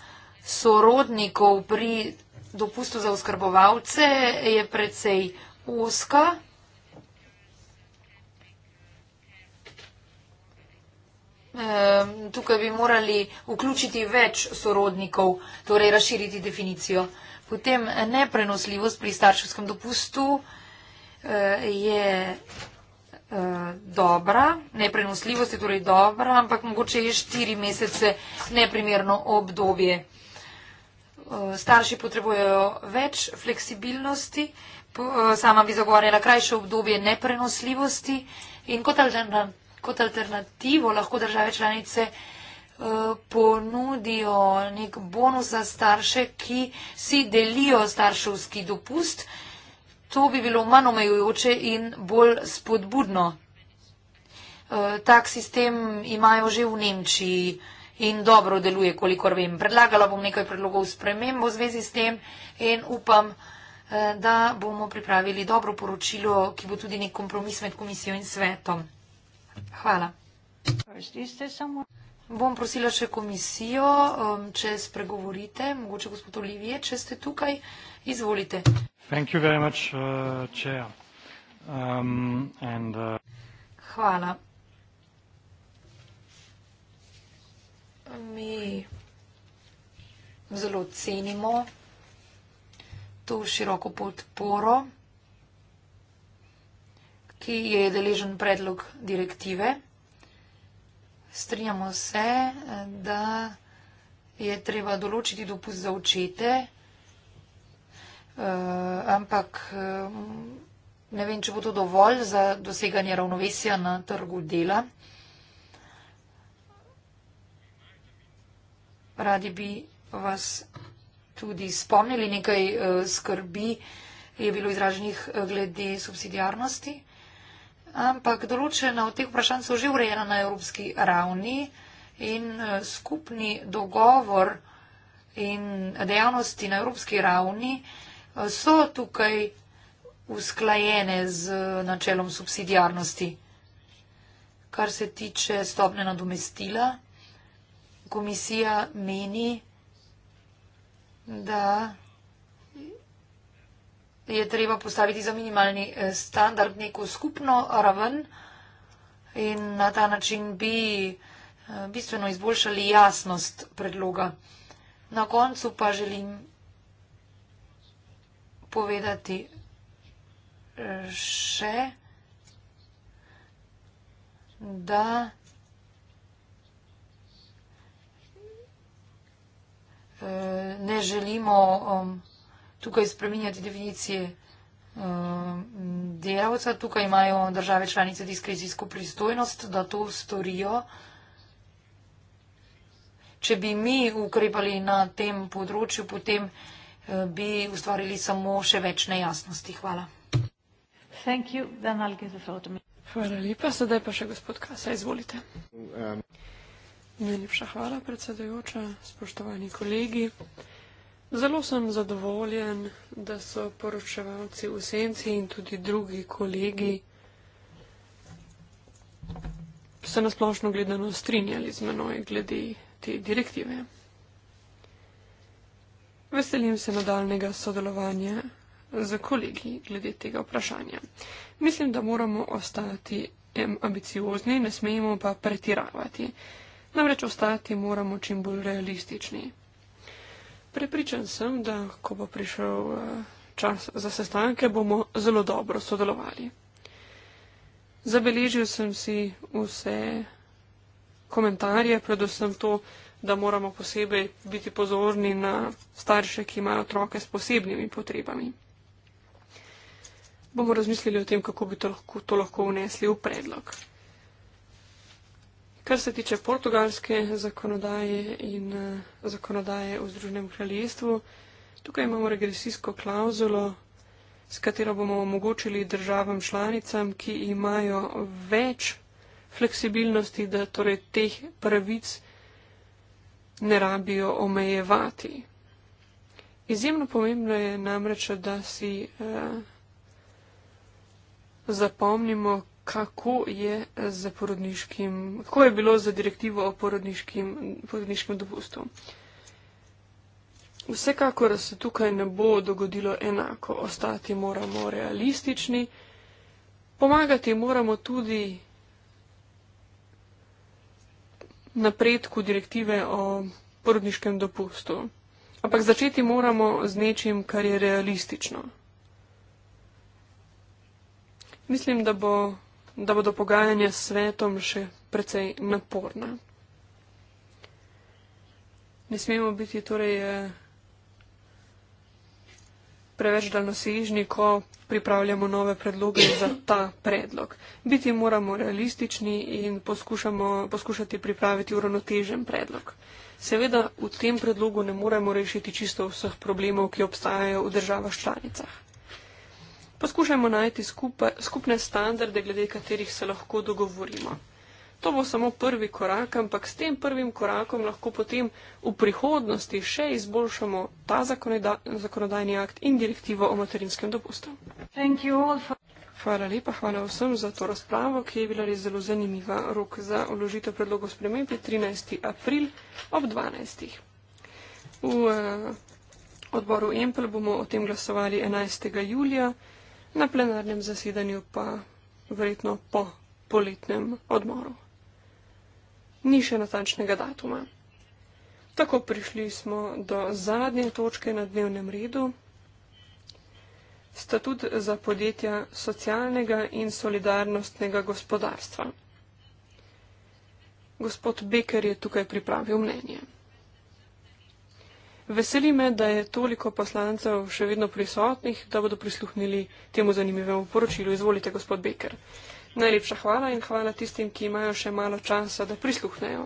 sorodnikov pri dopustu za oskrbovalce je precej oska. Ehm, tukaj bi morali vključiti več sorodnikov, torej razširiti definicijo. Potem eh, neprenosljivost pri starševskem dopustu eh, je eh, dobra, neprenosljivost je torej dobra, ampak mogoče je štiri mesece neprimerno obdobje. Starši potrebujejo več fleksibilnosti, sama bi zagovarjala krajše obdobje neprenosljivosti in kot alternativa kot alternativo lahko države članice eh, ponudijo nek bonus za starše, ki si delijo starševski dopust. To bi bilo manj omejujoče in bolj spodbudno. Eh, tak sistem imajo že v Nemčiji in dobro deluje, kolikor vem. Predlagala bom nekaj predlogov sprememb v zvezi s tem in upam, eh, da bomo pripravili dobro poročilo, ki bo tudi nek kompromis med komisijo in svetom. Hvala. Bom prosila še komisijo, um, če spregovorite, mogoče gospod Olivije, če ste tukaj, izvolite. Uh, um, uh, Hvala. Mi zelo cenimo to široko podporo, ki je deležen predlog direktive. Strinjamo se, da je treba določiti dopust za očete, eh, ampak eh, ne vem, če bo to dovolj za doseganje ravnovesja na trgu dela. Radi bi vas tudi spomnili, nekaj eh, skrbi je bilo izraženih glede subsidijarnosti ampak določena od teh vprašanj so že urejena na evropski ravni in eh, skupni dogovor in dejavnosti na evropski ravni eh, so tukaj usklajene z eh, načelom subsidijarnosti. Kar se tiče stopne nadomestila, komisija meni, da je treba postaviti za minimalni eh, standard neko skupno raven in na ta način bi eh, bistveno izboljšali jasnost predloga. Na koncu pa želim povedati eh, še, da ne želimo um, tukaj spreminjati definicije uh, delavca, tukaj imajo države članice diskrecijsko pristojnost, da to storijo. Če bi mi ukrepali na tem področju, potem uh, bi ustvarili samo še več nejasnosti. Hvala. Hvala lepa. Sedaj pa še gospod Kasa, izvolite. Um, Najlepša hvala, predsedujoča, spoštovani kolegi. Zelo sem zadovoljen, da so poročevalci v senci in tudi drugi kolegi se nasplošno gledano strinjali z menoj glede te direktive. Veselim se nadaljnega sodelovanja z kolegi glede tega vprašanja. Mislim, da moramo ostati ambiciozni, ne smemo pa pretiravati. Namreč ostati moramo čim bolj realistični. Prepričan sem, da ko bo prišel eh, čas za sestanke, bomo zelo dobro sodelovali. Zabeležil sem si vse komentarje, predvsem to, da moramo posebej biti pozorni na starše, ki imajo otroke s posebnimi potrebami. Bomo razmislili o tem, kako bi to lahko, to lahko vnesli v predlog. Kar se tiče portugalske zakonodaje in eh, zakonodaje v Združenem kraljestvu, tukaj imamo regresijsko klauzulo, s katero bomo omogočili državam članicam, ki imajo več fleksibilnosti, da torej teh pravic ne rabijo omejevati. Izjemno pomembno je namreč, da si eh, zapomnimo, kako je z porodniškim, kako je bilo z direktivo o porodniškim, porodniškem dopustu. Vsekakor se tukaj ne bo dogodilo enako, ostati moramo realistični, pomagati moramo tudi napredku direktive o porodniškem dopustu. Ampak začeti moramo z nečim, kar je realistično. Mislim, da bo da bodo pogajanja s svetom še precej naporna. Ne smemo biti torej eh, preveč daljnosežni, ko pripravljamo nove predloge za ta predlog. Biti moramo realistični in poskušati pripraviti uravnotežen predlog. Seveda v tem predlogu ne moremo rešiti čisto vseh problemov, ki obstajajo v državah članicah. Poskušajmo najti skupa, skupne standarde, glede katerih se lahko dogovorimo. To bo samo prvi korak, ampak s tem prvim korakom lahko potem v prihodnosti še izboljšamo ta zakonodaj, zakonodajni akt in direktivo o materinskem dopustu. Hvala lepa, hvala vsem za to razpravo, ki je bila res zelo zanimiva. Rok za uložitev predlogov sprememb je 13. april ob 12. V uh, odboru Empel bomo o tem glasovali 11. julija na plenarnem zasedanju pa verjetno po poletnem odmoru. Ni še natančnega datuma. Tako prišli smo do zadnje točke na dnevnem redu. Statut za podjetja socialnega in solidarnostnega gospodarstva. Gospod Beker je tukaj pripravil mnenje. Veseli me, da je toliko poslancev še vedno prisotnih, da bodo prisluhnili temu zanimivemu poročilu. Izvolite, gospod Beker. Najlepša hvala in hvala tistim, ki imajo še malo časa, da prisluhnejo.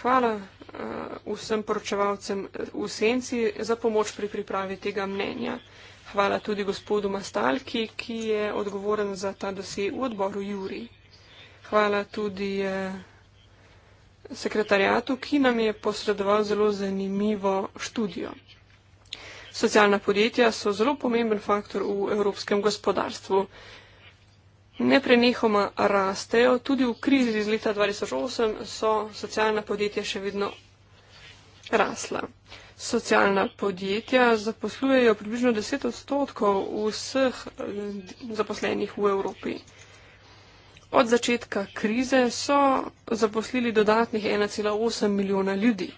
Hvala uh, vsem poročevalcem v senci za pomoč pri pripravi tega mnenja. Hvala tudi gospodu Mastalki, ki je odgovoren za ta dosje v odboru Juri. Hvala tudi. Uh, sekretarijatu, ki nam je posredoval zelo zanimivo študijo. Socialna podjetja so zelo pomemben faktor v evropskem gospodarstvu. Neprenehoma rastejo, tudi v krizi iz leta 2008 so socialna podjetja še vedno rasla. Socialna podjetja zaposlujejo približno 10 odstotkov vseh zaposlenih v Evropi. Od začetka krize so zaposlili dodatnih 1,8 milijona ljudi.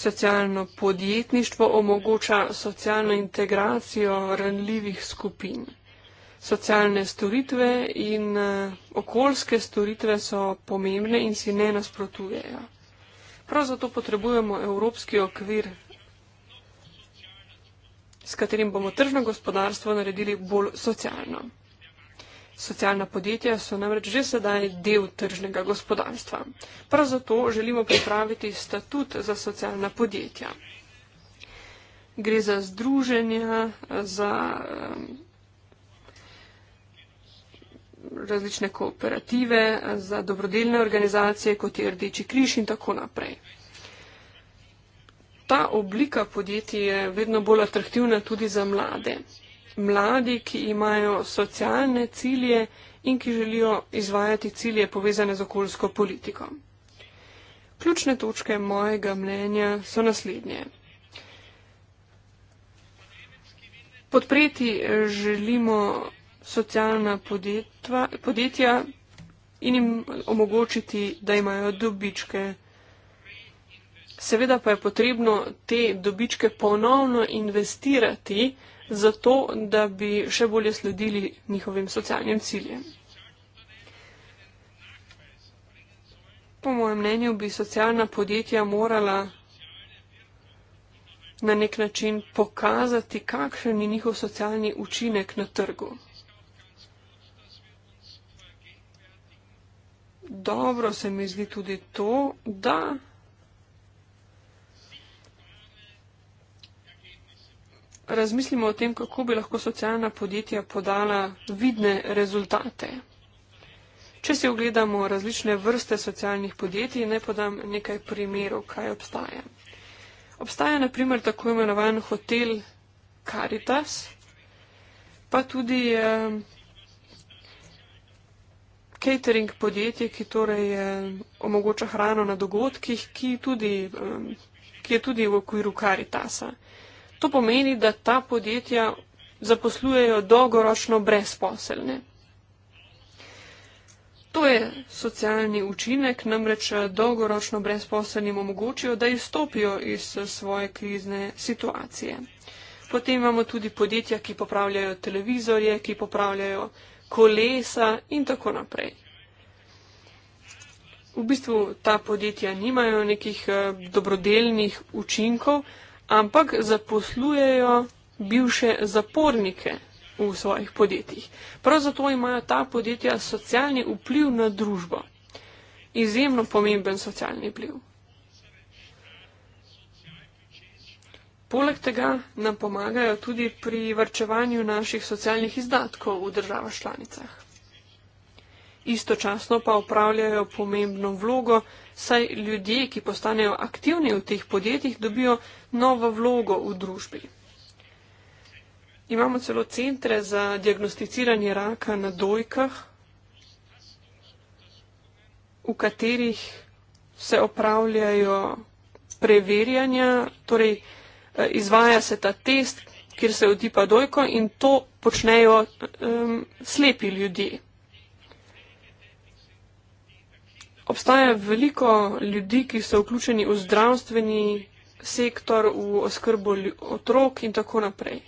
Socialno podjetništvo omogoča socialno integracijo ranljivih skupin. Socialne storitve in eh, okoljske storitve so pomembne in si ne nasprotujejo. Prav zato potrebujemo evropski okvir, s katerim bomo tržno gospodarstvo naredili bolj socialno. Socialna podjetja so namreč že sedaj del tržnega gospodarstva. Prav zato želimo pripraviti statut za socialna podjetja. Gre za združenja, za eh, različne kooperative, za dobrodelne organizacije, kot je Rdeči križ in tako naprej. Ta oblika podjetij je vedno bolj atraktivna tudi za mlade mladi, ki imajo socialne cilje in ki želijo izvajati cilje povezane z okoljsko politiko. Ključne točke mojega mnenja so naslednje. Podpreti želimo socialna podjetva, podjetja in jim omogočiti, da imajo dobičke. Seveda pa je potrebno te dobičke ponovno investirati zato da bi še bolje sledili njihovim socialnim ciljem. Po mojem mnenju bi socialna podjetja morala na nek način pokazati, kakšen je njihov socialni učinek na trgu. Dobro se mi zdi tudi to, da razmislimo o tem, kako bi lahko socialna podjetja podala vidne rezultate. Če si ogledamo različne vrste socialnih podjetij, ne podam nekaj primerov, kaj obstaja. Obstaja naprimer tako imenovan hotel Caritas, pa tudi eh, catering podjetje, ki torej eh, omogoča hrano na dogodkih, ki, tudi, eh, ki je tudi v okviru Caritasa. To pomeni, da ta podjetja zaposlujejo dolgoročno brezposelne. To je socialni učinek, namreč eh, dolgoročno brezposelnim omogočijo, da izstopijo iz eh, svoje krizne situacije. Potem imamo tudi podjetja, ki popravljajo televizorje, ki popravljajo kolesa in tako naprej. V bistvu ta podjetja nimajo nekih eh, dobrodelnih učinkov, ampak zaposlujejo bivše zapornike v svojih podjetjih. Prav zato imajo ta podjetja socialni vpliv na družbo. Izjemno pomemben socialni vpliv. Poleg tega nam pomagajo tudi pri vrčevanju naših socialnih izdatkov v državah članicah istočasno pa upravljajo pomembno vlogo, saj ljudje, ki postanejo aktivni v teh podjetjih, dobijo novo vlogo v družbi. Imamo celo centre za diagnosticiranje raka na dojkah, v katerih se opravljajo preverjanja, torej eh, izvaja se ta test, kjer se odipa dojko in to počnejo um, slepi ljudje. obstaja veliko ljudi, ki so vključeni v zdravstveni sektor, v oskrbo otrok in tako naprej.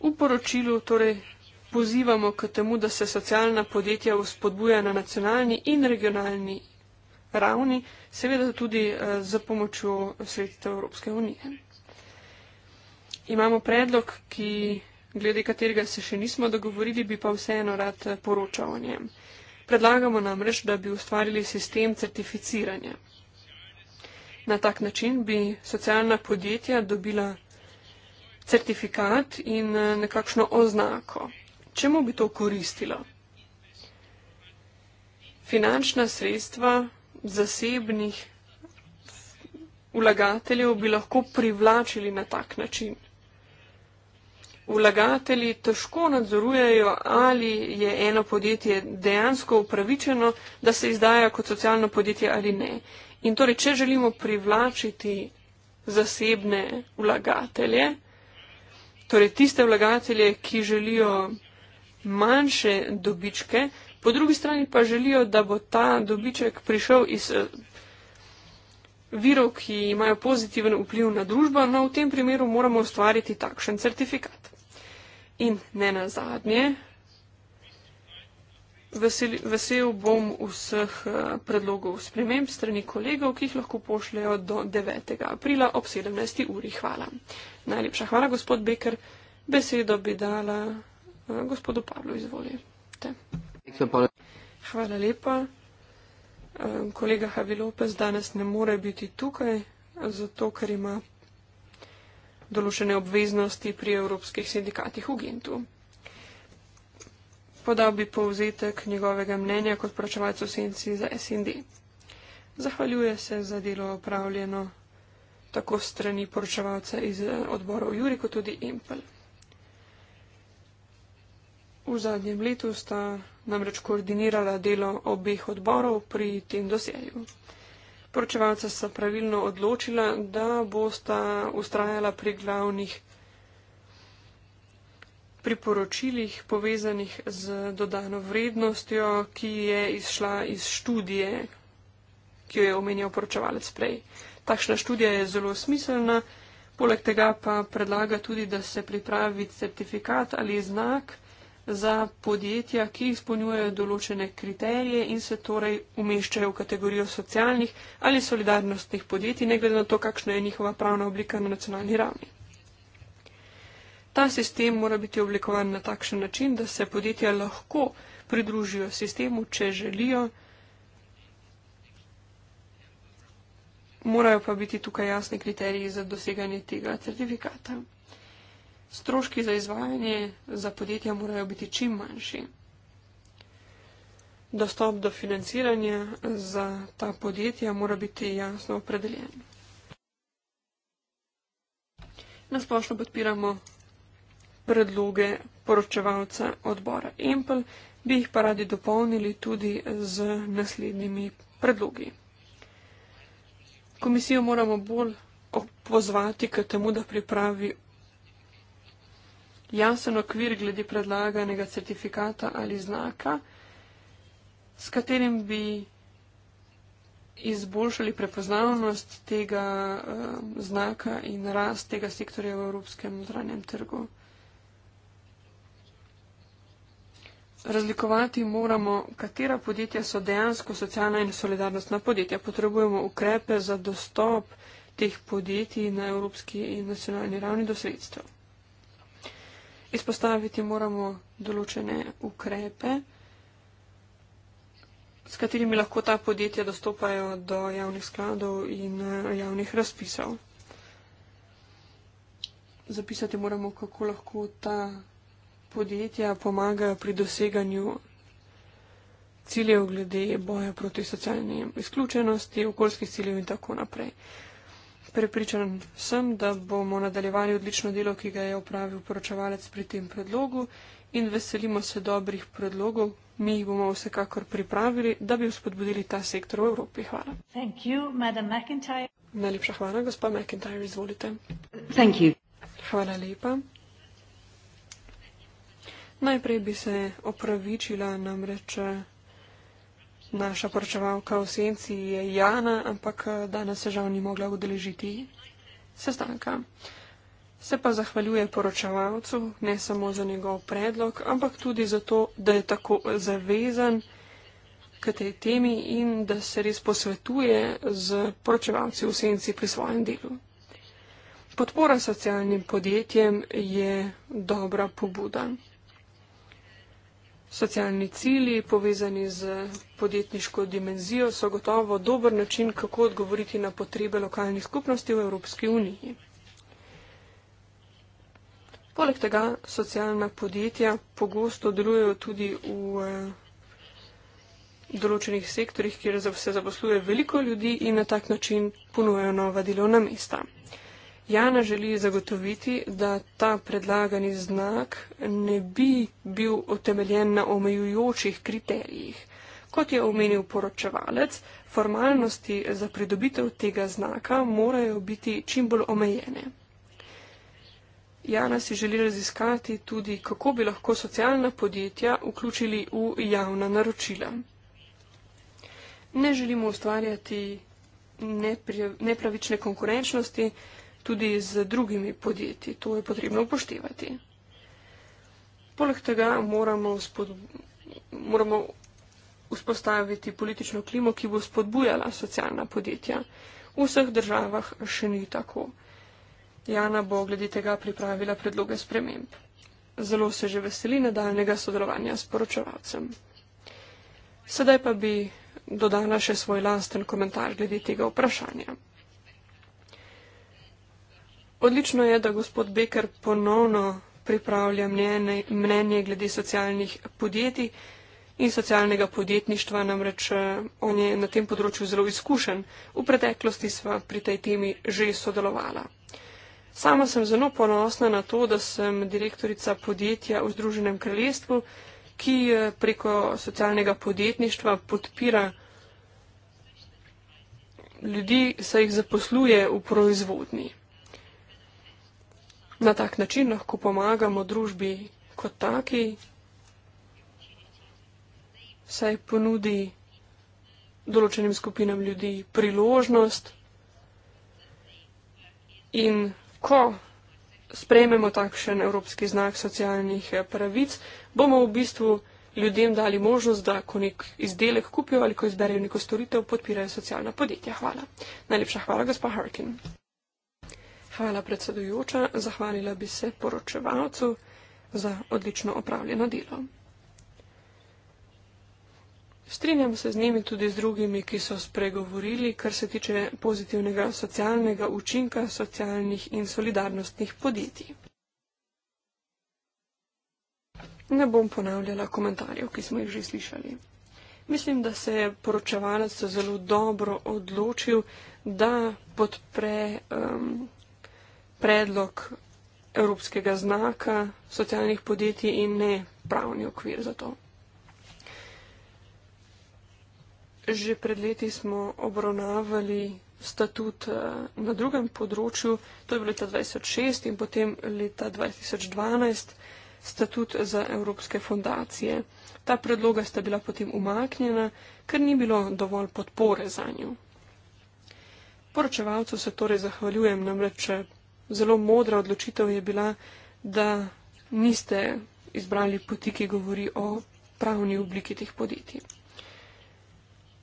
V poročilu torej pozivamo k temu, da se socialna podjetja vzpodbuja na nacionalni in regionalni ravni, seveda tudi eh, za pomočjo sredstev Evropske unije. Imamo predlog, ki glede katerega se še nismo dogovorili, bi pa vseeno rad eh, poročal o njem. Predlagamo namreč, da bi ustvarili sistem certificiranja. Na tak način bi socialna podjetja dobila certifikat in eh, nekakšno oznako. Čemu bi to koristilo? Finančna sredstva zasebnih vlagateljev bi lahko privlačili na tak način vlagatelji težko nadzorujejo, ali je eno podjetje dejansko upravičeno, da se izdaja kot socialno podjetje ali ne. In torej, če želimo privlačiti zasebne vlagatelje, torej tiste vlagatelje, ki želijo manjše dobičke, po drugi strani pa želijo, da bo ta dobiček prišel iz eh, virov, ki imajo pozitiven vpliv na družbo, no v tem primeru moramo ustvariti takšen certifikat. In ne nazadnje, vesel, vesel bom vseh eh, predlogov sprememb strani kolegov, ki jih lahko pošljajo do 9. aprila ob 17. uri. Hvala. Najlepša hvala, gospod Beker. Besedo bi dala eh, gospodu Pavlu, izvolite. Hvala lepa. Eh, kolega Havilopes danes ne more biti tukaj, zato ker ima določene obveznosti pri evropskih sindikatih v Gentu. Podal bi povzetek njegovega mnenja kot pračevalcu senci za SND. Zahvaljuje se za delo opravljeno tako strani poročevalca iz eh, odborov Juri kot tudi Empel. V zadnjem letu sta namreč koordinirala delo obeh odborov pri tem dosjeju. Poročevalca sta pravilno odločila, da bosta ustrajala pri glavnih priporočilih povezanih z dodano vrednostjo, ki je izšla iz študije, ki jo je omenjal poročevalec prej. Takšna študija je zelo smiselna, poleg tega pa predlaga tudi, da se pripravi certifikat ali znak, za podjetja, ki izpolnjujejo določene kriterije in se torej umeščajo v kategorijo socialnih ali solidarnostnih podjetij, ne glede na to, kakšna je njihova pravna oblika na nacionalni ravni. Ta sistem mora biti oblikovan na takšen način, da se podjetja lahko pridružijo sistemu, če želijo. Morajo pa biti tukaj jasni kriteriji za doseganje tega certifikata. Stroški za izvajanje za podjetja morajo biti čim manjši. Dostop do financiranja za ta podjetja mora biti jasno opredeljen. Nasplošno podpiramo predloge poročevalca odbora Empel, bi jih pa radi dopolnili tudi z naslednjimi predlogi. Komisijo moramo bolj pozvati k temu, da pripravi jasen okvir glede predlaganega certifikata ali znaka, s katerim bi izboljšali prepoznavnost tega um, znaka in rast tega sektorja v evropskem zranjem trgu. Razlikovati moramo, katera podjetja so dejansko socialna in solidarnostna podjetja. Potrebujemo ukrepe za dostop teh podjetij na evropski in nacionalni ravni do sredstev izpostaviti moramo določene ukrepe, s katerimi lahko ta podjetja dostopajo do javnih skladov in eh, javnih razpisov. Zapisati moramo, kako lahko ta podjetja pomagajo pri doseganju ciljev glede boja proti socialni izključenosti, okoljskih ciljev in tako naprej. Prepričan sem, da bomo nadaljevali odlično delo, ki ga je upravil poročevalec pri tem predlogu in veselimo se dobrih predlogov. Mi jih bomo vsekakor pripravili, da bi vzpodbudili ta sektor v Evropi. Hvala. You, Najlepša hvala, gospa McIntyre. Izvolite. Hvala lepa. Najprej bi se opravičila namreč Naša poročevalka v senci je Jana, ampak eh, danes se žal ni mogla udeležiti sestanka. Se pa zahvaljuje poročevalcu ne samo za njegov predlog, ampak tudi zato, da je tako zavezan k tej temi in da se res posvetuje z poročevalci v senci pri svojem delu. Podpora socialnim podjetjem je dobra pobuda. Socialni cilji, povezani z podjetniško dimenzijo, so gotovo dober način, kako odgovoriti na potrebe lokalnih skupnosti v Evropski uniji. Poleg tega socialna podjetja pogosto delujejo tudi v eh, določenih sektorjih, kjer se zaposluje veliko ljudi in na tak način ponujejo nova delovna mesta. Jana želi zagotoviti, da ta predlagani znak ne bi bil otemeljen na omejujočih kriterijih. Kot je omenil poročevalec, formalnosti za pridobitev tega znaka morajo biti čim bolj omejene. Jana si želi raziskati tudi, kako bi lahko socialna podjetja vključili v javna naročila. Ne želimo ustvarjati nepravične konkurenčnosti, tudi z drugimi podjetji. To je potrebno upoštevati. Poleg tega moramo, spod, moramo vzpostaviti politično klimo, ki bo spodbujala socialna podjetja. V vseh državah še ni tako. Jana bo glede tega pripravila predloge sprememb. Zelo se že veseli nadaljnega sodelovanja s poročevalcem. Sedaj pa bi dodala še svoj lasten komentar glede tega vprašanja. Odlično je, da gospod Beker ponovno pripravlja mnenje, mnenje glede socialnih podjetij in socialnega podjetništva, namreč eh, on je na tem področju zelo izkušen. V preteklosti sva pri tej temi že sodelovala. Sama sem zelo ponosna na to, da sem direktorica podjetja v Združenem kraljestvu, ki eh, preko socialnega podjetništva podpira ljudi, saj jih zaposluje v proizvodni na tak način lahko pomagamo družbi kot taki, saj ponudi določenim skupinam ljudi priložnost in ko sprejmemo takšen evropski znak socialnih eh, pravic, bomo v bistvu ljudem dali možnost, da ko nek izdelek kupijo ali ko izberejo neko storitev, podpirajo socialna podjetja. Hvala. Najlepša hvala, gospa Harkin. Hvala predsedujoča, zahvalila bi se poročevalcu za odlično opravljeno delo. Strinjam se z njimi tudi z drugimi, ki so spregovorili, kar se tiče pozitivnega socialnega učinka socialnih in solidarnostnih podjetij. Ne bom ponavljala komentarjev, ki smo jih že slišali. Mislim, da se je poročevalec zelo dobro odločil, da podpre um, predlog evropskega znaka socialnih podjetij in ne pravni okvir za to. Že pred leti smo obravnavali statut eh, na drugem področju, to je bilo leta 2006 in potem leta 2012 statut za evropske fondacije. Ta predloga sta bila potem umaknjena, ker ni bilo dovolj podpore za njo. Poročevalcu se torej zahvaljujem, namreč zelo modra odločitev je bila, da niste izbrali poti, ki govori o pravni obliki teh podjetij.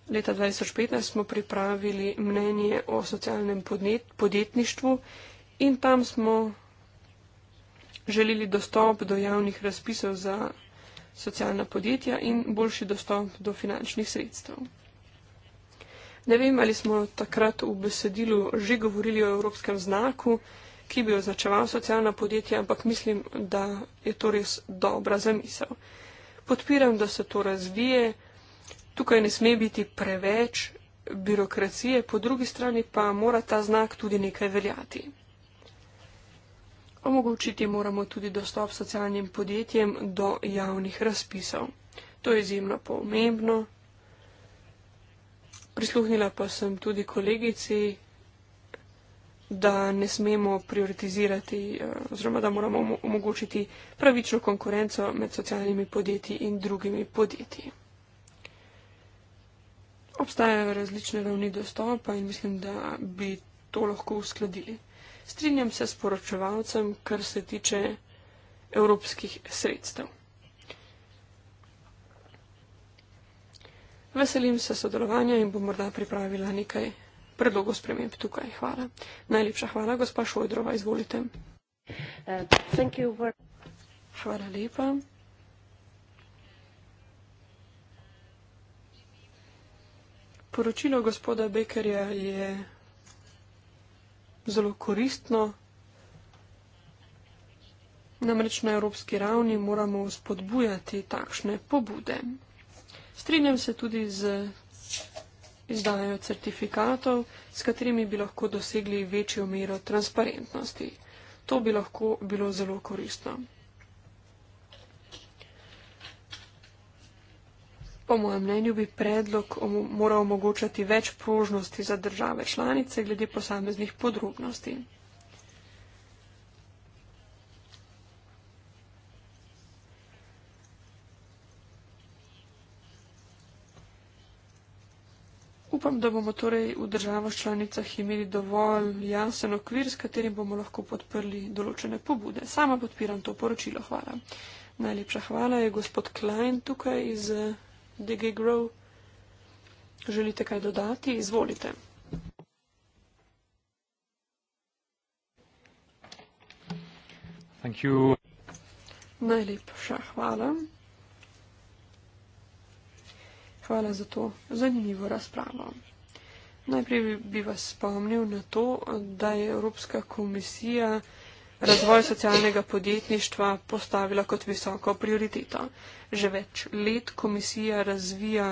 Leta 2015 smo pripravili mnenje o socialnem podnet, podjetništvu in tam smo želeli dostop do javnih razpisov za socialna podjetja in boljši dostop do finančnih sredstev. Ne vem, ali smo takrat v besedilu že govorili o evropskem znaku, ki bi označeval socialna podjetja, ampak mislim, da je to res dobra zamisel. Podpiram, da se to razvije, tukaj ne sme biti preveč birokracije, po drugi strani pa mora ta znak tudi nekaj veljati. Omogočiti moramo tudi dostop socialnim podjetjem do javnih razpisov. To je izjemno pomembno. Prisluhnila pa sem tudi kolegici, da ne smemo prioritizirati eh, oziroma da moramo omogočiti pravično konkurenco med socialnimi podjetji in drugimi podjetji. Obstajajo različne ravni dostopa in mislim, da bi to lahko uskladili. Strinjam se s poročevalcem, kar se tiče evropskih sredstev. Veselim se sodelovanja in bom morda pripravila nekaj predlogov sprememb tukaj. Hvala. Najlepša hvala, gospa Šojdrova, izvolite. Hvala lepa. Poročilo gospoda Bekerja je zelo koristno. Namreč na evropski ravni moramo spodbujati takšne pobude. Strinjam se tudi z izdajo certifikatov, s katerimi bi lahko dosegli večjo mero transparentnosti. To bi lahko bilo zelo koristno. Po mojem mnenju bi predlog moral omogočati več prožnosti za države članice glede posameznih podrobnosti. Upam, da bomo torej v državah članicah imeli dovolj jasen okvir, s katerim bomo lahko podprli določene pobude. Sama podpiram to poročilo. Hvala. Najlepša hvala je gospod Klein tukaj iz eh, DigiGrow. Želite kaj dodati? Izvolite. Najlepša hvala. Hvala za to zanimivo razpravo. Najprej bi vas spomnil na to, da je Evropska komisija razvoj socialnega podjetništva postavila kot visoko prioriteto. Že več let komisija razvija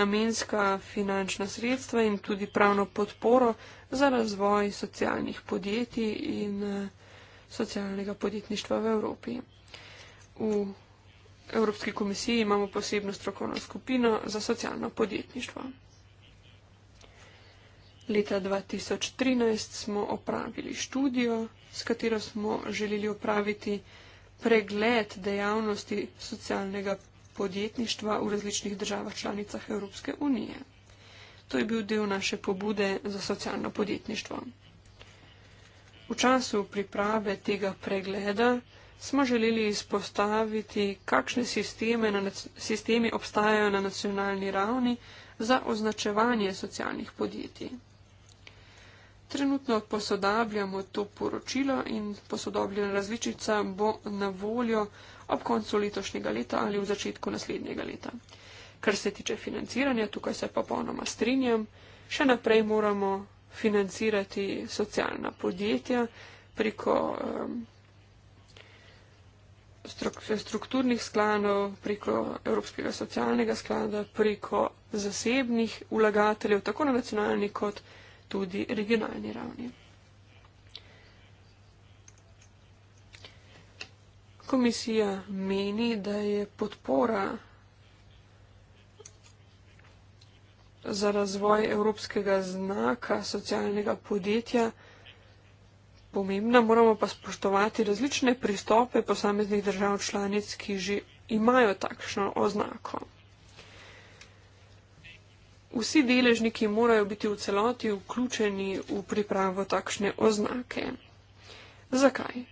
namenska finančna sredstva in tudi pravno podporo za razvoj socialnih podjetij in eh, socialnega podjetništva v Evropi. V Evropski komisiji imamo posebno strokovno skupino za socialno podjetništvo. Leta 2013 smo opravili študijo, s katero smo želeli opraviti pregled dejavnosti socialnega podjetništva v različnih državah članicah Evropske unije. To je bil del naše pobude za socialno podjetništvo. V času priprave tega pregleda smo želeli izpostaviti, kakšne sisteme, na, sistemi obstajajo na nacionalni ravni za označevanje socialnih podjetij. Trenutno posodabljamo to poročilo in posodobljena različica bo na voljo ob koncu letošnjega leta ali v začetku naslednjega leta. Kar se tiče financiranja, tukaj se popolnoma strinjam, še naprej moramo financirati socialna podjetja preko. Um, strukturnih skladov, preko Evropskega socialnega sklada, preko zasebnih vlagateljev, tako na nacionalni kot tudi regionalni ravni. Komisija meni, da je podpora za razvoj evropskega znaka socialnega podjetja pomembna, moramo pa spoštovati različne pristope posameznih držav članic, ki že imajo takšno oznako. Vsi deležniki morajo biti v celoti vključeni v pripravo takšne oznake. Zakaj?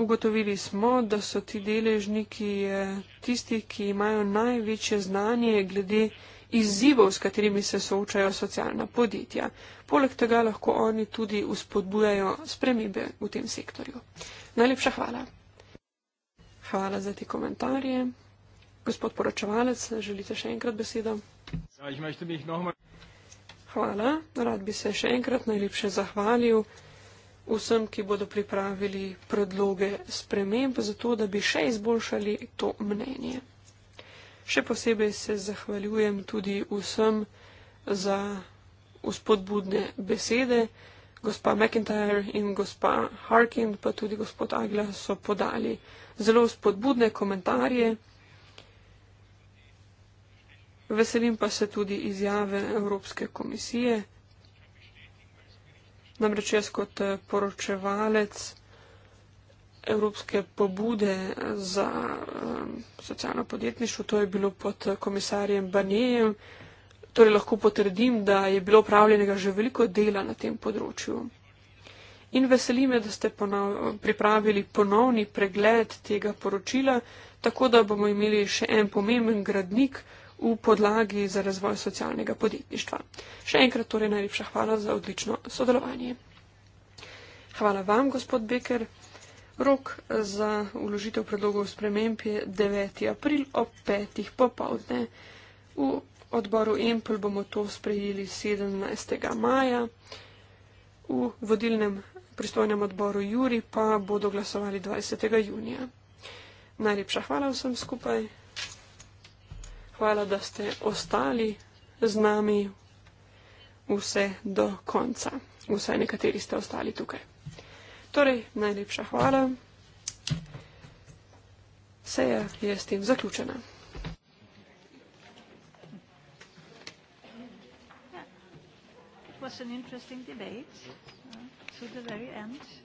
Ugotovili smo, da so ti deležniki eh, tisti, ki imajo največje znanje glede izzivov, s katerimi se soočajo socialna podjetja. Poleg tega lahko oni tudi uspodbujajo spremembe v tem sektorju. Najlepša hvala. Hvala za te komentarje. Gospod poročevalec, želite še enkrat besedo? Ja, hvala. Rad bi se še enkrat najlepše zahvalil vsem, ki bodo pripravili predloge sprememb, zato da bi še izboljšali to mnenje. Še posebej se zahvaljujem tudi vsem za uspodbudne besede. Gospa McIntyre in gospa Harkin, pa tudi gospod Agla so podali zelo uspodbudne komentarje. Veselim pa se tudi izjave Evropske komisije. Namreč jaz kot poročevalec evropske pobude za um, socialno podjetništvo, to je bilo pod komisarjem Banjejem. Torej lahko potrdim, da je bilo upravljenega že veliko dela na tem področju. In veseli me, da ste ponov, pripravili ponovni pregled tega poročila, tako da bomo imeli še en pomemben gradnik v podlagi za razvoj socialnega podjetništva. Še enkrat torej najlepša hvala za odlično sodelovanje. Hvala vam, gospod Becker, Rok za uložitev predlogov sprememb je 9. april ob 5. popovdne. V odboru Empel bomo to sprejeli 17. maja, v vodilnem pristojnem odboru Juri pa bodo glasovali 20. junija. Najlepša hvala vsem skupaj. Hvala, da ste ostali z nami vse do konca. Vsaj nekateri ste ostali tukaj. Torej, najlepša hvala. Seja je s tem zaključena. was an interesting debate uh, to the very end.